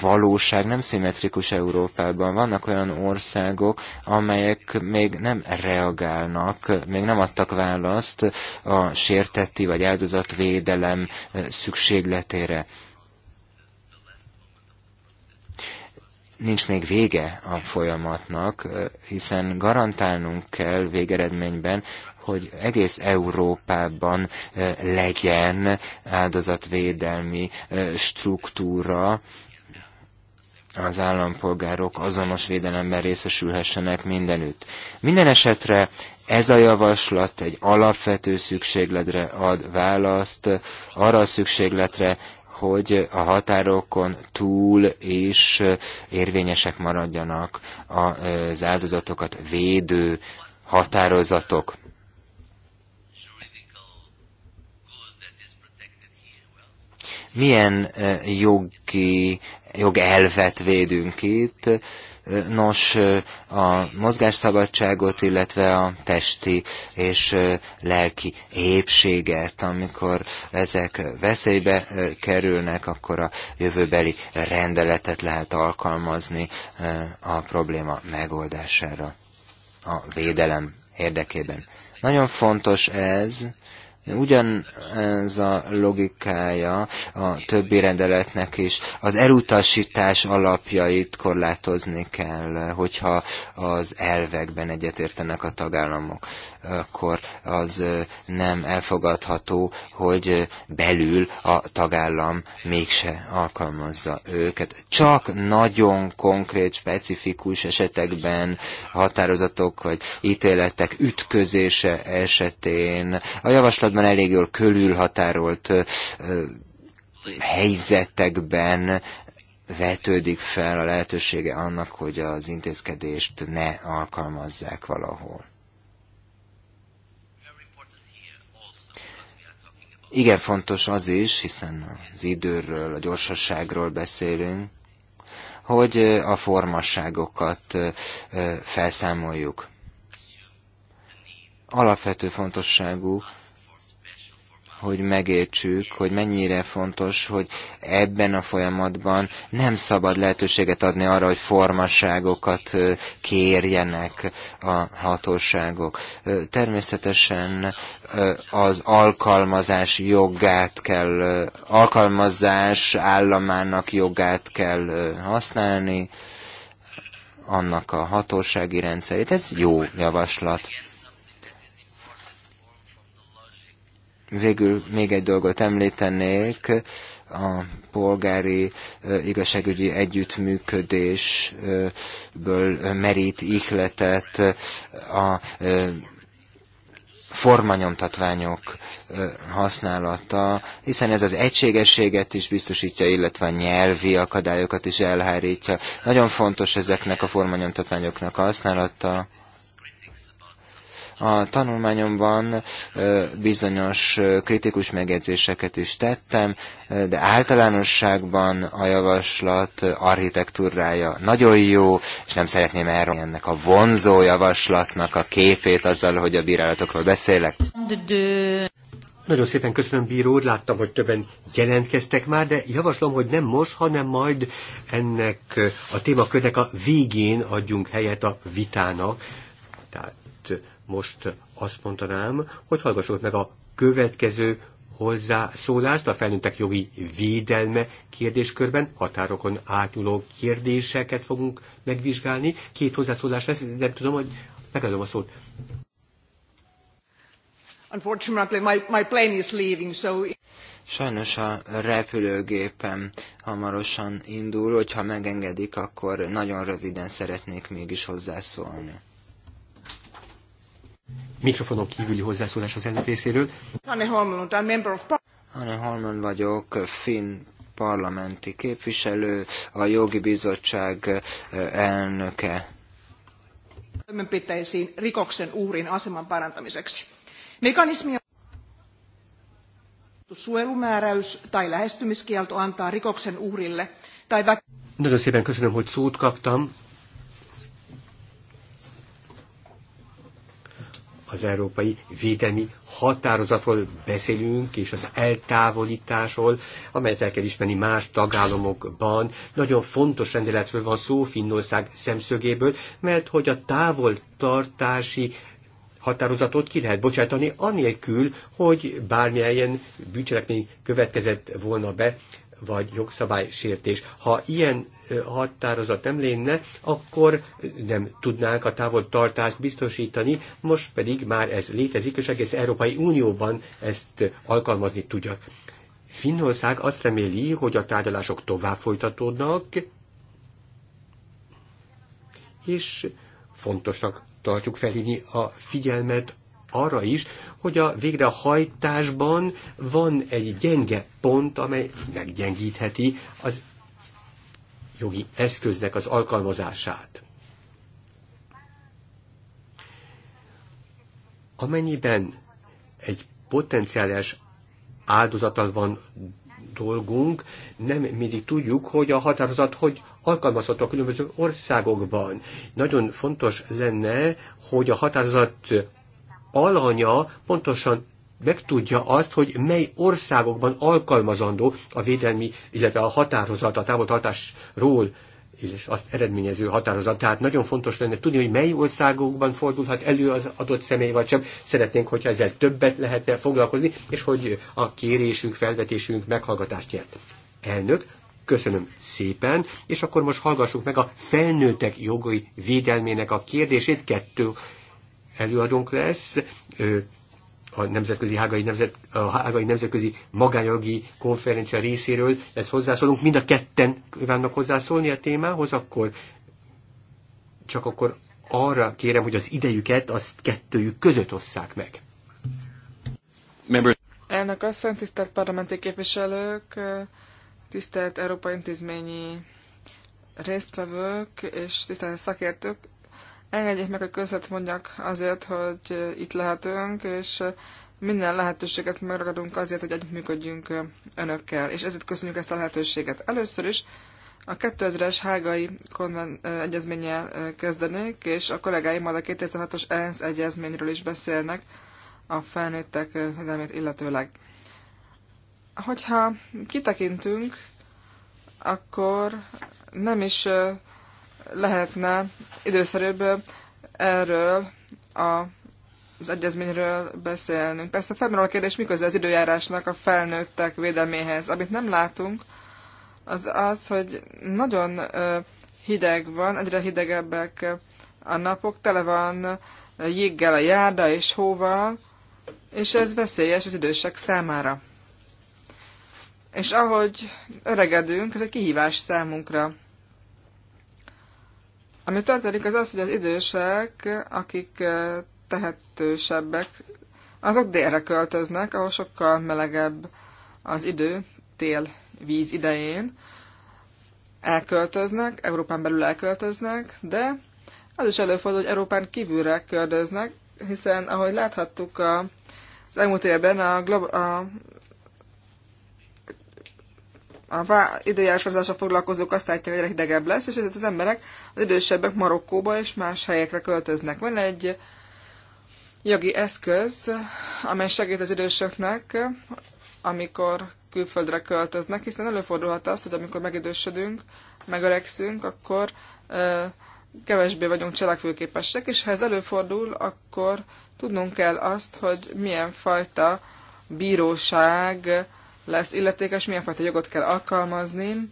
valóság nem szimmetrikus Európában. Vannak olyan országok, amelyek még nem reagálnak, még nem adtak választ a sértetti vagy áldozatvédelem szükségletére. nincs még vége a folyamatnak, hiszen garantálnunk kell végeredményben, hogy egész Európában legyen áldozatvédelmi struktúra, az állampolgárok azonos védelemben részesülhessenek mindenütt. Minden esetre ez a javaslat egy alapvető szükségletre ad választ, arra a szükségletre, hogy a határokon túl is érvényesek maradjanak az áldozatokat védő határozatok. Milyen eh, jogi, jogelvet védünk itt? Nos, a mozgásszabadságot, illetve a testi és lelki épséget, amikor ezek veszélybe kerülnek, akkor a jövőbeli rendeletet lehet alkalmazni a probléma megoldására, a védelem érdekében. Nagyon fontos ez, Ugyan ez a logikája a többi rendeletnek is. Az elutasítás alapjait korlátozni kell, hogyha az elvekben egyetértenek a tagállamok akkor az nem elfogadható, hogy belül a tagállam mégse alkalmazza őket. Csak nagyon konkrét, specifikus esetekben határozatok vagy ítéletek ütközése esetén a javaslatban elég jól körülhatárolt helyzetekben vetődik fel a lehetősége annak, hogy az intézkedést ne alkalmazzák valahol. Igen fontos az is, hiszen az időről, a gyorsasságról beszélünk, hogy a formasságokat felszámoljuk. Alapvető fontosságú, hogy megértsük, hogy mennyire fontos, hogy ebben a folyamatban nem szabad lehetőséget adni arra, hogy formaságokat kérjenek a hatóságok. Természetesen az alkalmazás jogát kell, alkalmazás államának jogát kell használni, annak a hatósági rendszerét. Ez jó javaslat. Végül még egy dolgot említenék, a polgári igazságügyi együttműködésből merít ihletet a formanyomtatványok használata, hiszen ez az egységességet is biztosítja, illetve a nyelvi akadályokat is elhárítja. Nagyon fontos ezeknek a formanyomtatványoknak a használata. A tanulmányomban bizonyos kritikus megjegyzéseket is tettem, de általánosságban a javaslat architektúrája nagyon jó, és nem szeretném elrolni ennek a vonzó javaslatnak a képét azzal, hogy a bírálatokról beszélek. Nagyon szépen köszönöm, bíró úr. Láttam, hogy többen jelentkeztek már, de javaslom, hogy nem most, hanem majd ennek a témakörnek a végén adjunk helyet a vitának. Tehát most azt mondanám, hogy hallgassuk meg a következő hozzászólást a felnőttek jogi védelme kérdéskörben, határokon átnyúló kérdéseket fogunk megvizsgálni. Két hozzászólás lesz, nem tudom, hogy megadom a szót. Unfortunately, my, my plane is leaving, so... Sajnos a repülőgépem hamarosan indul, hogyha megengedik, akkor nagyon röviden szeretnék mégis hozzászólni mikrofonon kívüli hozzászólás az elnök részéről. Anne Holmlund, a member of... vagyok, finn parlamenti képviselő, a jogi bizottság eh, elnöke. Toimenpiteisiin rikoksen uhrin aseman parantamiseksi. Mekanismi on suojelumääräys tai lähestymiskielto antaa rikoksen uhrille tai Nagyon szépen köszönöm, hogy szót kaptam. az európai védelmi határozatról beszélünk, és az eltávolításról, amelyet el kell ismerni más tagállamokban. Nagyon fontos rendeletről van szó Finnország szemszögéből, mert hogy a távoltartási határozatot ki lehet bocsátani, anélkül, hogy bármilyen bűncselekmény következett volna be vagy jogszabálysértés. Ha ilyen határozat nem lenne, akkor nem tudnánk a távoltartást biztosítani, most pedig már ez létezik, és egész Európai Unióban ezt alkalmazni tudja. Finnország azt reméli, hogy a tárgyalások tovább folytatódnak, és fontosnak tartjuk felhívni a figyelmet arra is, hogy a végrehajtásban van egy gyenge pont, amely meggyengítheti az jogi eszköznek az alkalmazását. Amennyiben egy potenciális áldozatal van dolgunk, nem mindig tudjuk, hogy a határozat hogy alkalmazható a különböző országokban. Nagyon fontos lenne, hogy a határozat alanya pontosan megtudja azt, hogy mely országokban alkalmazandó a védelmi, illetve a határozat, a távoltartásról és azt eredményező határozat. Tehát nagyon fontos lenne tudni, hogy mely országokban fordulhat elő az adott személy, vagy sem. Szeretnénk, hogyha ezzel többet lehetne foglalkozni, és hogy a kérésünk, felvetésünk meghallgatást nyert. Elnök, Köszönöm szépen, és akkor most hallgassuk meg a felnőttek jogai védelmének a kérdését. Kettő előadónk lesz, a Nemzetközi Hágai, Nemzet, a Hágai Nemzetközi Magányjogi Konferencia részéről ezt hozzászólunk. Mind a ketten kívánnak hozzászólni a témához, akkor csak akkor arra kérem, hogy az idejüket azt kettőjük között osszák meg. Member. Elnök asszony, tisztelt parlamenti képviselők, tisztelt Európai Intézményi résztvevők és tisztelt szakértők, Engedjék meg, hogy közvet mondjak azért, hogy itt lehetünk, és minden lehetőséget megragadunk azért, hogy együttműködjünk önökkel, és ezért köszönjük ezt a lehetőséget. Először is a 2000-es hágai konven- egyezménnyel kezdenék, és a kollégáim majd a 2006-os ENSZ egyezményről is beszélnek a felnőttek védelmét illetőleg. Hogyha kitekintünk, akkor nem is lehetne időszerűbb erről a, az egyezményről beszélnünk. Persze felmerül a kérdés, miközben az időjárásnak a felnőttek védelméhez. Amit nem látunk, az az, hogy nagyon hideg van, egyre hidegebbek a napok, tele van jéggel a járda és hóval, és ez veszélyes az idősek számára. És ahogy öregedünk, ez egy kihívás számunkra. Ami történik az az, hogy az idősek, akik tehetősebbek, azok délre költöznek, ahol sokkal melegebb az idő, tél, víz idején. Elköltöznek, Európán belül elköltöznek, de az is előfordul, hogy Európán kívülre költöznek, hiszen ahogy láthattuk az elmúlt évben a, globa, a a vá- foglalkozók azt látják, hogy egyre hidegebb lesz, és ezért az emberek, az idősebbek Marokkóba és más helyekre költöznek. Van egy jogi eszköz, amely segít az idősöknek, amikor külföldre költöznek, hiszen előfordulhat az, hogy amikor megidősödünk, megöregszünk, akkor e, kevesbé vagyunk cselekvőképesek, és ha ez előfordul, akkor tudnunk kell azt, hogy milyen fajta bíróság lesz illetékes, milyen fajta jogot kell alkalmazni,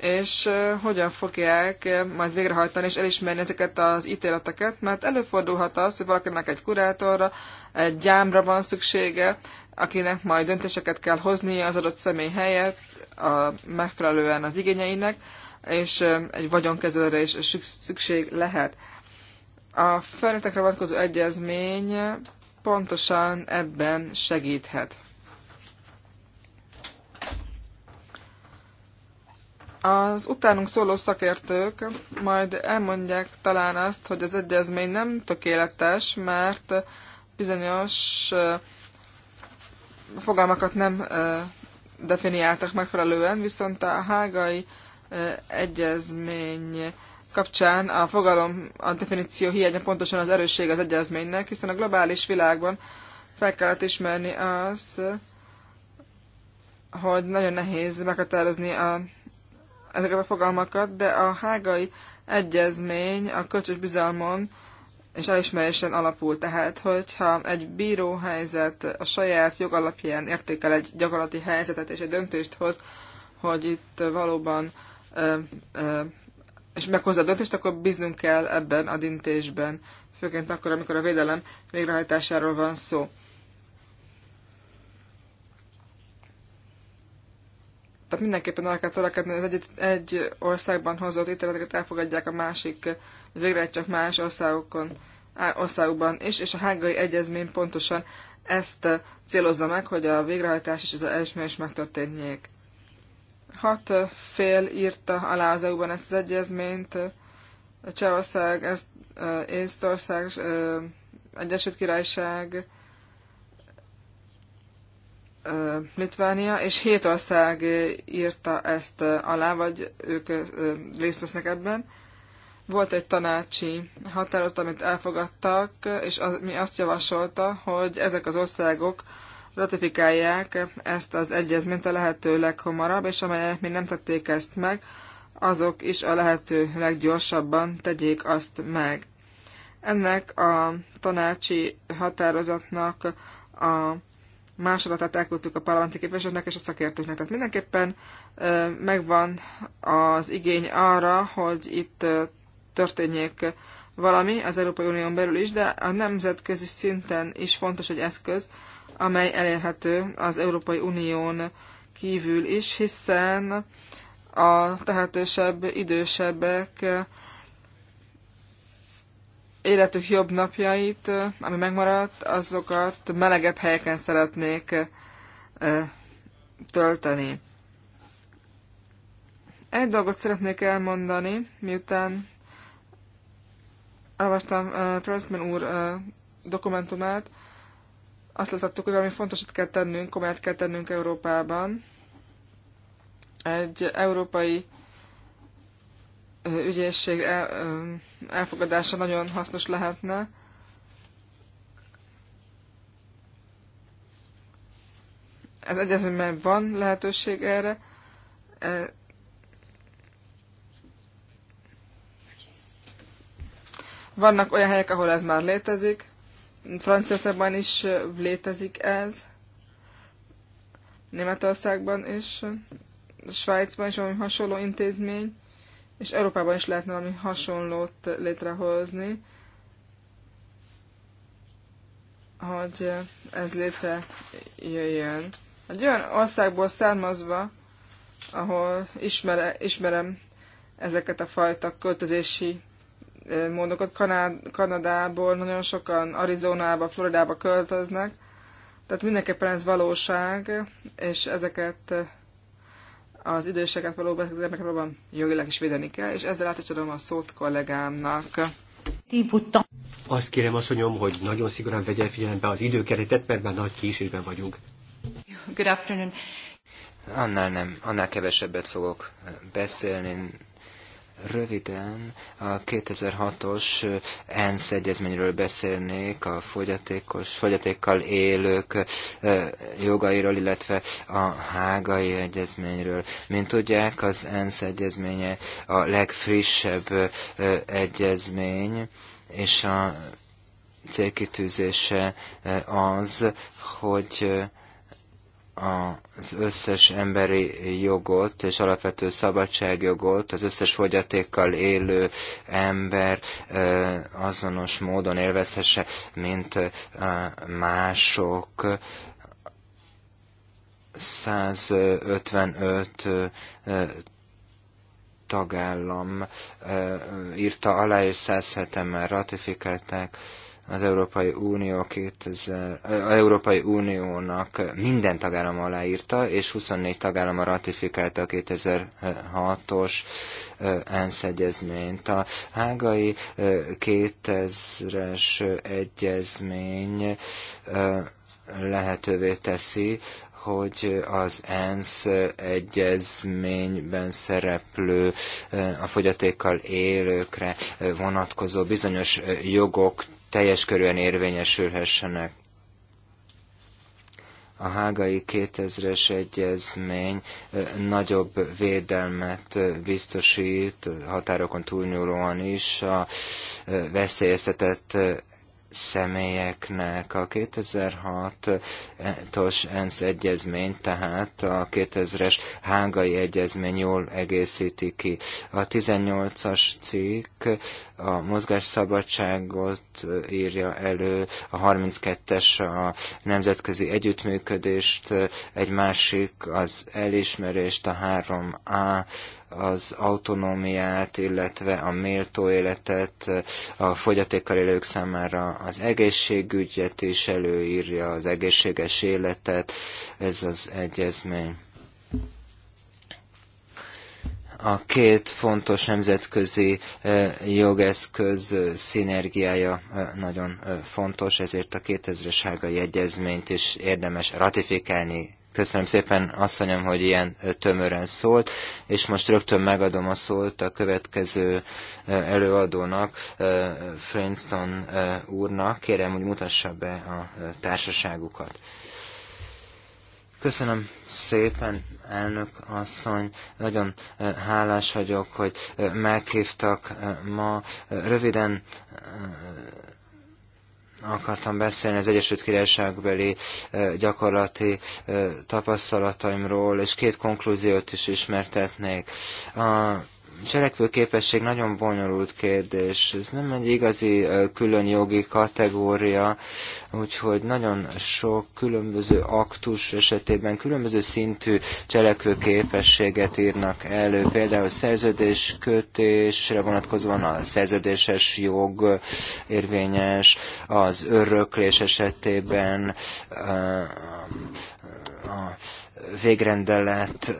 és hogyan fogják majd végrehajtani és elismerni ezeket az ítéleteket, mert előfordulhat az, hogy valakinek egy kurátorra, egy gyámra van szüksége, akinek majd döntéseket kell hoznia az adott személy helyett, a, megfelelően az igényeinek, és egy vagyonkezelőre is szükség lehet. A felnőttekre vonatkozó egyezmény pontosan ebben segíthet. Az utánunk szóló szakértők majd elmondják talán azt, hogy az egyezmény nem tökéletes, mert bizonyos fogalmakat nem definiáltak megfelelően, viszont a hágai egyezmény kapcsán a fogalom, a definíció hiánya pontosan az erősség az egyezménynek, hiszen a globális világban fel kellett ismerni az, hogy nagyon nehéz meghatározni a ezeket a fogalmakat, de a hágai egyezmény a kölcsös bizalmon és elismerésen alapul. Tehát, hogyha egy bíróhelyzet a saját jog alapján értékel egy gyakorlati helyzetet és egy döntést hoz, hogy itt valóban ö, ö, és meghozza a döntést, akkor bíznunk kell ebben a döntésben, főként akkor, amikor a védelem végrehajtásáról van szó. Tehát mindenképpen arra kell törekedni, hogy az egy, egy országban hozott ítéleteket elfogadják a másik, vagy végre csak más országokon, országokban is, és a hágai egyezmény pontosan ezt célozza meg, hogy a végrehajtás és az elismerés megtörténjék. Hat fél írta alá az EU-ban ezt az egyezményt, Csehország, ezt, Észtország, Egyesült Királyság, Litvánia, és hét ország írta ezt alá, vagy ők részt vesznek ebben. Volt egy tanácsi határozat, amit elfogadtak, és az, mi azt javasolta, hogy ezek az országok ratifikálják ezt az egyezményt a lehető leghamarabb, és amelyek még nem tették ezt meg, azok is a lehető leggyorsabban tegyék azt meg. Ennek a tanácsi határozatnak a másolatát elküldtük a parlamenti képviselőnek és a szakértőknek. Tehát mindenképpen megvan az igény arra, hogy itt történjék valami az Európai Unión belül is, de a nemzetközi szinten is fontos egy eszköz, amely elérhető az Európai Unión kívül is, hiszen a tehetősebb, idősebbek életük jobb napjait, ami megmaradt, azokat melegebb helyeken szeretnék tölteni. Egy dolgot szeretnék elmondani, miután elvastam uh, Franzman úr uh, dokumentumát, azt láthattuk, hogy valami fontosat kell tennünk, komolyat kell tennünk Európában. Egy európai ügyészség elfogadása nagyon hasznos lehetne. Az egyezményben van lehetőség erre. E, vannak olyan helyek, ahol ez már létezik. Franciaországban is létezik ez. Németországban is, Svájcban is valami hasonló intézmény és Európában is lehetne valami hasonlót létrehozni, hogy ez jöjjön. Egy olyan országból származva, ahol ismere, ismerem ezeket a fajta költözési módokat, Kanád, Kanadából nagyon sokan Arizonába, Floridába költöznek, tehát mindenképpen ez valóság, és ezeket az időseket való betegeket valóban jogilag is védeni kell, és ezzel átadom a szót kollégámnak. Azt kérem, asszonyom, hogy nagyon szigorúan vegye figyelembe az időkeretet, mert már nagy késésben vagyunk. Good afternoon. Annál nem, annál kevesebbet fogok beszélni. Röviden a 2006-os ENSZ egyezményről beszélnék, a fogyatékos, fogyatékkal élők jogairól, illetve a hágai egyezményről. Mint tudják, az ENSZ egyezménye a legfrissebb egyezmény, és a célkitűzése az, hogy az összes emberi jogot és alapvető szabadságjogot az összes fogyatékkal élő ember azonos módon élvezhesse, mint mások. 155 tagállam írta alá, és 107-en már ratifikálták az Európai Unió 2000, az Európai Uniónak minden tagállam aláírta, és 24 tagállama ratifikálta a 2006-os ENSZ egyezményt. A hágai 2000-es egyezmény lehetővé teszi, hogy az ENSZ egyezményben szereplő, a fogyatékkal élőkre vonatkozó bizonyos jogok teljes körűen érvényesülhessenek. A hágai 2000-es egyezmény nagyobb védelmet biztosít határokon túlnyúlóan is a veszélyeztetett személyeknek. A 2006-os ENSZ egyezmény, tehát a 2000-es hágai egyezmény jól egészíti ki. A 18-as cikk a mozgásszabadságot írja elő, a 32-es a nemzetközi együttműködést, egy másik az elismerést, a 3A az autonómiát, illetve a méltó életet, a fogyatékkal élők számára az egészségügyet is előírja, az egészséges életet, ez az egyezmény. A két fontos nemzetközi e, jogeszköz e, szinergiája e, nagyon fontos, ezért a 2000-es egyezményt is érdemes ratifikálni Köszönöm szépen, asszonyom, hogy ilyen tömören szólt, és most rögtön megadom a szót a következő előadónak, Frenston úrnak. Kérem, hogy mutassa be a társaságukat. Köszönöm szépen, elnök asszony. Nagyon hálás vagyok, hogy meghívtak ma. Röviden akartam beszélni az Egyesült Királyságbeli gyakorlati tapasztalataimról, és két konklúziót is ismertetnék. A Cselekvő képesség nagyon bonyolult kérdés. Ez nem egy igazi külön jogi kategória, úgyhogy nagyon sok különböző aktus esetében különböző szintű cselekvő képességet írnak elő. Például szerződéskötésre vonatkozóan a szerződéses jog érvényes, az öröklés esetében végrendelet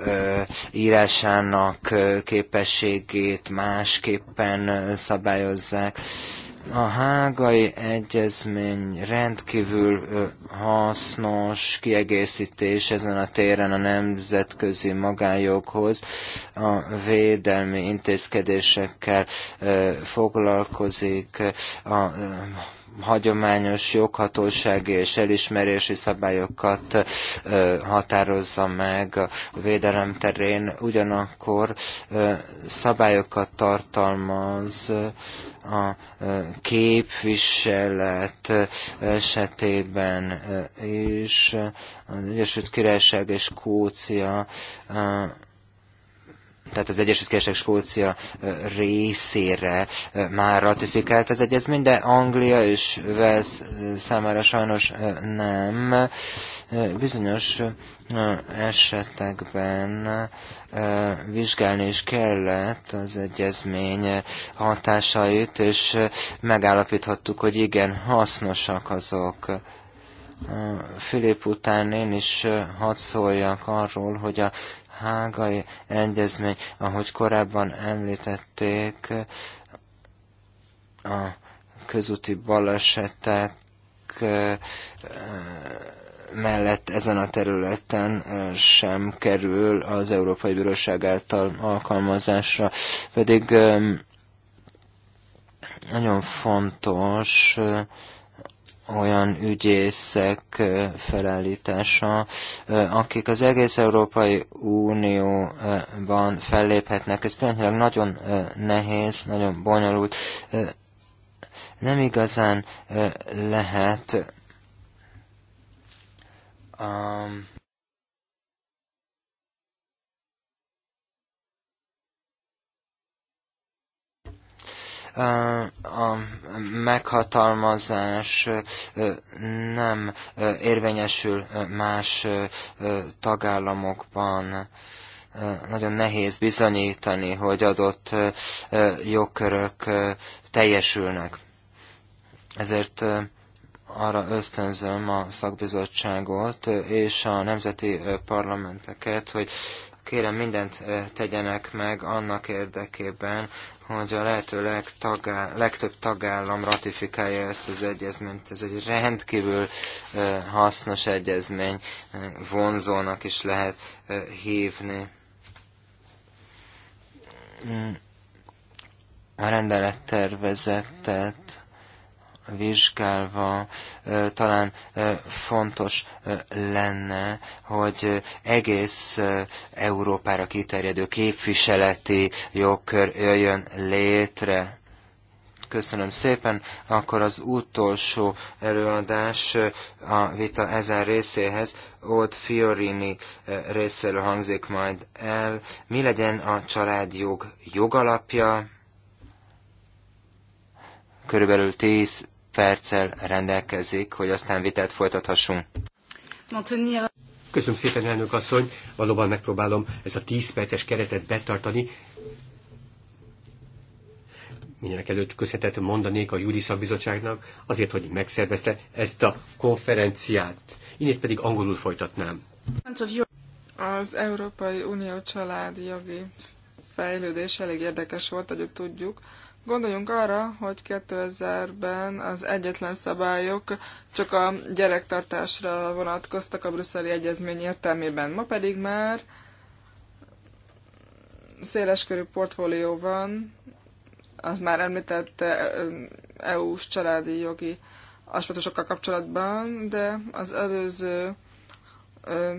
írásának képességét másképpen szabályozzák. A hágai egyezmény rendkívül hasznos kiegészítés ezen a téren a nemzetközi magánjoghoz, a védelmi intézkedésekkel foglalkozik, a hagyományos joghatósági és elismerési szabályokat határozza meg a védelem terén, ugyanakkor szabályokat tartalmaz a képviselet esetében is az Egyesült Királyság és Skócia tehát az Egyesült Királyság Skócia részére már ratifikált az egyezmény, de Anglia és Wales számára sajnos nem. Bizonyos esetekben vizsgálni is kellett az egyezmény hatásait, és megállapíthattuk, hogy igen, hasznosak azok. Filip után én is hadd szóljak arról, hogy a hágai egyezmény, ahogy korábban említették, a közúti balesetek mellett ezen a területen sem kerül az Európai Bíróság által alkalmazásra, pedig nagyon fontos olyan ügyészek felállítása, akik az egész Európai Unióban felléphetnek. Ez pillanatnyilag nagyon nehéz, nagyon bonyolult. Nem igazán lehet um, a meghatalmazás nem érvényesül más tagállamokban nagyon nehéz bizonyítani, hogy adott jogkörök teljesülnek. Ezért arra ösztönzöm a szakbizottságot és a nemzeti parlamenteket, hogy kérem mindent tegyenek meg annak érdekében, hogy a lehető legtagá, legtöbb tagállam ratifikálja ezt az egyezményt. Ez egy rendkívül hasznos egyezmény, vonzónak is lehet hívni. Mm. A rendelettervezetet vizsgálva talán fontos lenne, hogy egész Európára kiterjedő képviseleti jogkör jöjjön létre. Köszönöm szépen. Akkor az utolsó előadás a vita ezen részéhez, ott Fiorini részéről hangzik majd el. Mi legyen a családjog jogalapja? Körülbelül 10 perccel rendelkezik, hogy aztán vitát folytathassunk. Köszönöm szépen, elnök asszony. Valóban megpróbálom ezt a 10 perces keretet betartani. Mindenek előtt köszönetet mondanék a Júli Szakbizottságnak azért, hogy megszervezte ezt a konferenciát. Innét pedig angolul folytatnám. Az Európai Unió családi jogi fejlődés elég érdekes volt, hogy tudjuk, Gondoljunk arra, hogy 2000-ben az egyetlen szabályok csak a gyerektartásra vonatkoztak a brüsszeli egyezmény értelmében. Ma pedig már széleskörű portfólió van, az már említett EU-s családi jogi aspektusokkal kapcsolatban, de az előző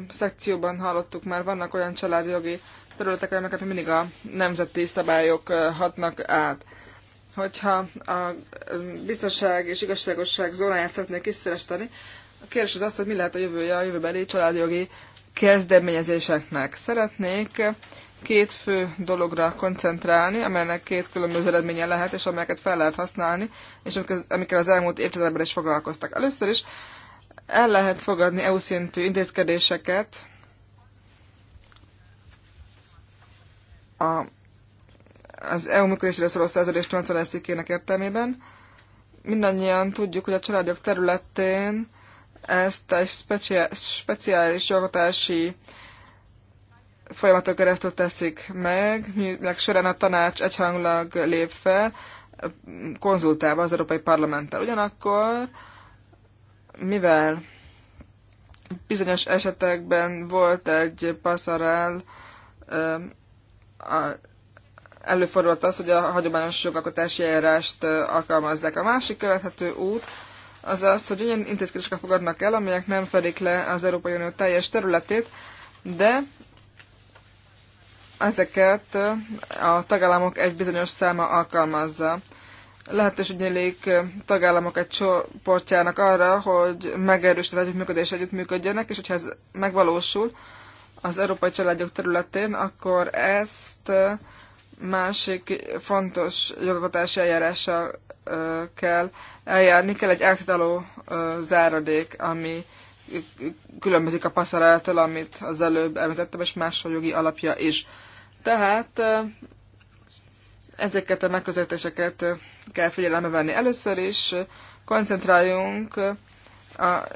szekcióban hallottuk már, vannak olyan jogi területek, amelyeket mindig a nemzeti szabályok hatnak át hogyha a biztonság és igazságosság zónáját szeretnék kiszeresteni, a kérdés az az, hogy mi lehet a jövője a jövőbeli családjogi kezdeményezéseknek. Szeretnék két fő dologra koncentrálni, amelynek két különböző eredménye lehet, és amelyeket fel lehet használni, és amikkel az elmúlt évtizedben is foglalkoztak. Először is el lehet fogadni EU szintű intézkedéseket a az EU működésére szóló szerződés 80 cikkének értelmében. Mindannyian tudjuk, hogy a családok területén ezt egy speciális jogotási folyamatok keresztül teszik meg, minek során a tanács egyhangulag lép fel, konzultálva az Európai Parlamenttel. Ugyanakkor, mivel bizonyos esetekben volt egy passzarál a előfordulhat az, hogy a hagyományos jogalkotási eljárást alkalmazzák. A másik követhető út az az, hogy olyan intézkedéseket fogadnak el, amelyek nem fedik le az Európai Unió teljes területét, de ezeket a tagállamok egy bizonyos száma alkalmazza. Lehetőség nyílik tagállamok egy csoportjának arra, hogy az együttműködés együttműködjenek, és hogyha ez megvalósul az európai családok területén, akkor ezt másik fontos jogalkotási eljárással kell eljárni, kell egy átadaló záradék, ami különbözik a passzarától, amit az előbb említettem, és más a jogi alapja is. Tehát ezeket a megközelítéseket kell figyelembe venni. Először is koncentráljunk a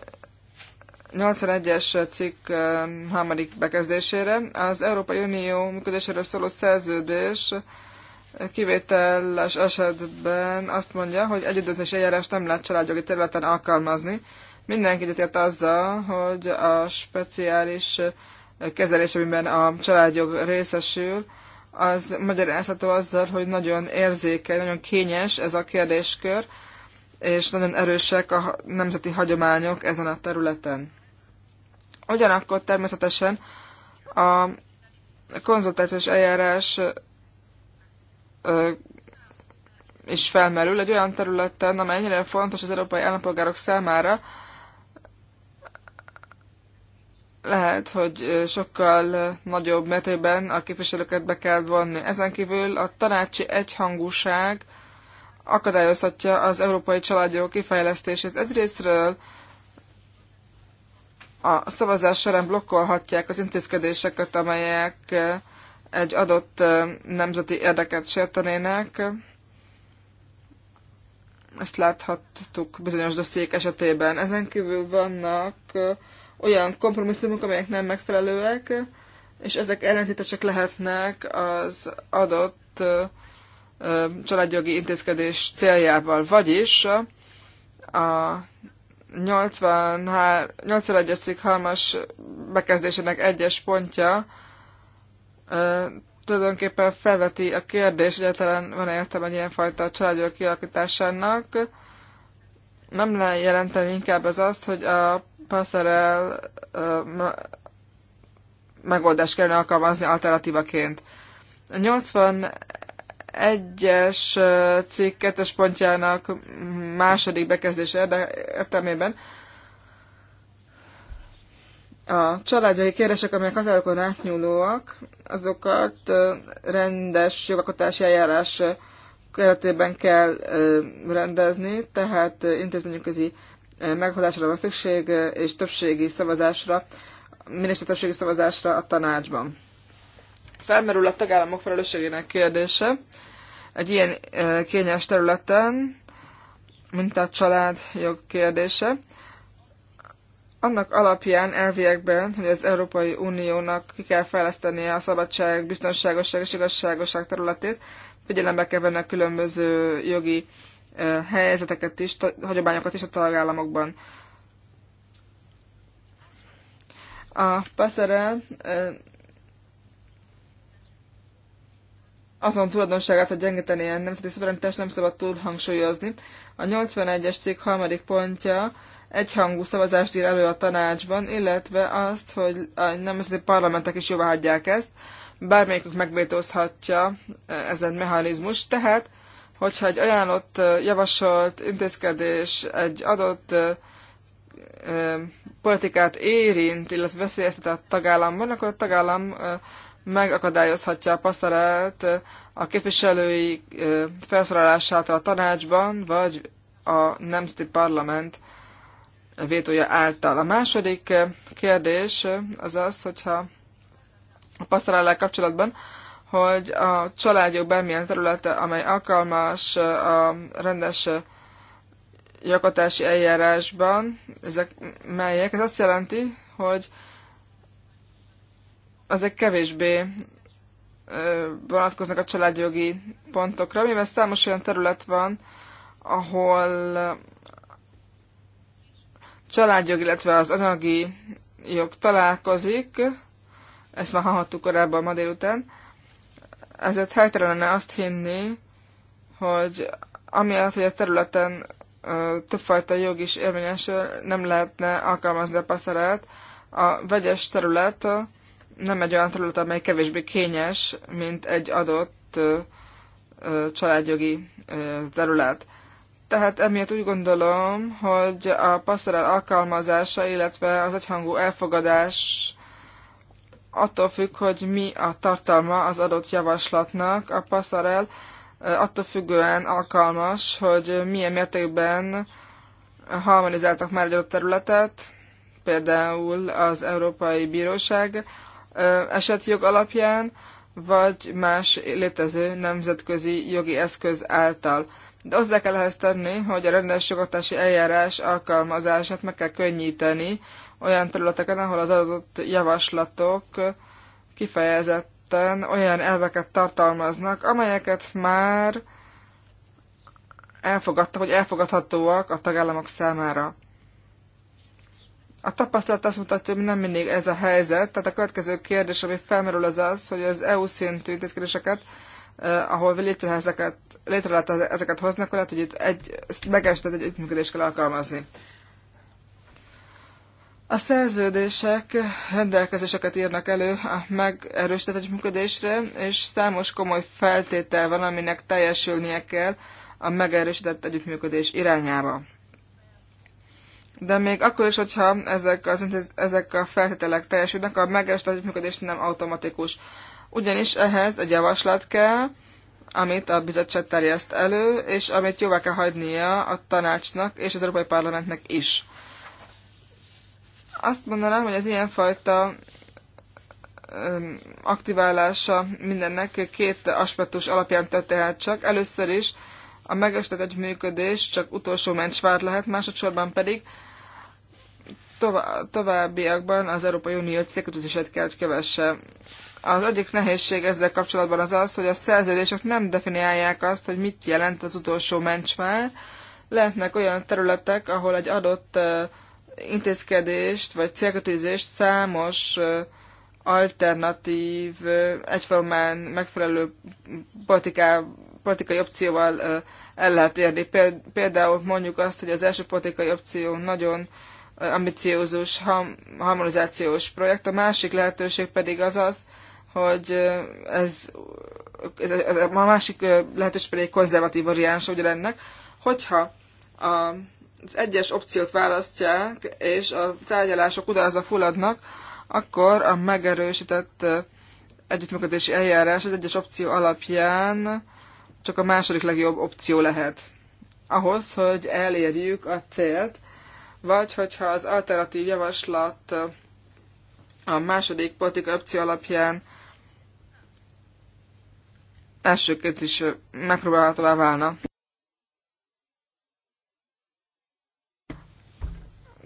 81-es cikk harmadik bekezdésére. Az Európai Unió működéséről szóló szerződés kivételes esetben azt mondja, hogy együttdöntési eljárás nem lehet családjogi területen alkalmazni. Mindenki egyetért azzal, hogy a speciális kezelés, amiben a családjog részesül, az magyarázható azzal, hogy nagyon érzékeny, nagyon kényes ez a kérdéskör, és nagyon erősek a nemzeti hagyományok ezen a területen. Ugyanakkor természetesen a konzultációs eljárás is felmerül egy olyan területen, amennyire fontos az európai állampolgárok számára, lehet, hogy sokkal nagyobb mértékben a képviselőket be kell vonni. Ezen kívül a tanácsi egyhangúság akadályozhatja az európai családjog kifejlesztését. Egyrésztről a szavazás során blokkolhatják az intézkedéseket, amelyek egy adott nemzeti érdeket sértenének. Ezt láthattuk bizonyos dossziék esetében. Ezen kívül vannak olyan kompromisszumok, amelyek nem megfelelőek, és ezek ellentétesek lehetnek az adott családjogi intézkedés céljával. Vagyis a 81-es cikk 3-as bekezdésének egyes pontja tulajdonképpen felveti a kérdés, egyáltalán van -e értelme egy ilyenfajta családjog kialakításának. Nem lehet jelenteni inkább az azt, hogy a passzerel megoldást kellene alkalmazni alternatívaként. A 80 egyes cikk kettes pontjának második bekezdése értelmében a családjai kérdések, amelyek határokon átnyúlóak, azokat rendes jogalkotási eljárás keretében kell rendezni, tehát intézményközi meghozásra van szükség, és többségi szavazásra, minősítő többségi szavazásra a tanácsban felmerül a tagállamok felelősségének kérdése egy ilyen e, kényes területen, mint a jog kérdése. Annak alapján elviekben, hogy az Európai Uniónak ki kell fejlesztenie a szabadság, biztonságosság és igazságosság területét, figyelembe kell venni a különböző jogi e, helyzeteket is, hagyományokat is a tagállamokban. A Passerel e, azon tulajdonságát, hogy gyengíteni a nemzeti szuverenitást nem szabad túl hangsúlyozni. A 81-es cikk harmadik pontja egyhangú szavazást ír elő a tanácsban, illetve azt, hogy a nemzeti parlamentek is jóvá hagyják ezt, bármelyikük megvétózhatja e, ezen mechanizmus, tehát hogyha egy ajánlott, e, javasolt intézkedés egy adott e, politikát érint, illetve veszélyeztet a tagállamban, akkor a tagállam megakadályozhatja a passzerelt a képviselői felszólalását a tanácsban, vagy a Nemzeti Parlament vétója által. A második kérdés az az, hogyha a passzerellel kapcsolatban, hogy a családjog bármilyen területe, amely alkalmas a rendes jogotási eljárásban, ezek melyek? Ez azt jelenti, hogy azok kevésbé vonatkoznak a családjogi pontokra, mivel számos olyan terület van, ahol családjog, illetve az anyagi jog találkozik, ezt már hallhattuk korábban ma délután, ezért helytelen lenne azt hinni, hogy amiatt, hogy a területen többfajta jog is érvényesül, nem lehetne alkalmazni a passzerelt, a vegyes terület nem egy olyan terület, amely kevésbé kényes, mint egy adott családjogi terület. Tehát emiatt úgy gondolom, hogy a passzorál alkalmazása, illetve az egyhangú elfogadás attól függ, hogy mi a tartalma az adott javaslatnak. A passzorál attól függően alkalmas, hogy milyen mértékben harmonizáltak már egy adott területet, például az Európai Bíróság esetjog alapján, vagy más létező nemzetközi jogi eszköz által. De hozzá kell ehhez tenni, hogy a rendes jogatási eljárás alkalmazását meg kell könnyíteni olyan területeken, ahol az adott javaslatok kifejezetten olyan elveket tartalmaznak, amelyeket már elfogadtak, hogy elfogadhatóak a tagállamok számára. A tapasztalat azt mutatja, hogy nem mindig ez a helyzet. Tehát a következő kérdés, ami felmerül, az az, hogy az EU szintű intézkedéseket, eh, ahol létre, lehet ezeket hozni, akkor lehet, hogy itt egy, megestet egy együttműködést kell alkalmazni. A szerződések rendelkezéseket írnak elő a megerősített együttműködésre, és számos komoly feltétel van, aminek teljesülnie kell a megerősített együttműködés irányába de még akkor is, hogyha ezek, az, ezek a feltételek teljesülnek, a megerősített működés nem automatikus. Ugyanis ehhez egy javaslat kell, amit a bizottság terjeszt elő, és amit jóvá kell hagynia a tanácsnak és az Európai Parlamentnek is. Azt mondanám, hogy az ilyenfajta aktiválása mindennek két aspektus alapján történhet csak. Először is a megestetett működés csak utolsó mencsvár lehet, másodszorban pedig továbbiakban az Európai Unió célkötőzését kell, hogy kövesse. Az egyik nehézség ezzel kapcsolatban az az, hogy a szerződések nem definiálják azt, hogy mit jelent az utolsó mencsvár. Lehetnek olyan területek, ahol egy adott intézkedést vagy célkötőzést számos alternatív, egyformán megfelelő politiká, politikai opcióval el lehet érni. Például mondjuk azt, hogy az első politikai opció nagyon ambiciózus harmonizációs projekt. A másik lehetőség pedig az az, hogy ez, ez a másik lehetőség pedig egy konzervatív variáns ugye lennek, hogyha a, az egyes opciót választják, és a tárgyalások kudarca fulladnak, akkor a megerősített együttműködési eljárás az egyes opció alapján csak a második legjobb opció lehet. Ahhoz, hogy elérjük a célt, vagy hogyha az alternatív javaslat a második politikai opció alapján elsőként is megpróbálhatóvá válna.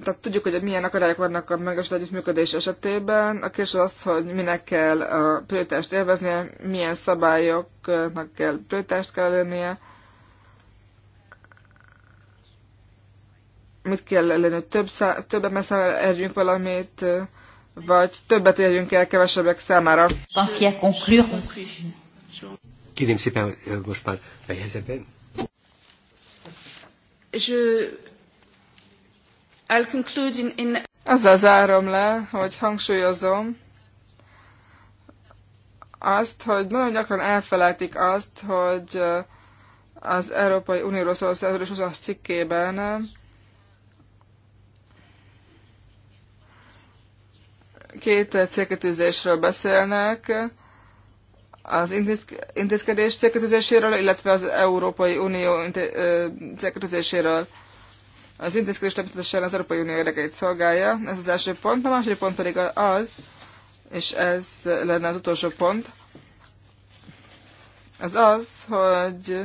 Tehát tudjuk, hogy milyen akadályok vannak a megosztó együttműködés esetében. A kérdés az, az, hogy minek kell a prioritást élveznie, milyen szabályoknak kell prioritást kell lennie. mit kell lenni hogy több, szá, többet messze érjünk valamit, vagy többet érjünk el kevesebbek számára. Kérem szépen, most már fejezeben. Je... in, Azzal zárom le, hogy hangsúlyozom azt, hogy nagyon gyakran elfelejtik azt, hogy az Európai Unióról szóló szerződés 20 cikkében két célkötőzésről beszélnek, az intézkedés célkötőzéséről, illetve az Európai Unió célkötőzéséről. Az intézkedés természetesen az Európai Unió érdekeit szolgálja, ez az első pont, a második pont pedig az, és ez lenne az utolsó pont, az az, hogy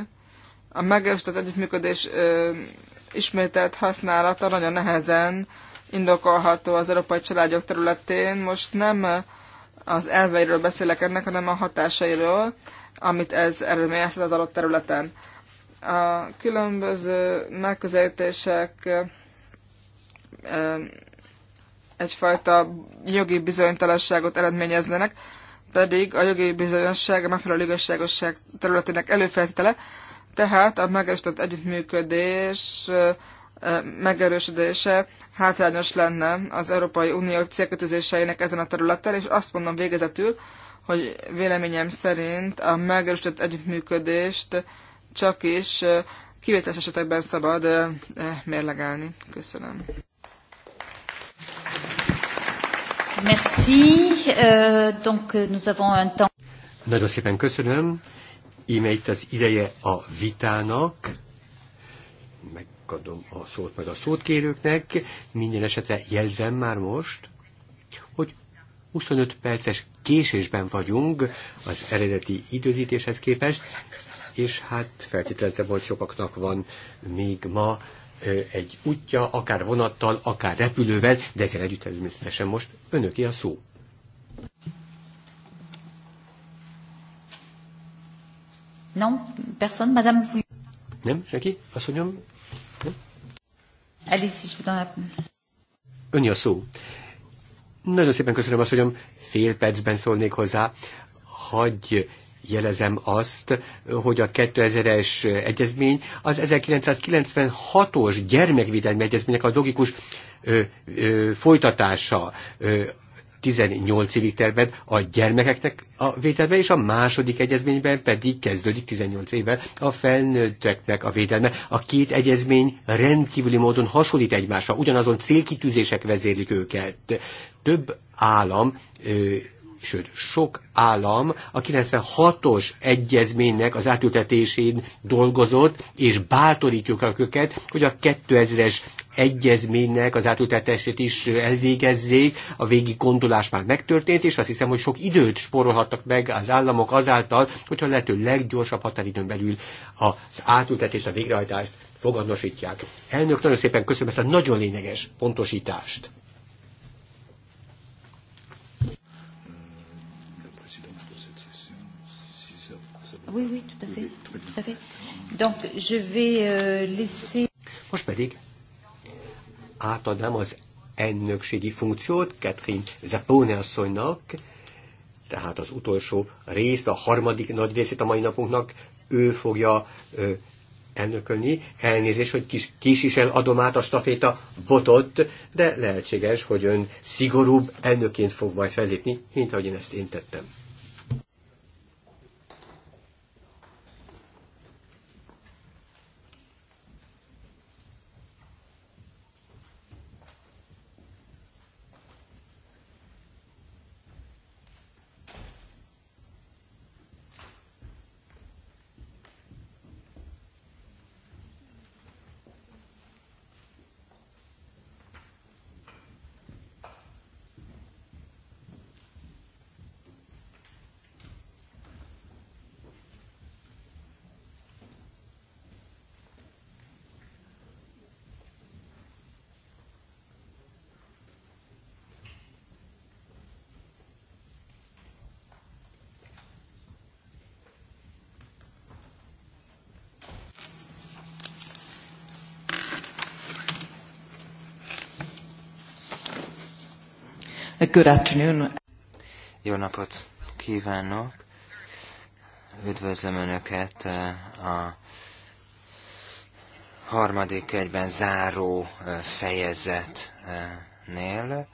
a megerősített együttműködés ismételt használata nagyon nehezen indokolható az európai családok területén. Most nem az elveiről beszélek ennek, hanem a hatásairól, amit ez eredményezhet az adott területen. A különböző megközelítések egyfajta jogi bizonytalanságot eredményeznének, pedig a jogi bizonyosság a megfelelő igazságosság területének előfeltétele, tehát a megerősített együttműködés megerősödése hátrányos lenne az Európai Unió célkötözéseinek ezen a területen, és azt mondom végezetül, hogy véleményem szerint a megerősített együttműködést csak is kivételes esetekben szabad mérlegelni. Köszönöm. Merci. Euh, donc nous avons un temps. Nagyon szépen köszönöm. Íme itt az ideje a vitának átadom a szót meg a szót kérőknek. Minden esetre jelzem már most, hogy 25 perces késésben vagyunk az eredeti időzítéshez képest, és hát feltételezem, hogy sokaknak van még ma egy útja, akár vonattal, akár repülővel, de ezzel együtt természetesen most önöki a szó. Non, personne, madame, vous... Nem, senki? mondjam, Ön a szó. Nagyon szépen köszönöm azt, hogy fél percben szólnék hozzá. Hagy jelezem azt, hogy a 2000-es egyezmény az 1996-os gyermekvédelmi egyezménynek a logikus ö, ö, folytatása, ö, 18 évig terved a gyermekeknek a védelme, és a második egyezményben pedig kezdődik 18 évvel a felnőtteknek a védelme. A két egyezmény rendkívüli módon hasonlít egymásra, ugyanazon célkitűzések vezérlik őket. Több állam sőt, sok állam a 96-os egyezménynek az átültetésén dolgozott, és bátorítjuk őket, hogy a 2000-es egyezménynek az átültetését is elvégezzék, a végig gondolás már megtörtént, és azt hiszem, hogy sok időt spórolhattak meg az államok azáltal, hogyha lehető leggyorsabb határidőn belül az átültetést, a végrehajtást fogadnosítják. Elnök, nagyon szépen köszönöm ezt a nagyon lényeges pontosítást. Oui, oui, tout à fait. Tout à fait. Donc, je vais euh, laisser... Most pedig átadnám az elnökségi funkciót Katrin Zapone asszonynak, tehát az utolsó részt, a harmadik nagy részét a mai napunknak ő fogja ö, elnökölni. Elnézést, hogy kis, kis is eladom át a staféta botot, de lehetséges, hogy ön szigorúbb elnökként fog majd fellépni, mint ahogy én ezt én tettem. Good afternoon. Jó napot kívánok! Üdvözlöm Önöket eh, a harmadik egyben záró eh, fejezetnél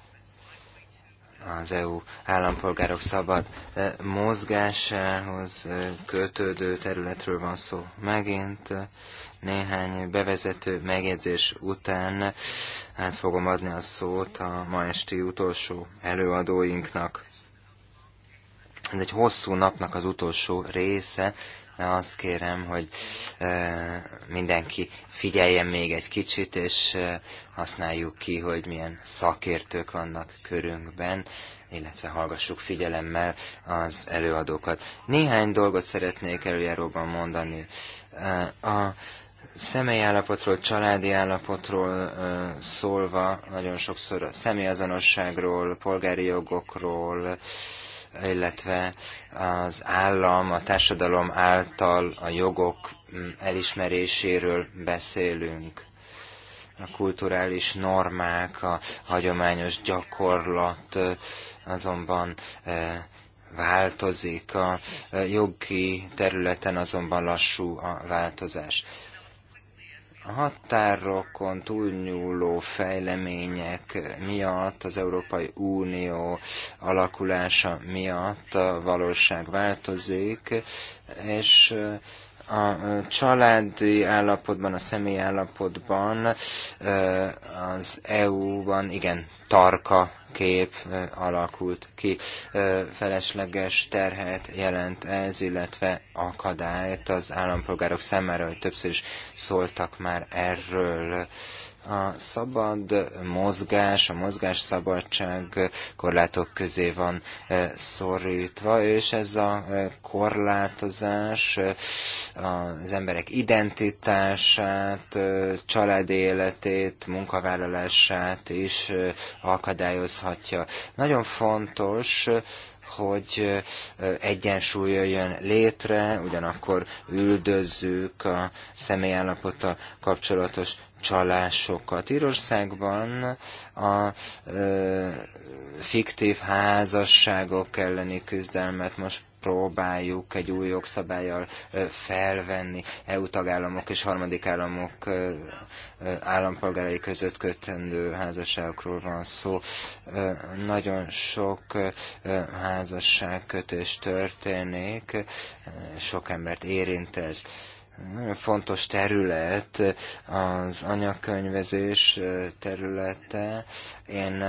az EU állampolgárok szabad eh, mozgásához kötődő területről van szó megint. Néhány bevezető megjegyzés után át fogom adni a szót a ma esti utolsó előadóinknak. Ez egy hosszú napnak az utolsó része, de azt kérem, hogy e, mindenki figyeljen még egy kicsit, és e, használjuk ki, hogy milyen szakértők vannak körünkben, illetve hallgassuk figyelemmel az előadókat. Néhány dolgot szeretnék előjáróban mondani. E, a állapotról, családi állapotról szólva, nagyon sokszor a személyazonosságról, polgári jogokról, illetve az állam, a társadalom által a jogok elismeréséről beszélünk. A kulturális normák, a hagyományos gyakorlat azonban változik, a jogi területen azonban lassú a változás határokon túlnyúló fejlemények miatt, az Európai Unió alakulása miatt a valóság változik, és a családi állapotban, a személyi állapotban az EU-ban igen tarka kép alakult ki. Felesleges terhet jelent ez, illetve akadályt az állampolgárok számára, hogy többször is szóltak már erről a szabad mozgás, a mozgásszabadság korlátok közé van e, szorítva, és ez a e, korlátozás e, az emberek identitását, családi életét, munkavállalását is akadályozhatja. Nagyon fontos, hogy egyensúly jöjjön létre, ugyanakkor üldözzük a személyállapota kapcsolatos csalásokat. Írországban a ö, fiktív házasságok elleni küzdelmet most próbáljuk egy új jogszabályjal felvenni EU tagállamok és harmadik államok állampolgárai között kötendő házasságokról van szó. Nagyon sok házasságkötés történik, sok embert érint ez nagyon fontos terület az anyakönyvezés területe. Én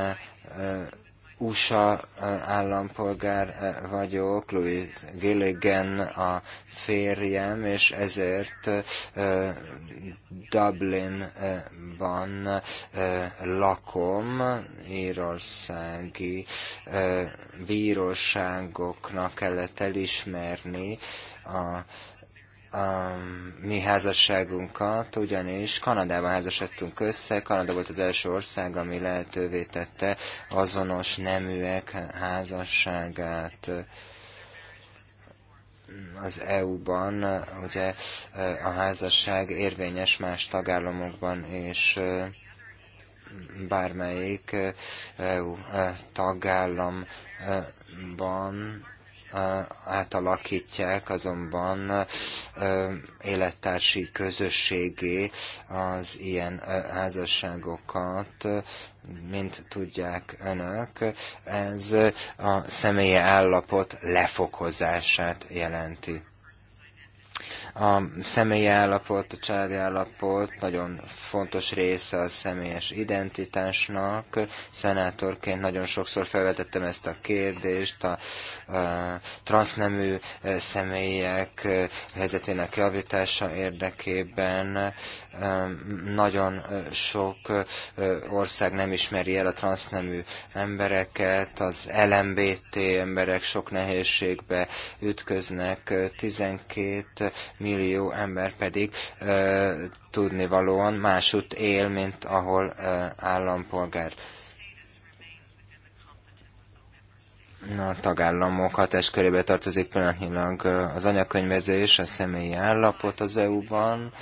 USA állampolgár vagyok, Louis Gilligan a férjem, és ezért Dublinban lakom, írországi bíróságoknak kellett elismerni a a mi házasságunkat, ugyanis Kanadában házasodtunk össze, Kanada volt az első ország, ami lehetővé tette azonos neműek házasságát az EU-ban, ugye a házasság érvényes más tagállamokban, és bármelyik EU tagállamban átalakítják azonban élettársi közösségé az ilyen házasságokat, mint tudják önök, ez a személye állapot lefokozását jelenti. A személyi állapot, a családi állapot nagyon fontos része a személyes identitásnak. Szenátorként nagyon sokszor felvetettem ezt a kérdést, a, a transznemű eh, személyek eh, helyzetének javítása érdekében nagyon sok ország nem ismeri el a transznemű embereket, az LMBT emberek sok nehézségbe ütköznek, 12 millió ember pedig tudnivalóan másút él, mint ahol állampolgár. a tagállamok körébe tartozik pillanatnyilag az anyakönyvezés, a személyi állapot az EU-ban,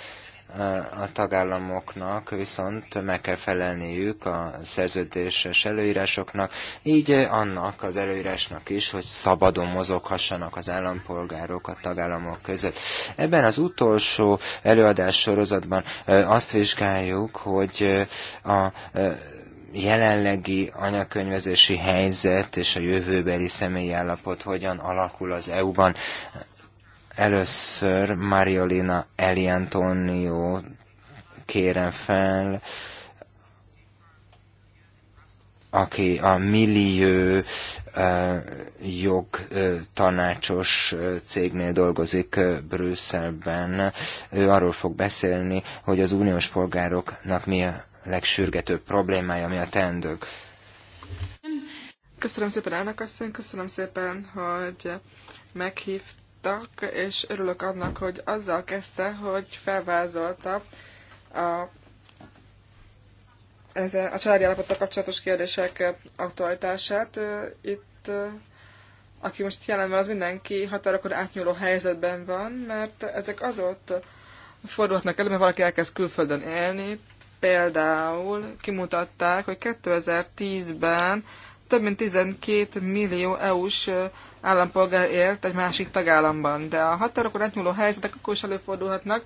a tagállamoknak viszont meg kell felelniük a szerződéses előírásoknak, így annak az előírásnak is, hogy szabadon mozoghassanak az állampolgárok a tagállamok között. Ebben az utolsó előadás sorozatban azt vizsgáljuk, hogy a jelenlegi anyakönyvezési helyzet és a jövőbeli személyi állapot hogyan alakul az EU-ban. Először Mariolina Eliantonio kérem fel, aki a millió jog tanácsos cégnél dolgozik Brüsszelben. Ő arról fog beszélni, hogy az uniós polgároknak mi a legsürgetőbb problémája, mi a teendők. Köszönöm szépen, elnök asszony, köszönöm szépen, hogy meghívt hallgattak, és örülök annak, hogy azzal kezdte, hogy felvázolta a, ez a, a családi állapottal kapcsolatos kérdések aktualitását. Itt aki most jelen van, az mindenki határokon átnyúló helyzetben van, mert ezek azóta fordulhatnak elő, mert valaki elkezd külföldön élni. Például kimutatták, hogy 2010-ben több mint 12 millió EU-s állampolgár élt egy másik tagállamban, de a határokon átnyúló helyzetek akkor is előfordulhatnak,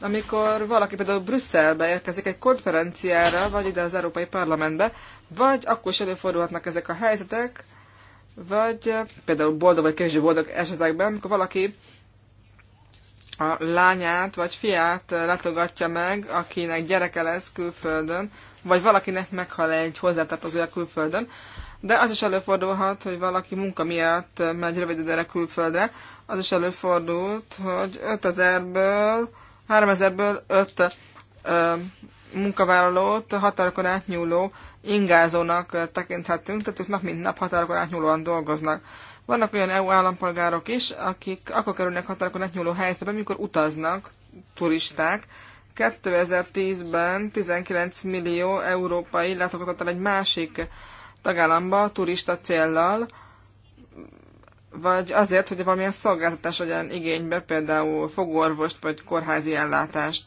amikor valaki például Brüsszelbe érkezik egy konferenciára, vagy ide az Európai Parlamentbe, vagy akkor is előfordulhatnak ezek a helyzetek, vagy például boldog vagy kevésbé boldog esetekben, amikor valaki a lányát vagy fiát látogatja meg, akinek gyereke lesz külföldön, vagy valakinek meghal egy hozzátartozója külföldön, de az is előfordulhat, hogy valaki munka miatt megy rövid időre külföldre. Az is előfordult, hogy 5000-ből, 3000-ből 5 ö, munkavállalót határokon átnyúló ingázónak tekinthetünk, tehát ők nap mint nap határokon átnyúlóan dolgoznak. Vannak olyan EU állampolgárok is, akik akkor kerülnek határokon átnyúló helyzetbe, amikor utaznak turisták. 2010-ben 19 millió európai látogatott egy másik tagállamba turista céllal, vagy azért, hogy valamilyen szolgáltatás legyen igénybe, például fogorvost vagy kórházi ellátást.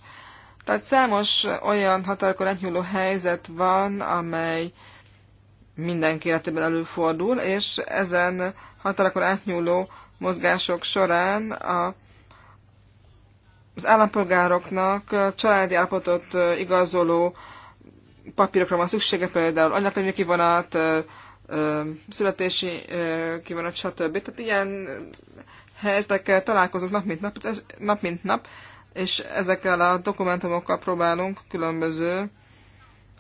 Tehát számos olyan határokon átnyúló helyzet van, amely mindenki életében előfordul, és ezen határokon átnyúló mozgások során a, az állampolgároknak családi állapotot igazoló papírokra van szüksége, például anyakönyvi kivonat, születési kivonat, stb. Tehát ilyen helyzetekkel találkozunk nap mint nap, nap, mint nap és ezekkel a dokumentumokkal próbálunk különböző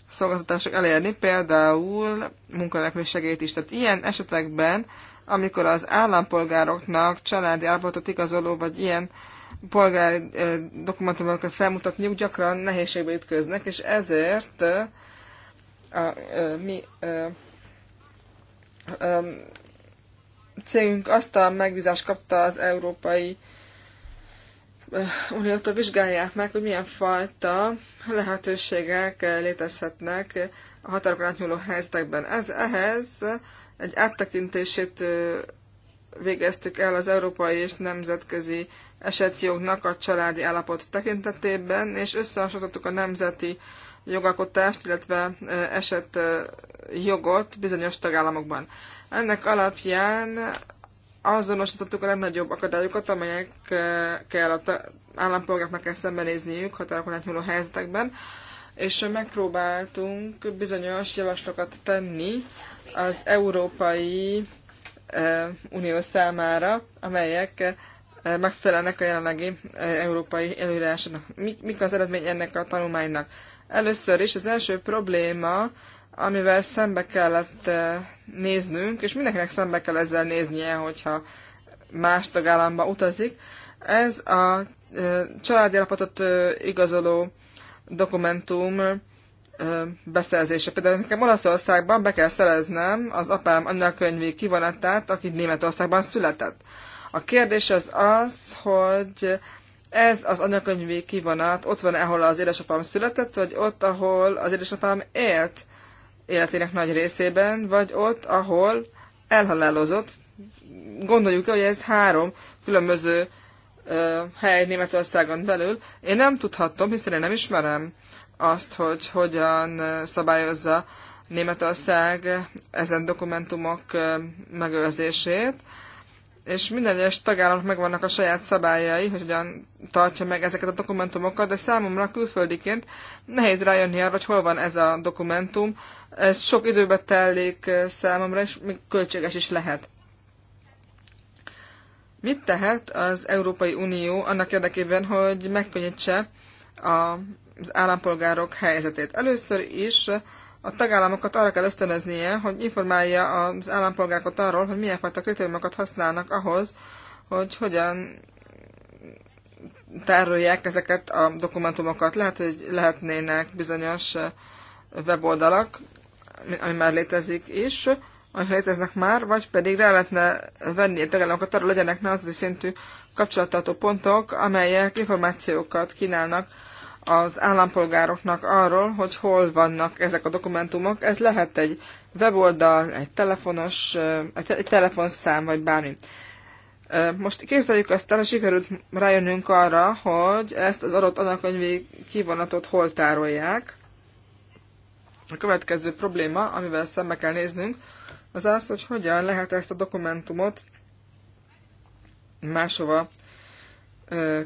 szolgáltatások elérni, például munkanélküli segélyt is. Tehát ilyen esetekben, amikor az állampolgároknak családi állapotot igazoló, vagy ilyen uh, polgári dokumentumokat felmutatniuk, gyakran nehézségbe ütköznek, és ezért a, a, mi a, a, cégünk azt a megbízást kapta az Európai Uniótól vizsgálják meg, hogy milyen fajta lehetőségek létezhetnek a határokon átnyúló helyzetekben. Ez ehhez egy áttekintését végeztük el az európai és nemzetközi esetjognak a családi állapot tekintetében, és összehasonlítottuk a nemzeti jogalkotást, illetve esett jogot bizonyos tagállamokban. Ennek alapján azonosítottuk a legnagyobb akadályokat, amelyekkel a állampolgáknak kell szembenézniük határokon átnyúló helyzetekben, és megpróbáltunk bizonyos javaslatokat tenni az Európai Unió számára, amelyek megfelelnek a jelenlegi e, európai előírásnak. Mik, mik az eredmény ennek a tanulmánynak? Először is az első probléma, amivel szembe kellett e, néznünk, és mindenkinek szembe kell ezzel néznie, hogyha más tagállamba utazik, ez a e, családi alapotot igazoló dokumentum beszerzése. Például nekem Olaszországban be kell szereznem az apám anyakönyvi kivonatát, aki Németországban született. A kérdés az az, hogy ez az anyakönyvi kivonat ott van, ahol az édesapám született, vagy ott, ahol az édesapám élt életének nagy részében, vagy ott, ahol elhalálozott. Gondoljuk hogy ez három különböző ö, hely Németországon belül. Én nem tudhatom, hiszen én nem ismerem azt, hogy hogyan szabályozza Németország ezen dokumentumok megőrzését és minden egyes tagállamnak megvannak a saját szabályai, hogy hogyan tartja meg ezeket a dokumentumokat, de számomra külföldiként nehéz rájönni arra, hogy hol van ez a dokumentum. Ez sok időbe tellik eh, számomra, és még költséges is lehet. Mit tehet az Európai Unió annak érdekében, hogy megkönnyítse az állampolgárok helyzetét? Először is a tagállamokat arra kell ösztönöznie, hogy informálja az állampolgárokat arról, hogy milyen fajta kritériumokat használnak ahhoz, hogy hogyan tárolják ezeket a dokumentumokat. Lehet, hogy lehetnének bizonyos weboldalak, ami már létezik is, ami léteznek már, vagy pedig rá lehetne venni a tagállamokat arra, legyenek nemzeti szintű kapcsolattartó pontok, amelyek információkat kínálnak az állampolgároknak arról, hogy hol vannak ezek a dokumentumok. Ez lehet egy weboldal, egy telefonos, egy telefonszám, vagy bármi. Most képzeljük azt el, hogy sikerült rájönnünk arra, hogy ezt az adott anyakönyvi kivonatot hol tárolják. A következő probléma, amivel szembe kell néznünk, az az, hogy hogyan lehet ezt a dokumentumot máshova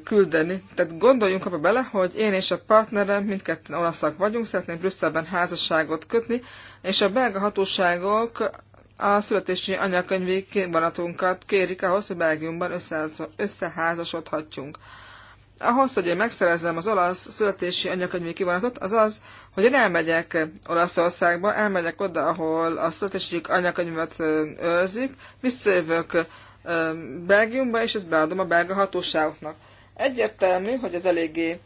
küldeni. Tehát gondoljunk abba bele, hogy én és a partnerem, mindketten olaszak vagyunk, szeretnénk Brüsszelben házasságot kötni, és a belga hatóságok a születési anyakönyvi vonatunkat kérik ahhoz, hogy Belgiumban összeházasodhatjunk. Ahhoz, hogy én megszerezzem az olasz születési anyakönyvi kivonatot, az az, hogy én elmegyek Olaszországba, elmegyek oda, ahol a születési anyakönyvet őrzik, visszajövök Belgiumba, és ezt beadom a belga hatóságoknak. Egyértelmű, hogy ez eléggé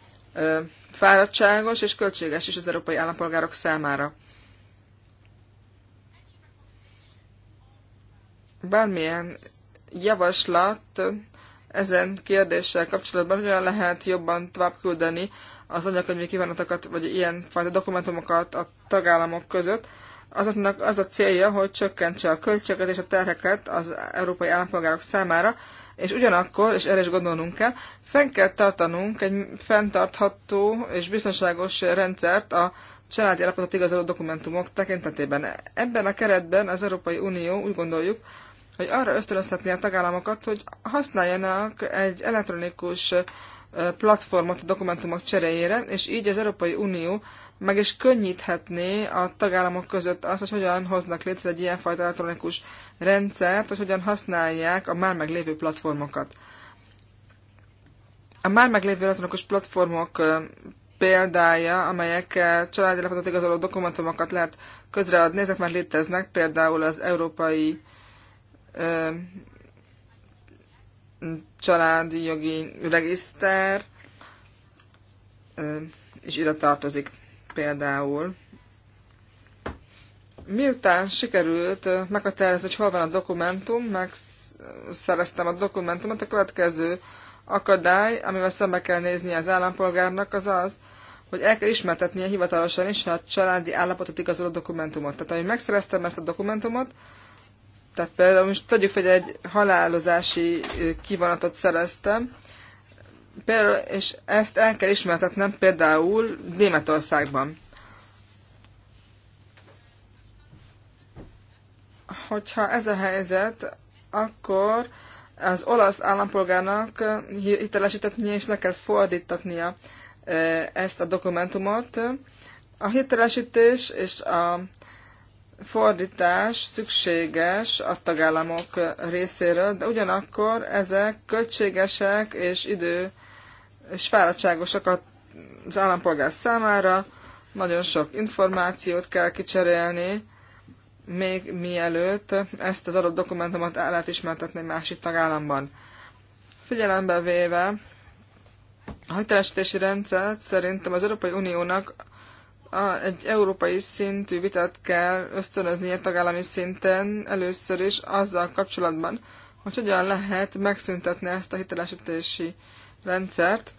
fáradtságos és költséges is az európai állampolgárok számára. Bármilyen javaslat ezen kérdéssel kapcsolatban hogyan lehet jobban tovább küldeni az anyakönyvi kívánatokat, vagy ilyenfajta dokumentumokat a tagállamok között, azoknak az a célja, hogy csökkentse a költséget és a terheket az európai állampolgárok számára, és ugyanakkor, és erre is gondolnunk kell, fenn kell tartanunk egy fenntartható és biztonságos rendszert a családi alapotot igazoló dokumentumok tekintetében. Ebben a keretben az Európai Unió úgy gondoljuk, hogy arra ösztönözhetné a tagállamokat, hogy használjanak egy elektronikus platformot a dokumentumok cseréjére, és így az Európai Unió meg is könnyíthetné a tagállamok között azt, hogy hogyan hoznak létre egy ilyenfajta elektronikus rendszert, hogy hogyan használják a már meglévő platformokat. A már meglévő elektronikus platformok példája, amelyek családi lapotot igazoló dokumentumokat lehet közreadni, ezek már léteznek, például az Európai ö, Családi Jogi Regiszter, ö, és ide tartozik például. Miután sikerült meghatározni, hogy hol van a dokumentum, megszereztem a dokumentumot, a következő akadály, amivel szembe kell nézni az állampolgárnak, az az, hogy el kell ismertetnie hivatalosan is a családi állapotot igazoló dokumentumot. Tehát, ahogy megszereztem ezt a dokumentumot, tehát például most tegyük fel, hogy egy halálozási kivonatot szereztem, Például, és ezt el kell ismertetnem például Németországban. Hogyha ez a helyzet, akkor az olasz állampolgárnak hitelesítetnie és le kell fordítatnia ezt a dokumentumot. A hitelesítés és a fordítás szükséges a tagállamok részéről, de ugyanakkor ezek költségesek és idő és fáradtságosak az állampolgár számára, nagyon sok információt kell kicserélni, még mielőtt ezt az adott dokumentumot el lehet ismertetni másik tagállamban. Figyelembe véve a hitelesítési rendszert szerintem az Európai Uniónak a, egy európai szintű vitát kell ösztönöznie tagállami szinten először is azzal kapcsolatban, hogy hogyan lehet megszüntetni ezt a hitelesítési rendszert,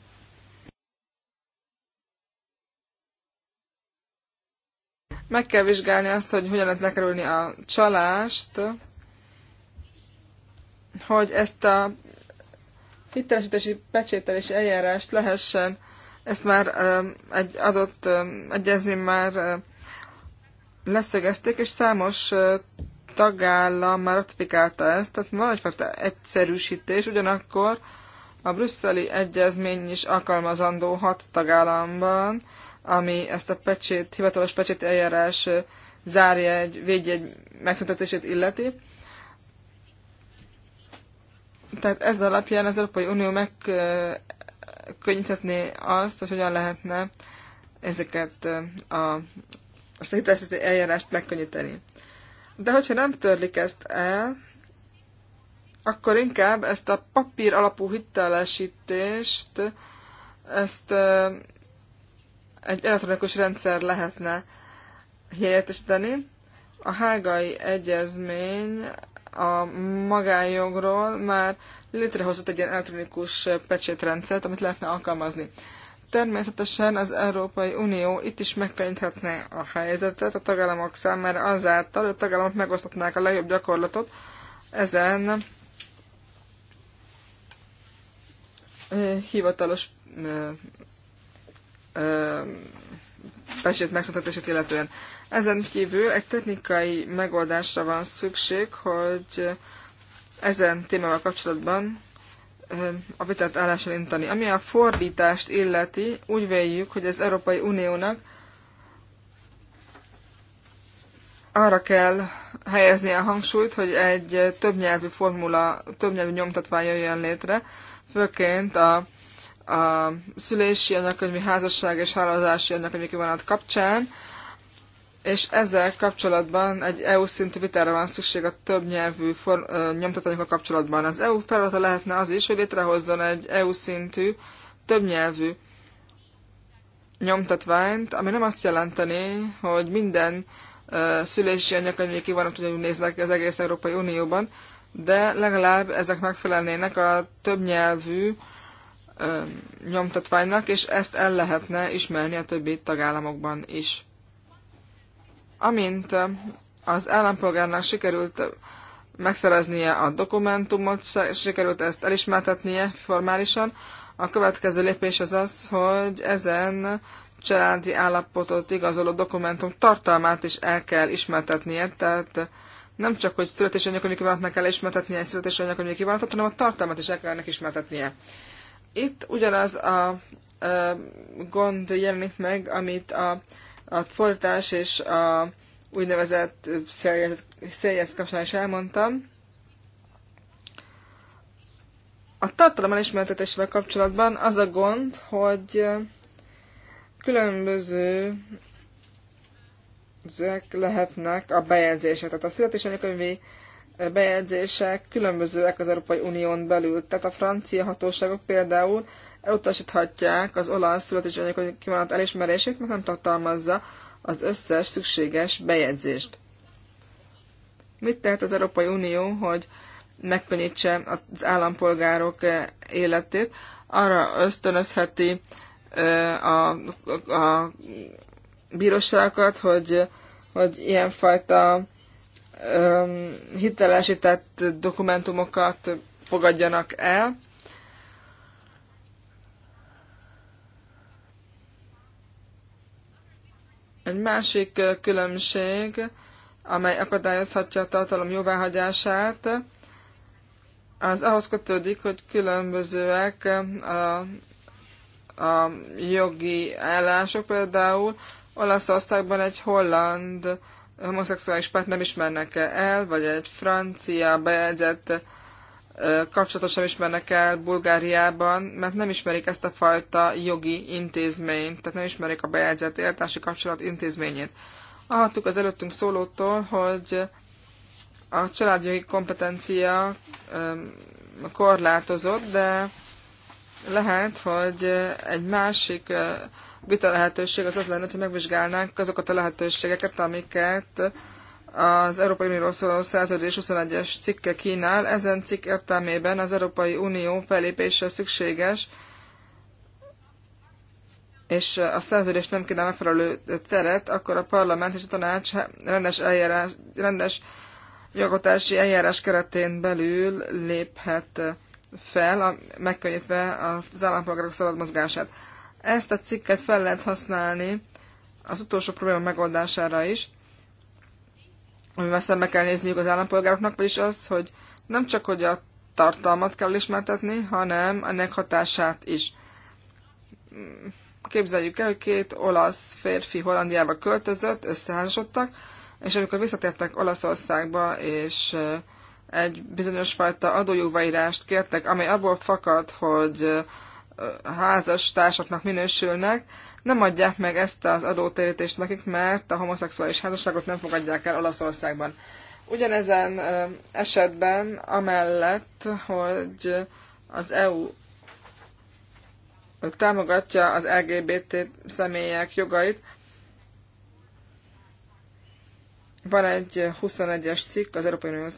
Meg kell vizsgálni azt, hogy hogyan lehet lekerülni a csalást, hogy ezt a hitelesítési pecsételési eljárást lehessen, ezt már egy adott egyezmény már leszögezték, és számos tagállam már ratifikálta ezt, tehát van egyfajta egyszerűsítés, ugyanakkor a brüsszeli egyezmény is alkalmazandó hat tagállamban, ami ezt a pecsét, hivatalos pecsét eljárás zárja egy védjegy megszüntetését illeti. Tehát ez alapján az Európai Unió megkönnyíthetné azt, hogy hogyan lehetne ezeket a, a hitelesítési eljárást megkönnyíteni. De hogyha nem törlik ezt el, akkor inkább ezt a papír alapú hitelesítést ezt egy elektronikus rendszer lehetne helyettesíteni. A hágai egyezmény a magánjogról már létrehozott egy ilyen elektronikus pecsétrendszert, amit lehetne alkalmazni. Természetesen az Európai Unió itt is megkönnyíthetne a helyzetet a tagállamok számára azáltal, hogy a tagállamok megosztatnák a legjobb gyakorlatot ezen eh, hivatalos eh, pecsét megszüntetését illetően. Ezen kívül egy technikai megoldásra van szükség, hogy ezen témával kapcsolatban a vitát állásra intani. Ami a fordítást illeti, úgy véljük, hogy az Európai Uniónak arra kell helyezni a hangsúlyt, hogy egy többnyelvű formula, többnyelvű nyomtatvány jöjjön létre, főként a a szülési anyakönyvi házasság és hálózási anyakönyvi kivonat kapcsán, és ezzel kapcsolatban egy EU szintű vitára van szükség a több nyelvű form- nyomtatványokkal kapcsolatban. Az EU feladata lehetne az is, hogy létrehozzon egy EU szintű több nyelvű nyomtatványt, ami nem azt jelenteni, hogy minden uh, szülési anyakönyvi kivonat ugyanúgy néznek az egész Európai Unióban, de legalább ezek megfelelnének a többnyelvű nyomtatványnak, és ezt el lehetne ismerni a többi tagállamokban is. Amint az állampolgárnak sikerült megszereznie a dokumentumot, sikerült ezt elismertetnie formálisan, a következő lépés az az, hogy ezen családi állapotot igazoló dokumentum tartalmát is el kell ismertetnie, tehát nem csak, hogy születési anyakönyvi kívánatnak kell ismertetnie egy születési anyakönyvi kívánatot, hanem a tartalmat is el kell ennek ismertetnie. Itt ugyanaz a gond jelenik meg, amit a, a fordítás és a úgynevezett széljet kapcsán is elmondtam. A tartalom elismertetésével kapcsolatban az a gond, hogy különböző lehetnek a bejegyzések. Tehát a születésanyakönyvi bejegyzések különbözőek az Európai Unión belül. Tehát a francia hatóságok például elutasíthatják az olasz születésanyag kivonat elismerését, mert nem tartalmazza az összes szükséges bejegyzést. Mit tehet az Európai Unió, hogy megkönnyítse az állampolgárok eh, életét? Arra ösztönözheti a, eh, a, a bíróságokat, hogy, hogy ilyenfajta hitelesített dokumentumokat fogadjanak el. Egy másik különbség, amely akadályozhatja a tartalom jóváhagyását, az ahhoz kötődik, hogy különbözőek a, a jogi állások, például Olaszországban egy holland homoszexuális párt nem ismernek el, vagy egy francia bejegyzett kapcsolatot sem ismernek el Bulgáriában, mert nem ismerik ezt a fajta jogi intézményt, tehát nem ismerik a bejegyzett éltási kapcsolat intézményét. Ahattuk az előttünk szólótól, hogy a családjogi kompetencia korlátozott, de lehet, hogy egy másik vita lehetőség az az lenne, hogy megvizsgálnánk azokat a lehetőségeket, amiket az Európai Unióról szóló szerződés 21-es cikke kínál. Ezen cikk értelmében az Európai Unió felépése szükséges, és a szerződés nem kínál megfelelő teret, akkor a parlament és a tanács rendes, eljárás, rendes jogotási eljárás keretén belül léphet fel, megkönnyítve az állampolgárok szabad mozgását. Ezt a cikket fel lehet használni az utolsó probléma megoldására is, amivel szembe kell nézniük az állampolgároknak, vagyis az, hogy nem csak hogy a tartalmat kell ismertetni, hanem ennek hatását is. Képzeljük el, hogy két olasz férfi Hollandiába költözött, összeházasodtak, és amikor visszatértek Olaszországba, és eh, egy bizonyos fajta adójóváírást kértek, amely abból fakad, hogy eh, házastársaknak minősülnek, nem adják meg ezt az adótérítést nekik, mert a homoszexuális házasságot nem fogadják el Olaszországban. Ugyanezen esetben, amellett, hogy az EU támogatja az LGBT személyek jogait, van egy 21-es cikk az Európai Unió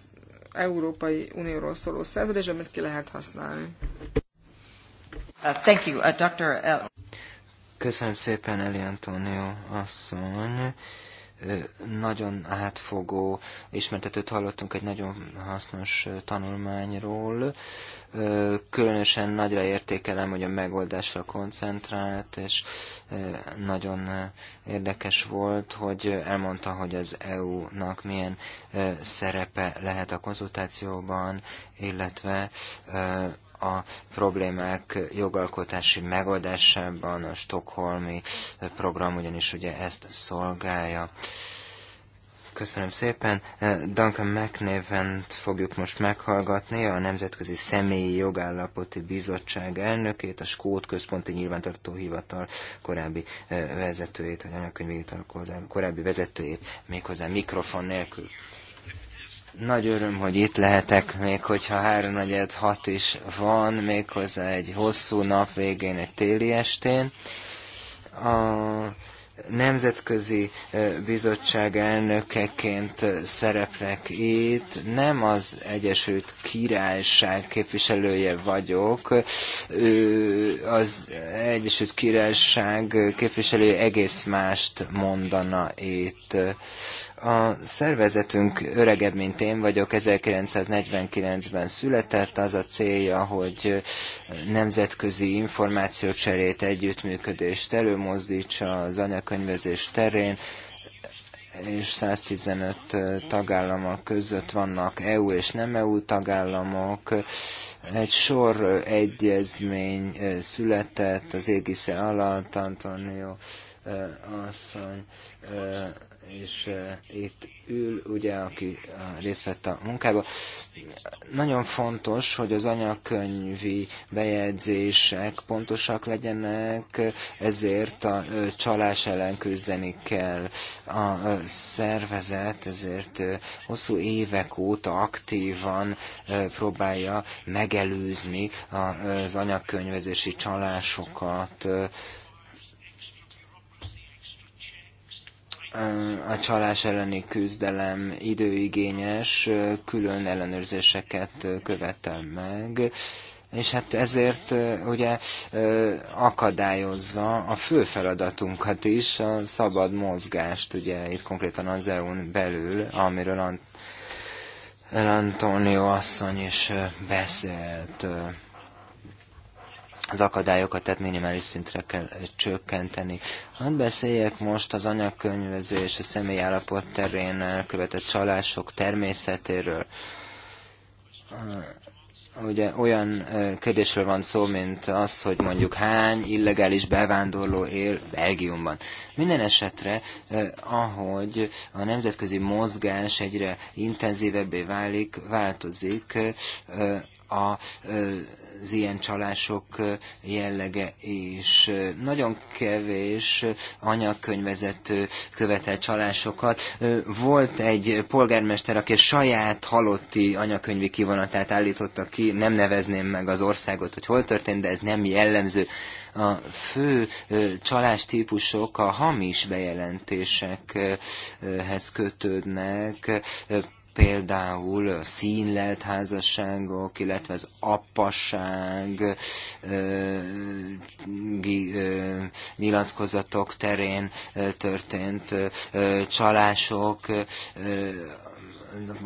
Európai Unióról szóló szerződésben, amit ki lehet használni. Uh, thank you, uh, Dr. El. Köszönöm szépen, Eli Antonio asszony. Nagyon átfogó ismertetőt hallottunk egy nagyon hasznos tanulmányról. Különösen nagyra értékelem, hogy a megoldásra koncentrált, és nagyon érdekes volt, hogy elmondta, hogy az EU-nak milyen szerepe lehet a konzultációban, illetve a problémák jogalkotási megoldásában a stokholmi program ugyanis ugye ezt szolgálja. Köszönöm szépen. Duncan McNevent fogjuk most meghallgatni, a Nemzetközi Személyi Jogállapoti Bizottság elnökét, a Skót Központi Nyilvántartó Hivatal korábbi eh, vezetőjét, a anyakönyvétalkozó korábbi vezetőjét, méghozzá mikrofon nélkül. Nagy öröm, hogy itt lehetek, még hogyha 3-4, hat is van, méghozzá egy hosszú nap végén, egy téli estén. A Nemzetközi Bizottság elnökeként szereplek itt. Nem az Egyesült Királyság képviselője vagyok. Ő az Egyesült Királyság képviselője egész mást mondana itt. A szervezetünk öregebb, mint én vagyok, 1949-ben született. Az a célja, hogy nemzetközi információcserét, együttműködést előmozdítsa az anyakönyvezés terén, és 115 tagállamok között vannak EU és nem EU tagállamok. Egy sor egyezmény született az égisze alatt, Antonio eh, asszony eh, és eh, itt ül, ugye, aki eh, részt vett a munkába. Nagyon fontos, hogy az anyakönyvi bejegyzések pontosak legyenek, ezért a eh, csalás ellen küzdeni kell. A szervezet ezért hosszú évek óta aktívan próbálja megelőzni az anyakönyvezési csalásokat, a csalás elleni küzdelem időigényes, külön ellenőrzéseket követel meg, és hát ezért ugye akadályozza a fő feladatunkat is, a szabad mozgást, ugye itt konkrétan az EU-n belül, amiről Antonio asszony is beszélt az akadályokat, tehát minimális szintre kell csökkenteni. Hadd beszéljek most az anyagkönyvezés, a személyállapot terén követett csalások természetéről. Ugye olyan kérdésről van szó, mint az, hogy mondjuk hány illegális bevándorló él Belgiumban. Minden esetre, ahogy a nemzetközi mozgás egyre intenzívebbé válik, változik a az ilyen csalások jellege és Nagyon kevés anyakönyvezető követel csalásokat. Volt egy polgármester, aki saját halotti anyakönyvi kivonatát állította ki, nem nevezném meg az országot, hogy hol történt, de ez nem jellemző. A fő csalás típusok a hamis bejelentésekhez kötődnek, például a színlelt házasságok, illetve az appasság nyilatkozatok terén történt csalások,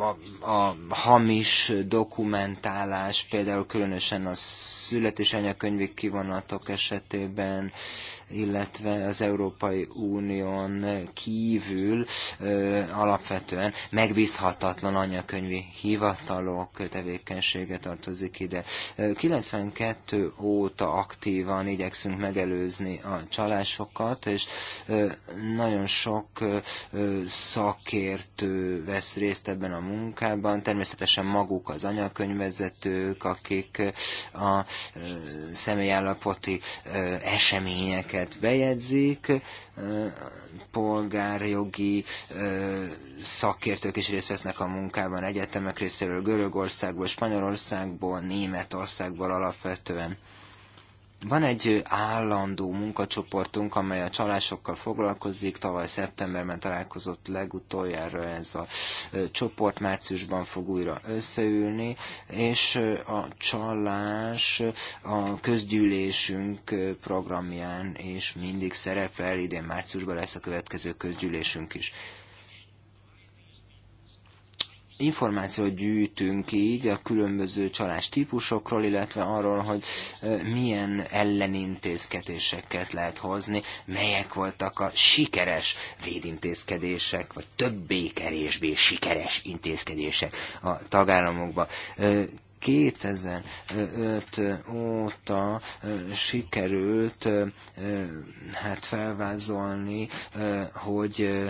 a, a hamis dokumentálás, például különösen a születésanyakönyvi kivonatok esetében illetve az Európai Unión kívül alapvetően megbízhatatlan anyakönyvi hivatalok tevékenysége tartozik ide. 92 óta aktívan igyekszünk megelőzni a csalásokat, és nagyon sok szakértő vesz részt ebben a munkában, természetesen maguk az anyakönyvvezetők, akik a személyállapoti eseményeket ezeket bejegyzik, polgárjogi szakértők is részt vesznek a munkában, egyetemek részéről Görögországból, Spanyolországból, Németországból alapvetően. Van egy állandó munkacsoportunk, amely a csalásokkal foglalkozik. Tavaly szeptemberben találkozott legutoljára ez a csoport, márciusban fog újra összeülni, és a csalás a közgyűlésünk programján és mindig szerepel, idén márciusban lesz a következő közgyűlésünk is információt gyűjtünk így a különböző csalás típusokról, illetve arról, hogy milyen ellenintézkedéseket lehet hozni, melyek voltak a sikeres védintézkedések, vagy többé-kevésbé sikeres intézkedések a tagállamokban. 2005 óta sikerült hát felvázolni, hogy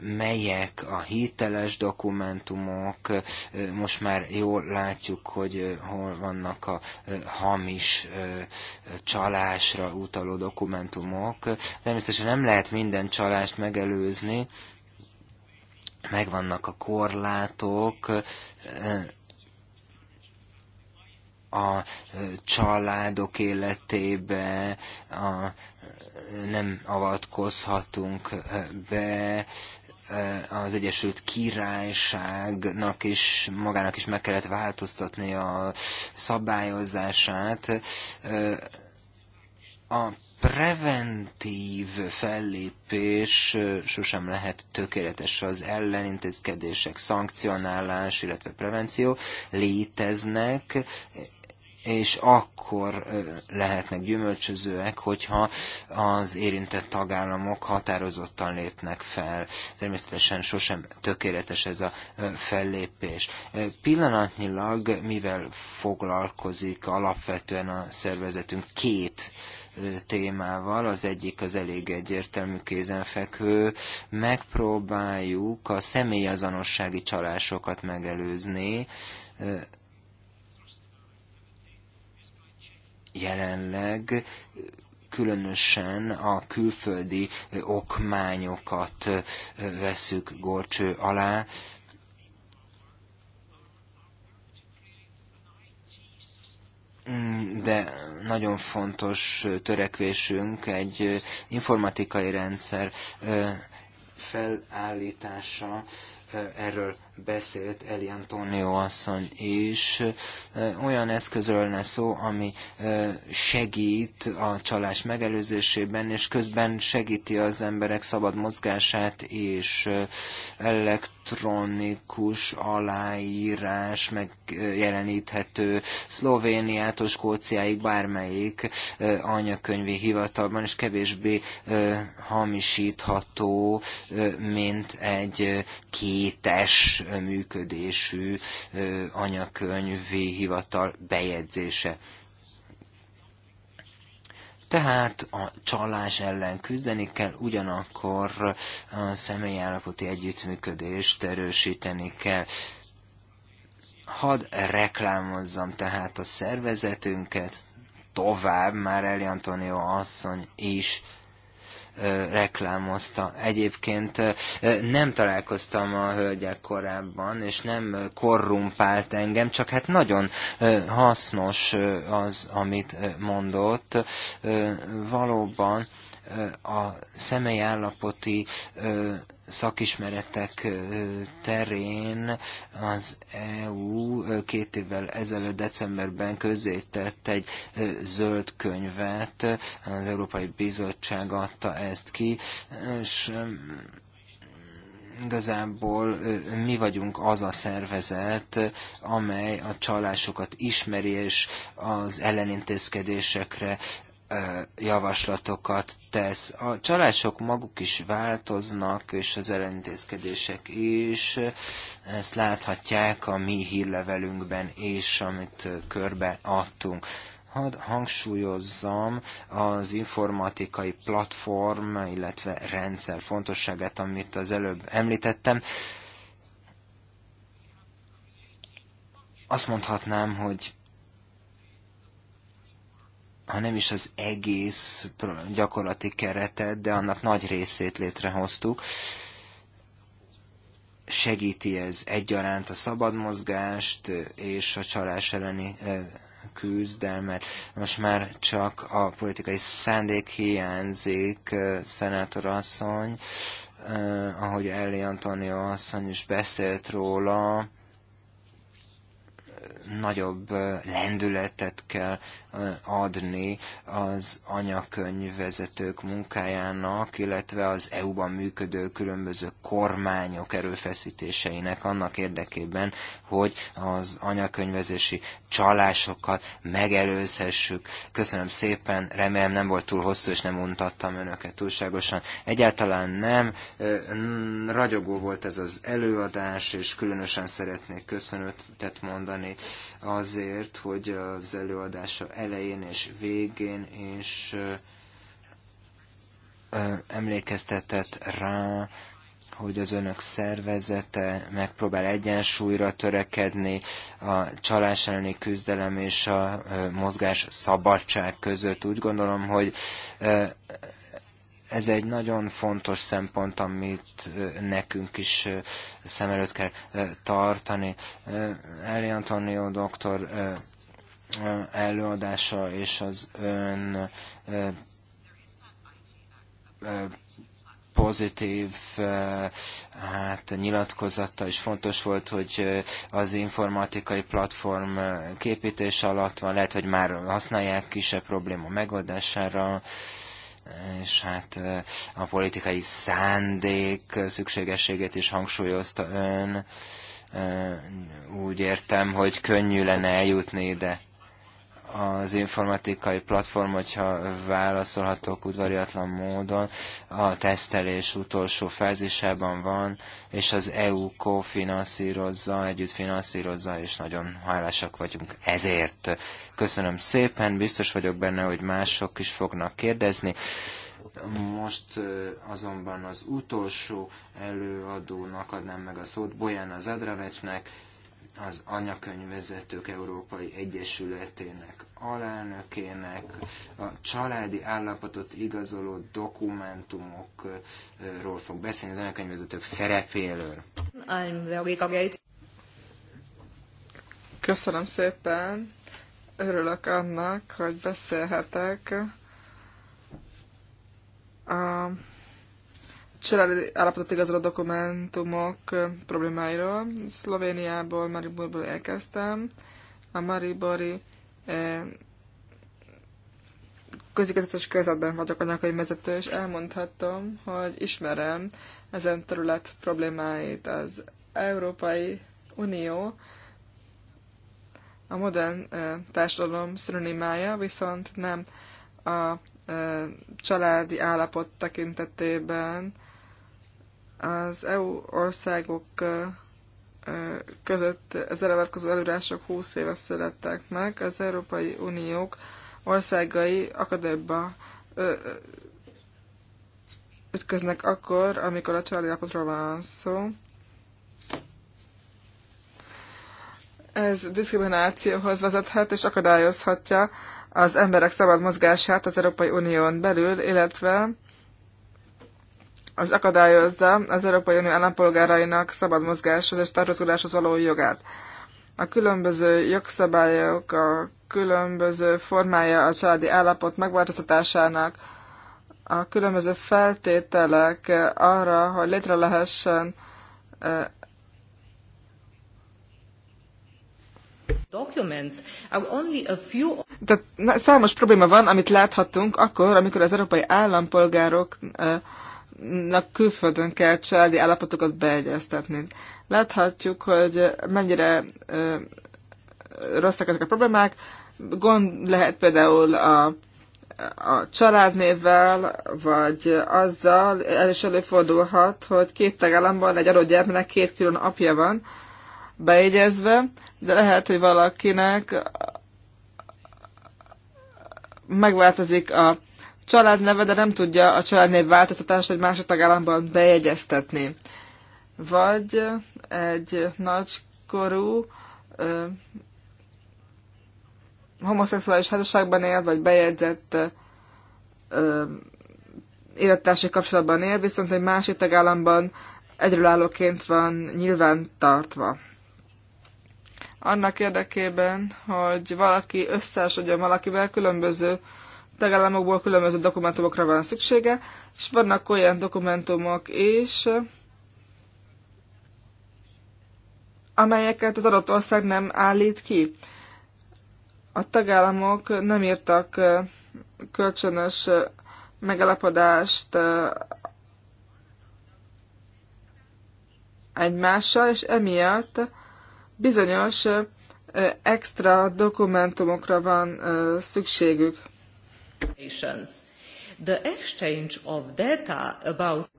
melyek a hiteles dokumentumok, most már jól látjuk, hogy hol vannak a hamis csalásra utaló dokumentumok. Természetesen nem lehet minden csalást megelőzni, megvannak a korlátok, a e, családok életébe, a, nem avatkozhatunk e, be, e, az Egyesült Királyságnak is magának is meg kellett változtatni a szabályozását. A preventív fellépés sosem lehet tökéletes. Az ellenintézkedések, szankcionálás, illetve prevenció léteznek, és akkor lehetnek gyümölcsözőek, hogyha az érintett tagállamok határozottan lépnek fel. Természetesen sosem tökéletes ez a fellépés. Pillanatnyilag, mivel foglalkozik alapvetően a szervezetünk két témával. Az egyik az elég egyértelmű kézenfekvő. Megpróbáljuk a személyazonossági csalásokat megelőzni, jelenleg különösen a külföldi okmányokat veszük gorcső alá, de nagyon fontos törekvésünk egy informatikai rendszer felállítása, erről beszélt Eli Antonio asszony is. Olyan eszközről lenne szó, ami segít a csalás megelőzésében, és közben segíti az emberek szabad mozgását és elektronikus aláírás megjeleníthető Szlovéniától Skóciáig bármelyik anyakönyvi hivatalban, és kevésbé hamisítható, mint egy kétes működésű anyakönyvi hivatal bejegyzése. Tehát a csalás ellen küzdeni kell, ugyanakkor a személyállapoti együttműködést erősíteni kell. Hadd reklámozzam tehát a szervezetünket, tovább már Eli Antonio asszony is reklámozta. Egyébként nem találkoztam a hölgyel korábban, és nem korrumpált engem, csak hát nagyon hasznos az, amit mondott. Valóban a személyállapoti szakismeretek terén az EU két évvel ezelőtt decemberben közzétett egy zöld könyvet, az Európai Bizottság adta ezt ki, és igazából mi vagyunk az a szervezet, amely a csalásokat ismeri, és az ellenintézkedésekre javaslatokat tesz. A csalások maguk is változnak, és az elintézkedések is. Ezt láthatják a mi hírlevelünkben és amit körbe adtunk. Hadd hangsúlyozzam az informatikai platform, illetve rendszer fontosságát, amit az előbb említettem. Azt mondhatnám, hogy ha nem is az egész gyakorlati keretet, de annak nagy részét létrehoztuk. Segíti ez egyaránt a szabad mozgást és a csalás elleni küzdelmet. Most már csak a politikai szándék hiányzik, szenátor asszony, ahogy Elli Antonio asszony is beszélt róla, nagyobb lendületet kell adni az anyakönyvvezetők munkájának, illetve az EU-ban működő különböző kormányok erőfeszítéseinek annak érdekében, hogy az anyakönyvezési csalásokat megelőzhessük. Köszönöm szépen, remélem nem volt túl hosszú, és nem untattam önöket túlságosan. Egyáltalán nem, ragyogó volt ez az előadás, és különösen szeretnék köszönetet mondani azért, hogy az előadása elején és végén és emlékeztetett rá, hogy az önök szervezete megpróbál egyensúlyra törekedni a csalás elleni küzdelem és a mozgás szabadság között. Úgy gondolom, hogy ez egy nagyon fontos szempont, amit nekünk is szem előtt kell tartani. Eli Antonio doktor előadása és az ön pozitív hát, nyilatkozata is fontos volt, hogy az informatikai platform képítés alatt van, lehet, hogy már használják kisebb probléma megoldására, és hát a politikai szándék szükségességét is hangsúlyozta ön. Úgy értem, hogy könnyű lenne eljutni ide az informatikai platform, hogyha válaszolhatok udvariatlan módon, a tesztelés utolsó fázisában van, és az EU kofinanszírozza, együtt finanszírozza, és nagyon hálásak vagyunk ezért. Köszönöm szépen, biztos vagyok benne, hogy mások is fognak kérdezni. Most azonban az utolsó előadónak adnám meg a szót, Bojan az Adravecsnek, az anyakönyvvezetők Európai Egyesületének alelnökének, a családi állapotot igazoló dokumentumokról fog beszélni, az anyakönyvvezetők szerepéről. Köszönöm szépen, örülök annak, hogy beszélhetek a családi állapotot igazoló dokumentumok problémáiról. Szlovéniából, Mariborból elkezdtem. A Maribori eh, közigazgatás körzetben vagyok anyakai vezető, és elmondhatom, hogy ismerem ezen terület problémáit. Az Európai Unió a modern eh, társadalom szinonimája, viszont nem a családi állapot tekintetében az EU országok között az vonatkozó előrások 20 éve születtek meg, az Európai Uniók országai akadályba ütköznek akkor, amikor a családi alapotról van szó. Ez diszkriminációhoz vezethet és akadályozhatja az emberek szabad mozgását az Európai Unión belül, illetve az akadályozza az Európai Unió állampolgárainak szabad mozgáshoz és tartózkodáshoz való jogát. A különböző jogszabályok, a különböző formája a családi állapot megváltoztatásának, a különböző feltételek arra, hogy létre lehessen tehát számos probléma van, amit láthatunk akkor, amikor az európai állampolgárok külföldön kell családi állapotokat beegyeztetni. Láthatjuk, hogy mennyire rosszak ezek a problémák. Gond lehet például a, a családnévvel, vagy azzal, el is előfordulhat, hogy két tagállamban egy adott gyermeknek két külön apja van beegyezve, de lehet, hogy valakinek megváltozik a családneve, de nem tudja a családnév változtatást egy másik tagállamban bejegyeztetni. Vagy egy nagykorú ö, homoszexuális házasságban él, vagy bejegyzett ö, élettársi kapcsolatban él, viszont egy másik tagállamban egyedülállóként van nyilván tartva. Annak érdekében, hogy valaki összeesodjon valakivel, különböző tagállamokból különböző dokumentumokra van szüksége, és vannak olyan dokumentumok is, amelyeket az adott ország nem állít ki. A tagállamok nem írtak kölcsönös megalapodást egymással, és emiatt bizonyos extra dokumentumokra van szükségük.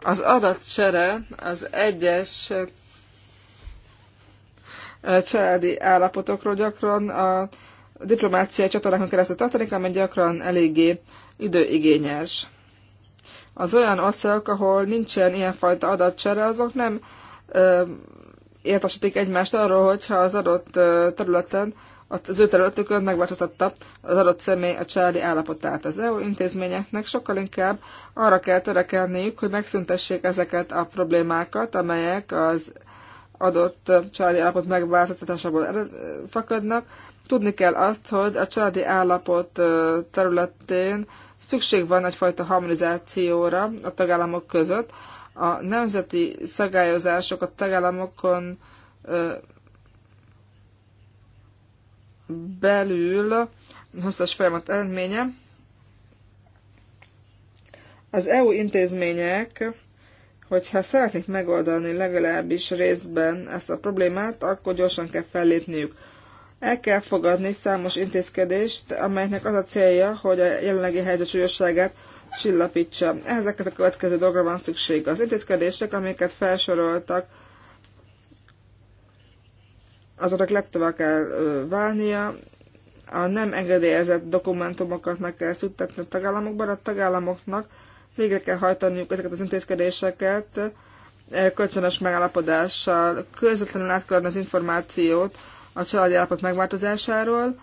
Az adatcsere az egyes eh, családi állapotokról gyakran a diplomáciai csatornákon keresztül történik, amely gyakran eléggé időigényes. Az olyan országok, ahol nincsen ilyenfajta adatcsere, azok nem ö, eh, értesítik egymást arról, hogyha az adott eh, területen az ő területükön megváltoztatta az adott személy a családi állapotát. Az EU intézményeknek sokkal inkább arra kell törekedniük, hogy megszüntessék ezeket a problémákat, amelyek az adott családi állapot megváltoztatásából fakadnak. Tudni kell azt, hogy a családi állapot területén szükség van egyfajta harmonizációra a tagállamok között. A nemzeti szagályozások a tagállamokon belül hosszas folyamat eredménye. Az EU intézmények, hogyha szeretnék megoldani legalábbis részben ezt a problémát, akkor gyorsan kell fellépniük. El kell fogadni számos intézkedést, amelynek az a célja, hogy a jelenlegi helyzet súlyosságát csillapítsa. Ezek ezek a következő dolgra van szükség. Az intézkedések, amiket felsoroltak azoknak leptövá kell válnia, a nem engedélyezett dokumentumokat meg kell szüntetni a tagállamokban, a tagállamoknak végre kell hajtaniuk ezeket az intézkedéseket, kölcsönös megállapodással közvetlenül át kell az információt a családi állapot megváltozásáról,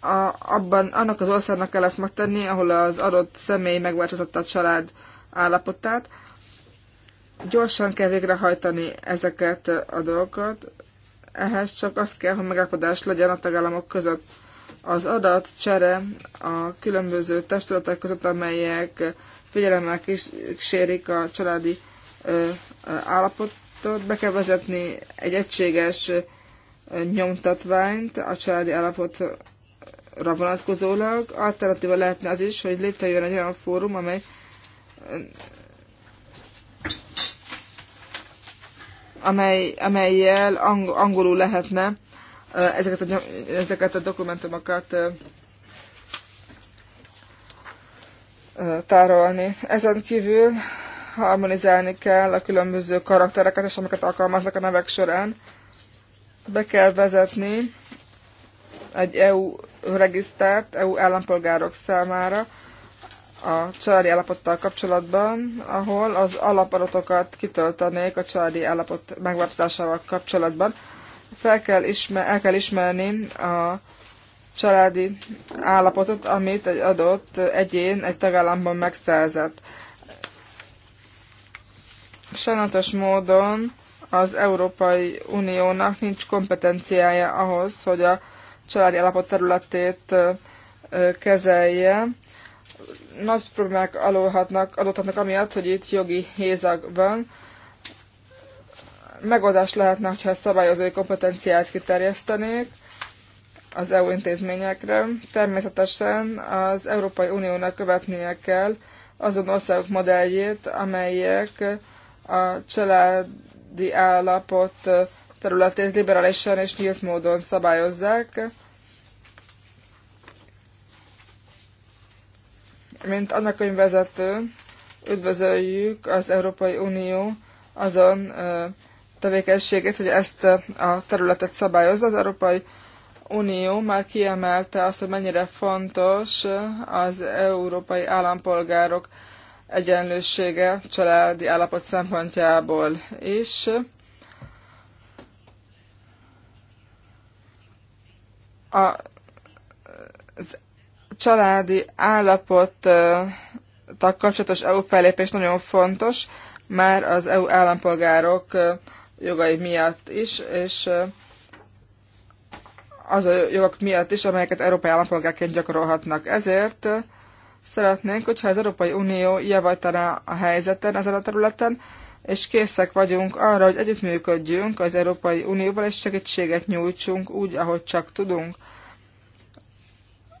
a, abban, annak az országnak kell ezt megtenni, ahol az adott személy megváltoztatta a család állapotát, Gyorsan kell végrehajtani ezeket a dolgokat, ehhez csak az kell, hogy megállapodás legyen a tagállamok között. Az adat csere a különböző testületek között, amelyek figyelemmel kísérik a családi ö, állapotot, be kell vezetni egy egységes nyomtatványt a családi állapotra vonatkozólag. Alternatíva lehetne az is, hogy létrejön egy olyan fórum, amely amely, amelyel angolul lehetne ezeket a, ezeket a dokumentumokat tárolni. Ezen kívül harmonizálni kell a különböző karaktereket, és amiket alkalmaznak a nevek során. Be kell vezetni egy EU regisztert EU állampolgárok számára, a családi állapottal kapcsolatban, ahol az alapadatokat kitöltenék a családi állapot megváltozásával kapcsolatban. Fel kell ismer, el kell ismerni a családi állapotot, amit egy adott egyén egy tagállamban megszerzett. Sajnálatos módon az Európai Uniónak nincs kompetenciája ahhoz, hogy a családi állapot területét kezelje, nagy problémák alulhatnak, adódhatnak amiatt, hogy itt jogi hézag van. Megoldás lehetne, hogyha a szabályozói kompetenciát kiterjesztenék az EU intézményekre. Természetesen az Európai Uniónak követnie kell azon országok modelljét, amelyek a családi állapot területét liberálisan és nyílt módon szabályozzák mint annak könyvvezető, üdvözöljük az Európai Unió azon tevékenységét, hogy ezt a területet szabályozza. Az Európai Unió már kiemelte azt, hogy mennyire fontos az európai állampolgárok egyenlősége családi állapot szempontjából is. A, az családi állapot kapcsolatos EU fellépés nagyon fontos, már az EU állampolgárok jogai miatt is, és az a jogok miatt is, amelyeket európai állampolgárként gyakorolhatnak. Ezért szeretnénk, hogyha az Európai Unió javajtaná a helyzeten ezen a területen, és készek vagyunk arra, hogy együttműködjünk az Európai Unióval, és segítséget nyújtsunk úgy, ahogy csak tudunk.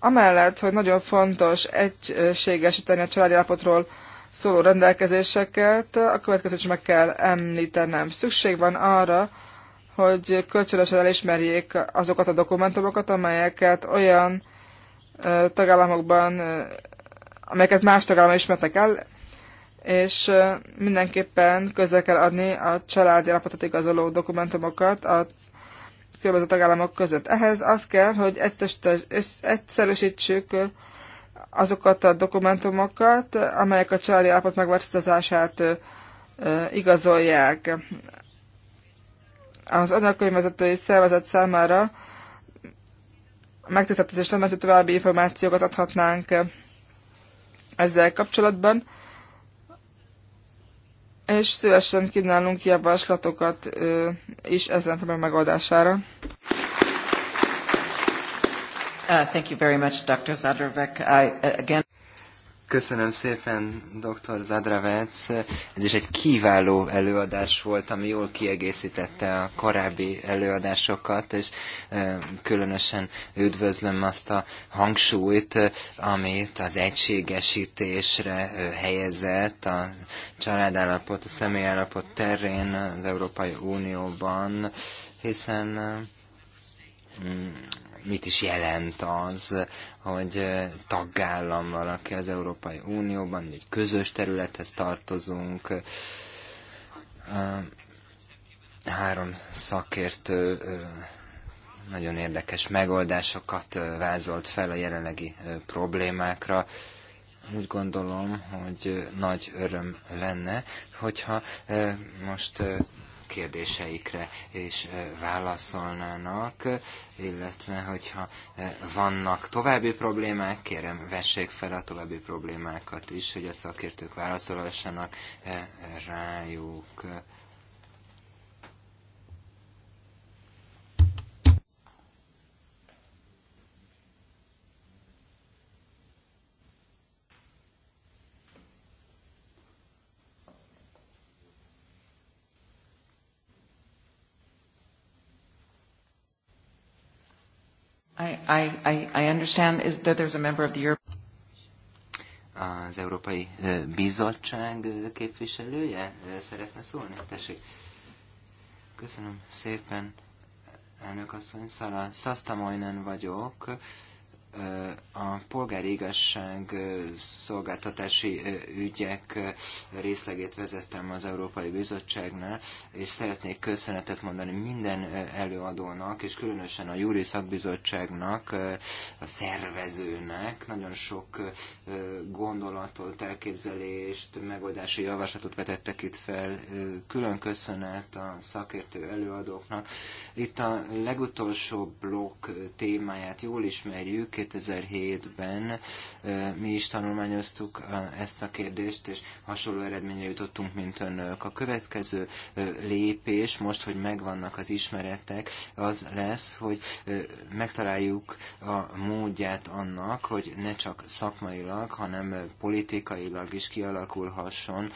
Amellett, hogy nagyon fontos egységesíteni a családi állapotról szóló rendelkezéseket, a következőt is meg kell említenem. Szükség van arra, hogy kölcsönösen elismerjék azokat a dokumentumokat, amelyeket olyan tagállamokban, amelyeket más tagállamok ismertek el, és mindenképpen közel kell adni a családi állapotot igazoló dokumentumokat a különböző tagállamok között. Ehhez az kell, hogy egyszerűsítsük azokat a dokumentumokat, amelyek a családi állapot megváltoztatását igazolják. Az anyakönyvezetői szervezet számára megtiszteltetés lenne, hogy további információkat adhatnánk ezzel kapcsolatban és szívesen kínálunk javaslatokat is ezen a megoldására. Uh, thank you very much, Dr. Zadrovic. I, uh, again... Köszönöm szépen, dr. Zadravec. Ez is egy kiváló előadás volt, ami jól kiegészítette a korábbi előadásokat, és különösen üdvözlöm azt a hangsúlyt, amit az egységesítésre helyezett a családállapot, a személyállapot terén az Európai Unióban, hiszen mit is jelent az, hogy tagállam valaki az Európai Unióban, egy közös területhez tartozunk. Három szakértő nagyon érdekes megoldásokat vázolt fel a jelenlegi problémákra úgy gondolom, hogy nagy öröm lenne, hogyha most kérdéseikre és válaszolnának, illetve hogyha vannak további problémák, kérem vessék fel a további problémákat is, hogy a szakértők válaszolhassanak rájuk. I, understand that there's a member of the Az Európai Bizottság képviselője szeretne szólni? Tessék. Köszönöm szépen, elnök asszony. Szala vagyok a polgári igazság szolgáltatási ügyek részlegét vezettem az Európai Bizottságnál, és szeretnék köszönetet mondani minden előadónak, és különösen a Júri Szakbizottságnak, a szervezőnek. Nagyon sok gondolatot, elképzelést, megoldási javaslatot vetettek itt fel. Külön köszönet a szakértő előadóknak. Itt a legutolsó blokk témáját jól ismerjük, 2007-ben mi is tanulmányoztuk ezt a kérdést, és hasonló eredményre jutottunk, mint önök. A következő lépés, most, hogy megvannak az ismeretek, az lesz, hogy megtaláljuk a módját annak, hogy ne csak szakmailag, hanem politikailag is kialakulhasson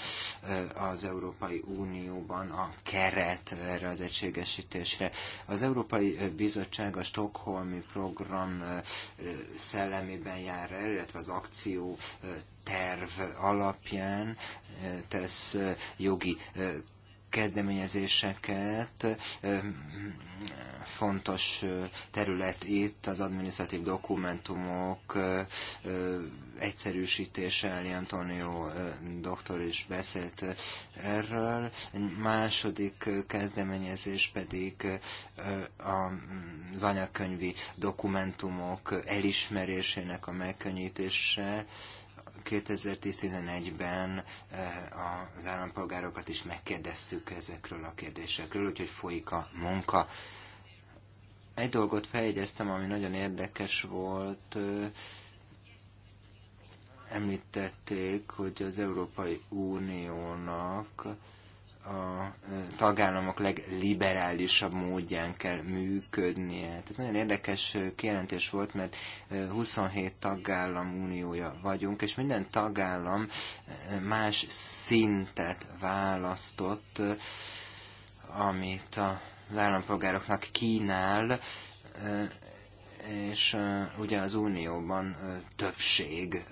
az Európai Unióban a keret erre az egységesítésre. Az Európai Bizottság a Stockholmi program szellemében jár el, illetve az akció terv alapján tesz jogi kezdeményezéseket. Fontos terület itt az adminisztratív dokumentumok egyszerűsítése, Eli Antonio doktor is beszélt erről. Egy második kezdeményezés pedig az anyakönyvi dokumentumok elismerésének a megkönnyítése, 2010-11-ben az állampolgárokat is megkérdeztük ezekről a kérdésekről, úgyhogy folyik a munka. Egy dolgot fejegyeztem, ami nagyon érdekes volt, Említették, hogy az Európai Uniónak a e, tagállamok legliberálisabb módján kell működnie. Ez nagyon érdekes e, kijelentés volt, mert 27 e, tagállam uniója vagyunk, és minden tagállam más szintet választott, amit az állampolgároknak kínál, és ugye az unióban többség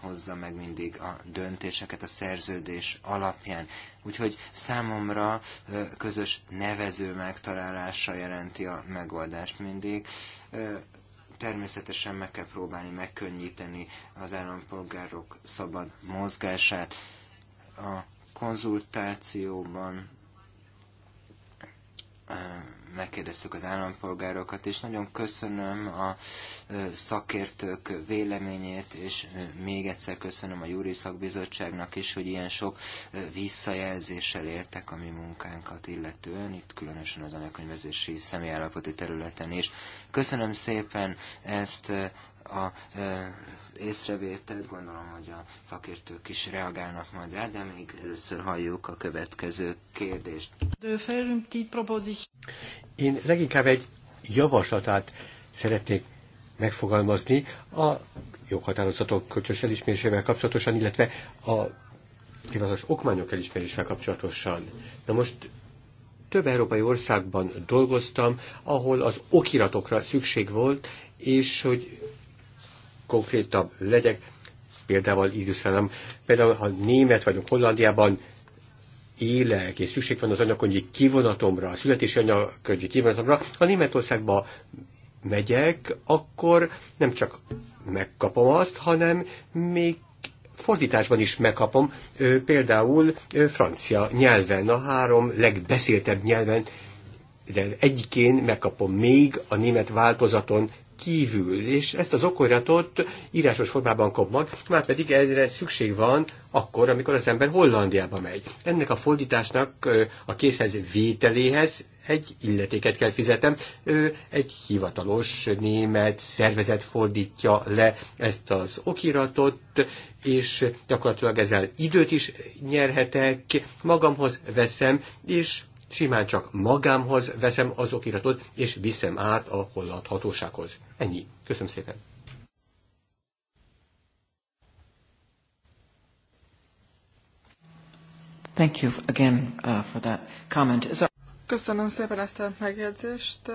hozza meg mindig a döntéseket a szerződés alapján. Úgyhogy számomra közös nevező megtalálása jelenti a megoldást mindig. Természetesen meg kell próbálni megkönnyíteni az állampolgárok szabad mozgását. A konzultációban megkérdeztük az állampolgárokat, és nagyon köszönöm a szakértők véleményét, és még egyszer köszönöm a Júri Szakbizottságnak is, hogy ilyen sok visszajelzéssel éltek a mi munkánkat illetően, itt különösen az anyakönyvezési személyállapoti területen is. Köszönöm szépen ezt az e, észrevételt, gondolom, hogy a szakértők is reagálnak majd rá, de még először halljuk a következő kérdést. Én leginkább egy javaslatát szeretnék megfogalmazni a joghatározatok kölcsös elismerésével kapcsolatosan, illetve a hivatalos okmányok elismerésével kapcsolatosan. Na most több európai országban dolgoztam, ahol az okiratokra szükség volt, és hogy konkrétabb legyek, példával illusztrálom, például ha német vagyok Hollandiában, élek, és szükség van az anyakönyvi kivonatomra, a születési anyakönyvi kivonatomra, ha Németországba megyek, akkor nem csak megkapom azt, hanem még fordításban is megkapom, például francia nyelven, a három legbeszéltebb nyelven, de egyikén megkapom még a német változaton kívül, és ezt az okoiratot írásos formában kap meg, már pedig erre szükség van akkor, amikor az ember Hollandiába megy. Ennek a fordításnak a készhez vételéhez egy illetéket kell fizetem, egy hivatalos német szervezet fordítja le ezt az okiratot, és gyakorlatilag ezzel időt is nyerhetek, magamhoz veszem, és simán csak magámhoz veszem az okiratot, és viszem át a holland hatósághoz. Ennyi. Köszönöm szépen. Thank you again uh, for that comment. So Köszönöm szépen ezt a megjegyzést.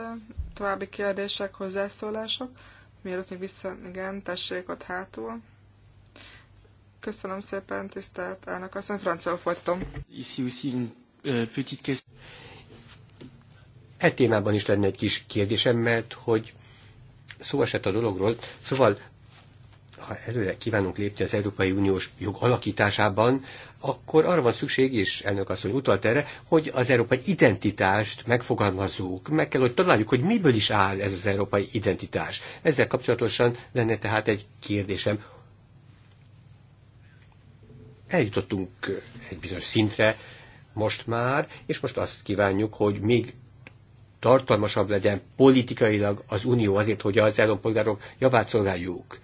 További kérdések, hozzászólások. Mielőtt még vissza, igen, tessék ott hátul. Köszönöm szépen, tisztelt elnök asszony, francia folytatom. Ici aussi une Euh, petite question. E témában is lenne egy kis kérdésem, mert hogy szó esett a dologról, szóval ha előre kívánunk lépni az Európai Uniós jog alakításában, akkor arra van szükség, és elnök asszony utalt erre, hogy az európai identitást megfogalmazzuk. Meg kell, hogy találjuk, hogy miből is áll ez az európai identitás. Ezzel kapcsolatosan lenne tehát egy kérdésem. Eljutottunk egy bizonyos szintre, most már, és most azt kívánjuk, hogy még tartalmasabb legyen politikailag az unió azért, hogy az állampolgárok javát szolgáljuk.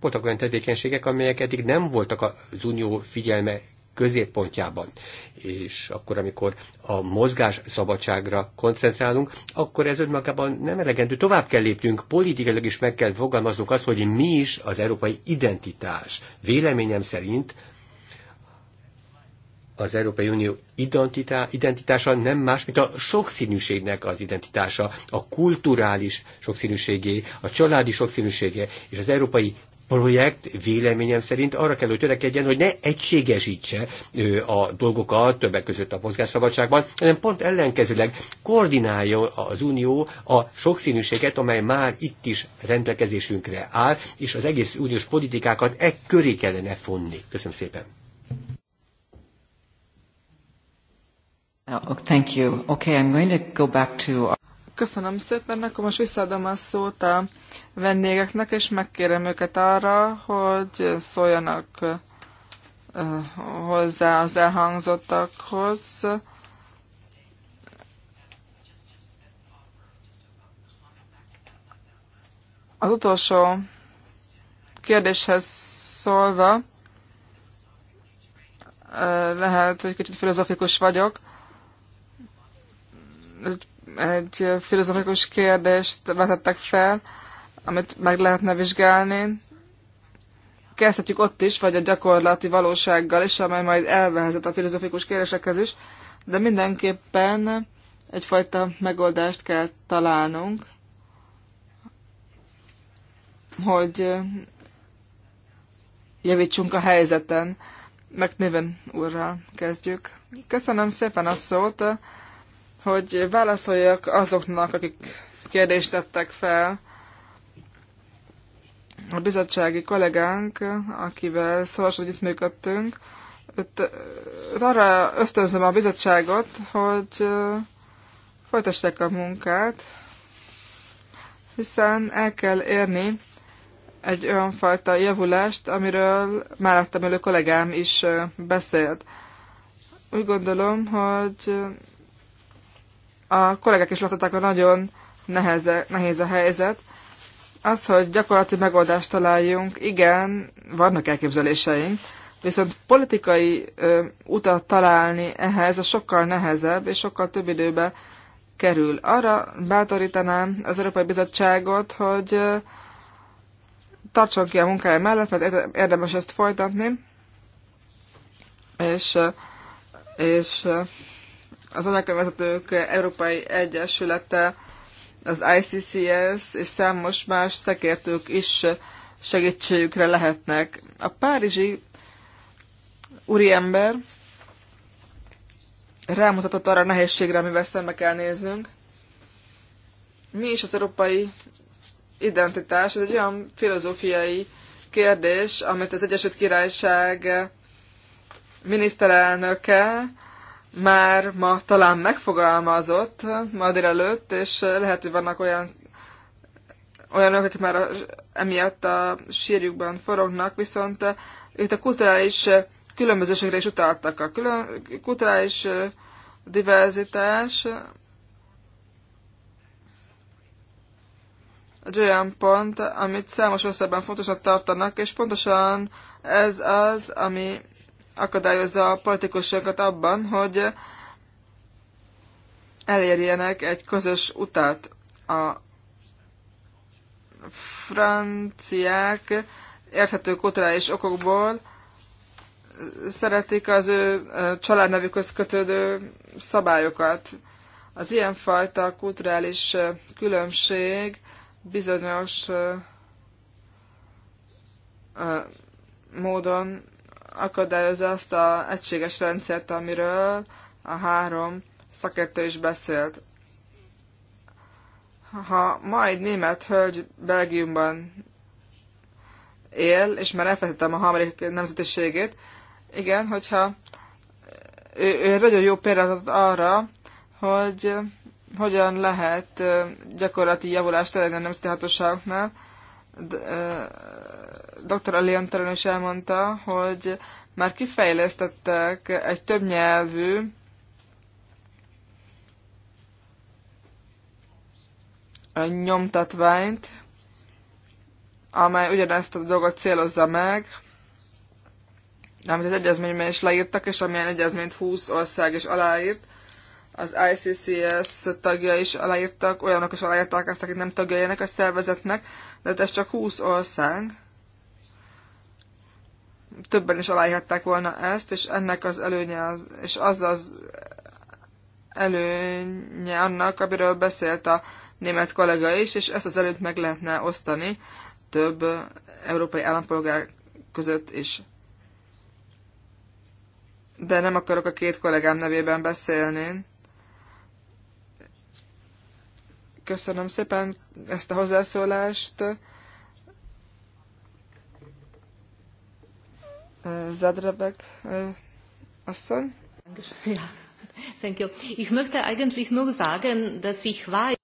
Voltak olyan tevékenységek, amelyek eddig nem voltak az unió figyelme középpontjában. És akkor, amikor a mozgás szabadságra koncentrálunk, akkor ez önmagában nem elegendő. Tovább kell lépnünk, politikailag is meg kell fogalmaznunk azt, hogy mi is az európai identitás. Véleményem szerint az Európai Unió identitá, identitása nem más, mint a sokszínűségnek az identitása, a kulturális sokszínűségé, a családi sokszínűségé, és az európai projekt véleményem szerint arra kell, hogy törekedjen, hogy ne egységesítse a dolgokat többek között a mozgásszabadságban, hanem pont ellenkezőleg koordinálja az Unió a sokszínűséget, amely már itt is rendelkezésünkre áll, és az egész uniós politikákat e köré kellene fonni. Köszönöm szépen! Oh, oh, thank you. Okay, I'm going to go back to... Köszönöm szépen, akkor most visszaadom a szót a vendégeknek, és megkérem őket arra, hogy szóljanak eh, hozzá az elhangzottakhoz. Az utolsó kérdéshez szólva, eh, lehet, hogy kicsit filozofikus vagyok, egy filozofikus kérdést vetettek fel, amit meg lehetne vizsgálni. Kezdhetjük ott is, vagy a gyakorlati valósággal is, amely majd elvehezett a filozofikus kérdésekhez is, de mindenképpen egyfajta megoldást kell találnunk, hogy javítsunk a helyzeten. McNiven úrral kezdjük. Köszönöm szépen a szót hogy válaszoljak azoknak, akik kérdést tettek fel. A bizottsági kollégánk, akivel szorosan együttműködtünk, őt, őt arra ösztönzöm a bizottságot, hogy folytassák a munkát, hiszen el kell érni egy olyan fajta javulást, amiről mellettem elő kollégám is beszélt. Úgy gondolom, hogy a kollégák is láthatták, hogy nagyon neheze, nehéz a helyzet. Az, hogy gyakorlati megoldást találjunk, igen, vannak elképzeléseink, viszont politikai ö, utat találni ehhez a sokkal nehezebb és sokkal több időbe kerül. Arra bátorítanám az Európai Bizottságot, hogy ö, tartson ki a munkája mellett, mert érdemes ezt folytatni, és, és az anyakönyvezetők Európai Egyesülete, az ICCS és számos más szekértők is segítségükre lehetnek. A párizsi úriember rámutatott arra a nehézségre, amivel szembe kell néznünk. Mi is az európai identitás? Ez egy olyan filozófiai kérdés, amit az Egyesült Királyság miniszterelnöke már ma talán megfogalmazott ma délelőtt, és lehet, hogy vannak olyan olyanok, akik már a, emiatt a sírjukban forognak, viszont eh, itt a kulturális eh, különbözőségre is utaltak. A külön, kulturális eh, diverzitás egy olyan pont, amit számos országban fontosnak tartanak, és pontosan ez az, ami akadályozza a politikusokat abban, hogy elérjenek egy közös utat. A franciák érthető kulturális okokból szeretik az ő családnevükhöz kötődő szabályokat. Az ilyenfajta kulturális különbség bizonyos módon akadályozza azt a egységes rendszert, amiről a három szakértő is beszélt. Ha ma német hölgy Belgiumban él, és már elfelejtettem a harmadik nemzetiségét, igen, hogyha ő, ő nagyon jó példát arra, hogy hogyan lehet gyakorlati javulást elérni a nemzeti hatóságoknál, dr. Aliantaron is elmondta, hogy már kifejlesztettek egy többnyelvű nyomtatványt, amely ugyanezt a dolgot célozza meg, amit az egyezményben is leírtak, és amilyen egyezményt 20 ország is aláírt, az ICCS tagja is aláírtak, olyanok is aláírták ezt, akik nem tagjai ennek a szervezetnek, de ez csak 20 ország többen is aláírhatták volna ezt, és ennek az előnye, az, és az az előnye annak, amiről beszélt a német kollega is, és ezt az előnyt meg lehetne osztani több európai állampolgár között is. De nem akarok a két kollégám nevében beszélni. Köszönöm szépen ezt a hozzászólást. asszony. Thank you. Ich möchte eigentlich nur sagen, dass ich weiß...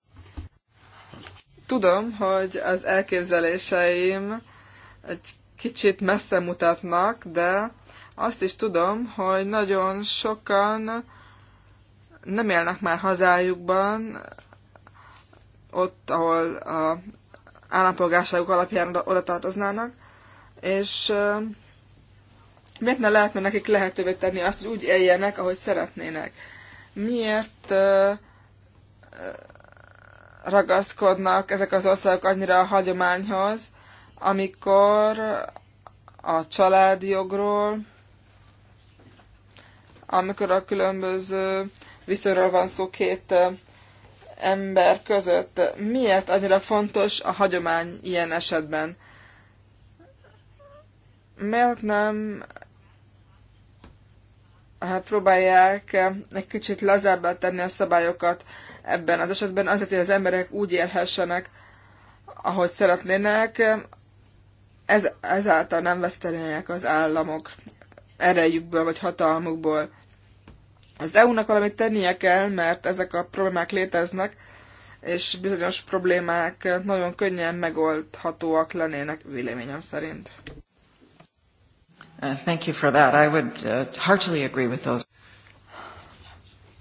Tudom, hogy az elképzeléseim egy kicsit messze mutatnak, de azt is tudom, hogy nagyon sokan nem élnek már hazájukban, ott, ahol a állampolgárságuk alapján oda tartoznának, és miért ne lehetne nekik lehetővé tenni azt, hogy úgy éljenek, ahogy szeretnének? Miért ragaszkodnak ezek az országok annyira a hagyományhoz, amikor a családjogról, amikor a különböző viszonyról van szó két ember között. Miért annyira fontos a hagyomány ilyen esetben? Miért nem Hát próbálják eh, egy kicsit lazábbá tenni a szabályokat ebben az esetben, azért, hogy az emberek úgy élhessenek, ahogy szeretnének, ez, ezáltal nem vesztenének az államok erejükből vagy hatalmukból. Az EU-nak valamit tennie kell, mert ezek a problémák léteznek, és bizonyos problémák nagyon könnyen megoldhatóak lennének véleményem szerint. Uh, thank you for that. I would uh, heartily agree with those.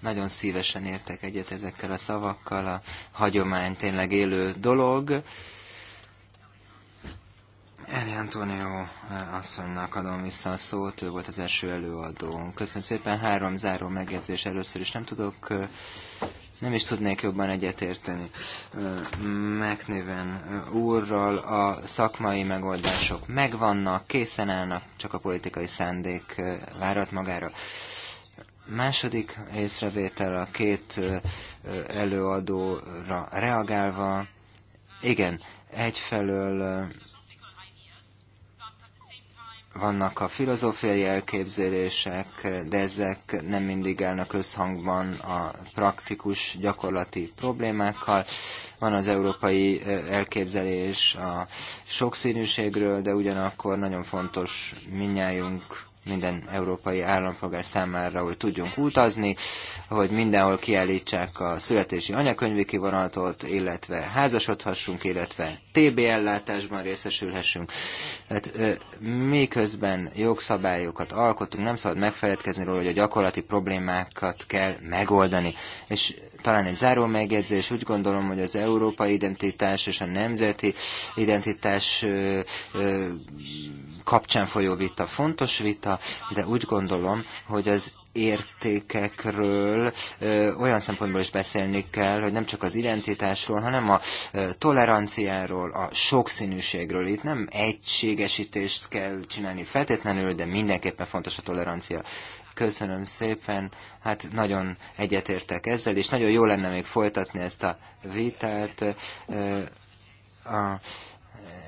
Nagyon szívesen értek egyet ezekkel a szavakkal, a hagyomány tényleg élő dolog. Eli Antonio uh, asszonynak adom vissza a szót, ő volt az első előadónk. Köszönöm szépen, három záró megjegyzés először is nem tudok nem is tudnék jobban egyetérteni megnéven úrral. A szakmai megoldások megvannak, készen állnak, csak a politikai szándék várat magára. Második észrevétel a két előadóra reagálva. Igen, egyfelől vannak a filozófiai elképzelések, de ezek nem mindig elnök összhangban a praktikus, gyakorlati problémákkal. Van az európai elképzelés a sokszínűségről, de ugyanakkor nagyon fontos minnyájunk minden európai állampolgár számára, hogy tudjunk utazni, hogy mindenhol kiállítsák a születési anyakönyvi kivonatot, illetve házasodhassunk, illetve TB ellátásban részesülhessünk. Tehát miközben jogszabályokat alkotunk, nem szabad megfeledkezni róla, hogy a gyakorlati problémákat kell megoldani. És talán egy záró megjegyzés, úgy gondolom, hogy az európai identitás és a nemzeti identitás kapcsán folyó vita fontos vita, de úgy gondolom, hogy az értékekről ö, olyan szempontból is beszélni kell, hogy nem csak az identitásról, hanem a ö, toleranciáról, a sokszínűségről. Itt nem egységesítést kell csinálni feltétlenül, de mindenképpen fontos a tolerancia. Köszönöm szépen, hát nagyon egyetértek ezzel, és nagyon jó lenne még folytatni ezt a vitát. Ö, a,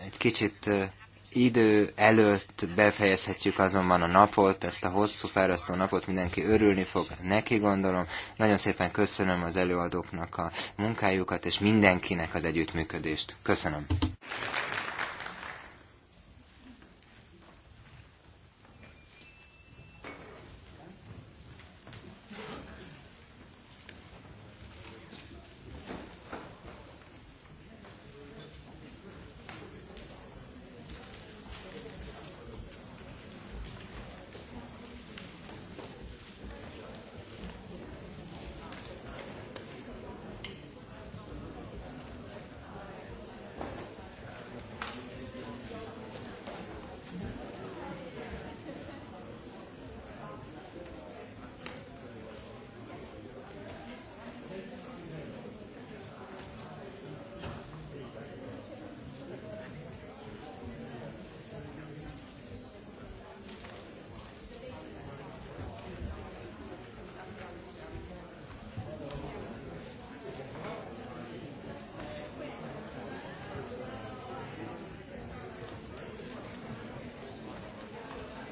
egy kicsit idő előtt befejezhetjük azonban a napot, ezt a hosszú fárasztó napot mindenki örülni fog, neki gondolom. Nagyon szépen köszönöm az előadóknak a munkájukat, és mindenkinek az együttműködést. Köszönöm.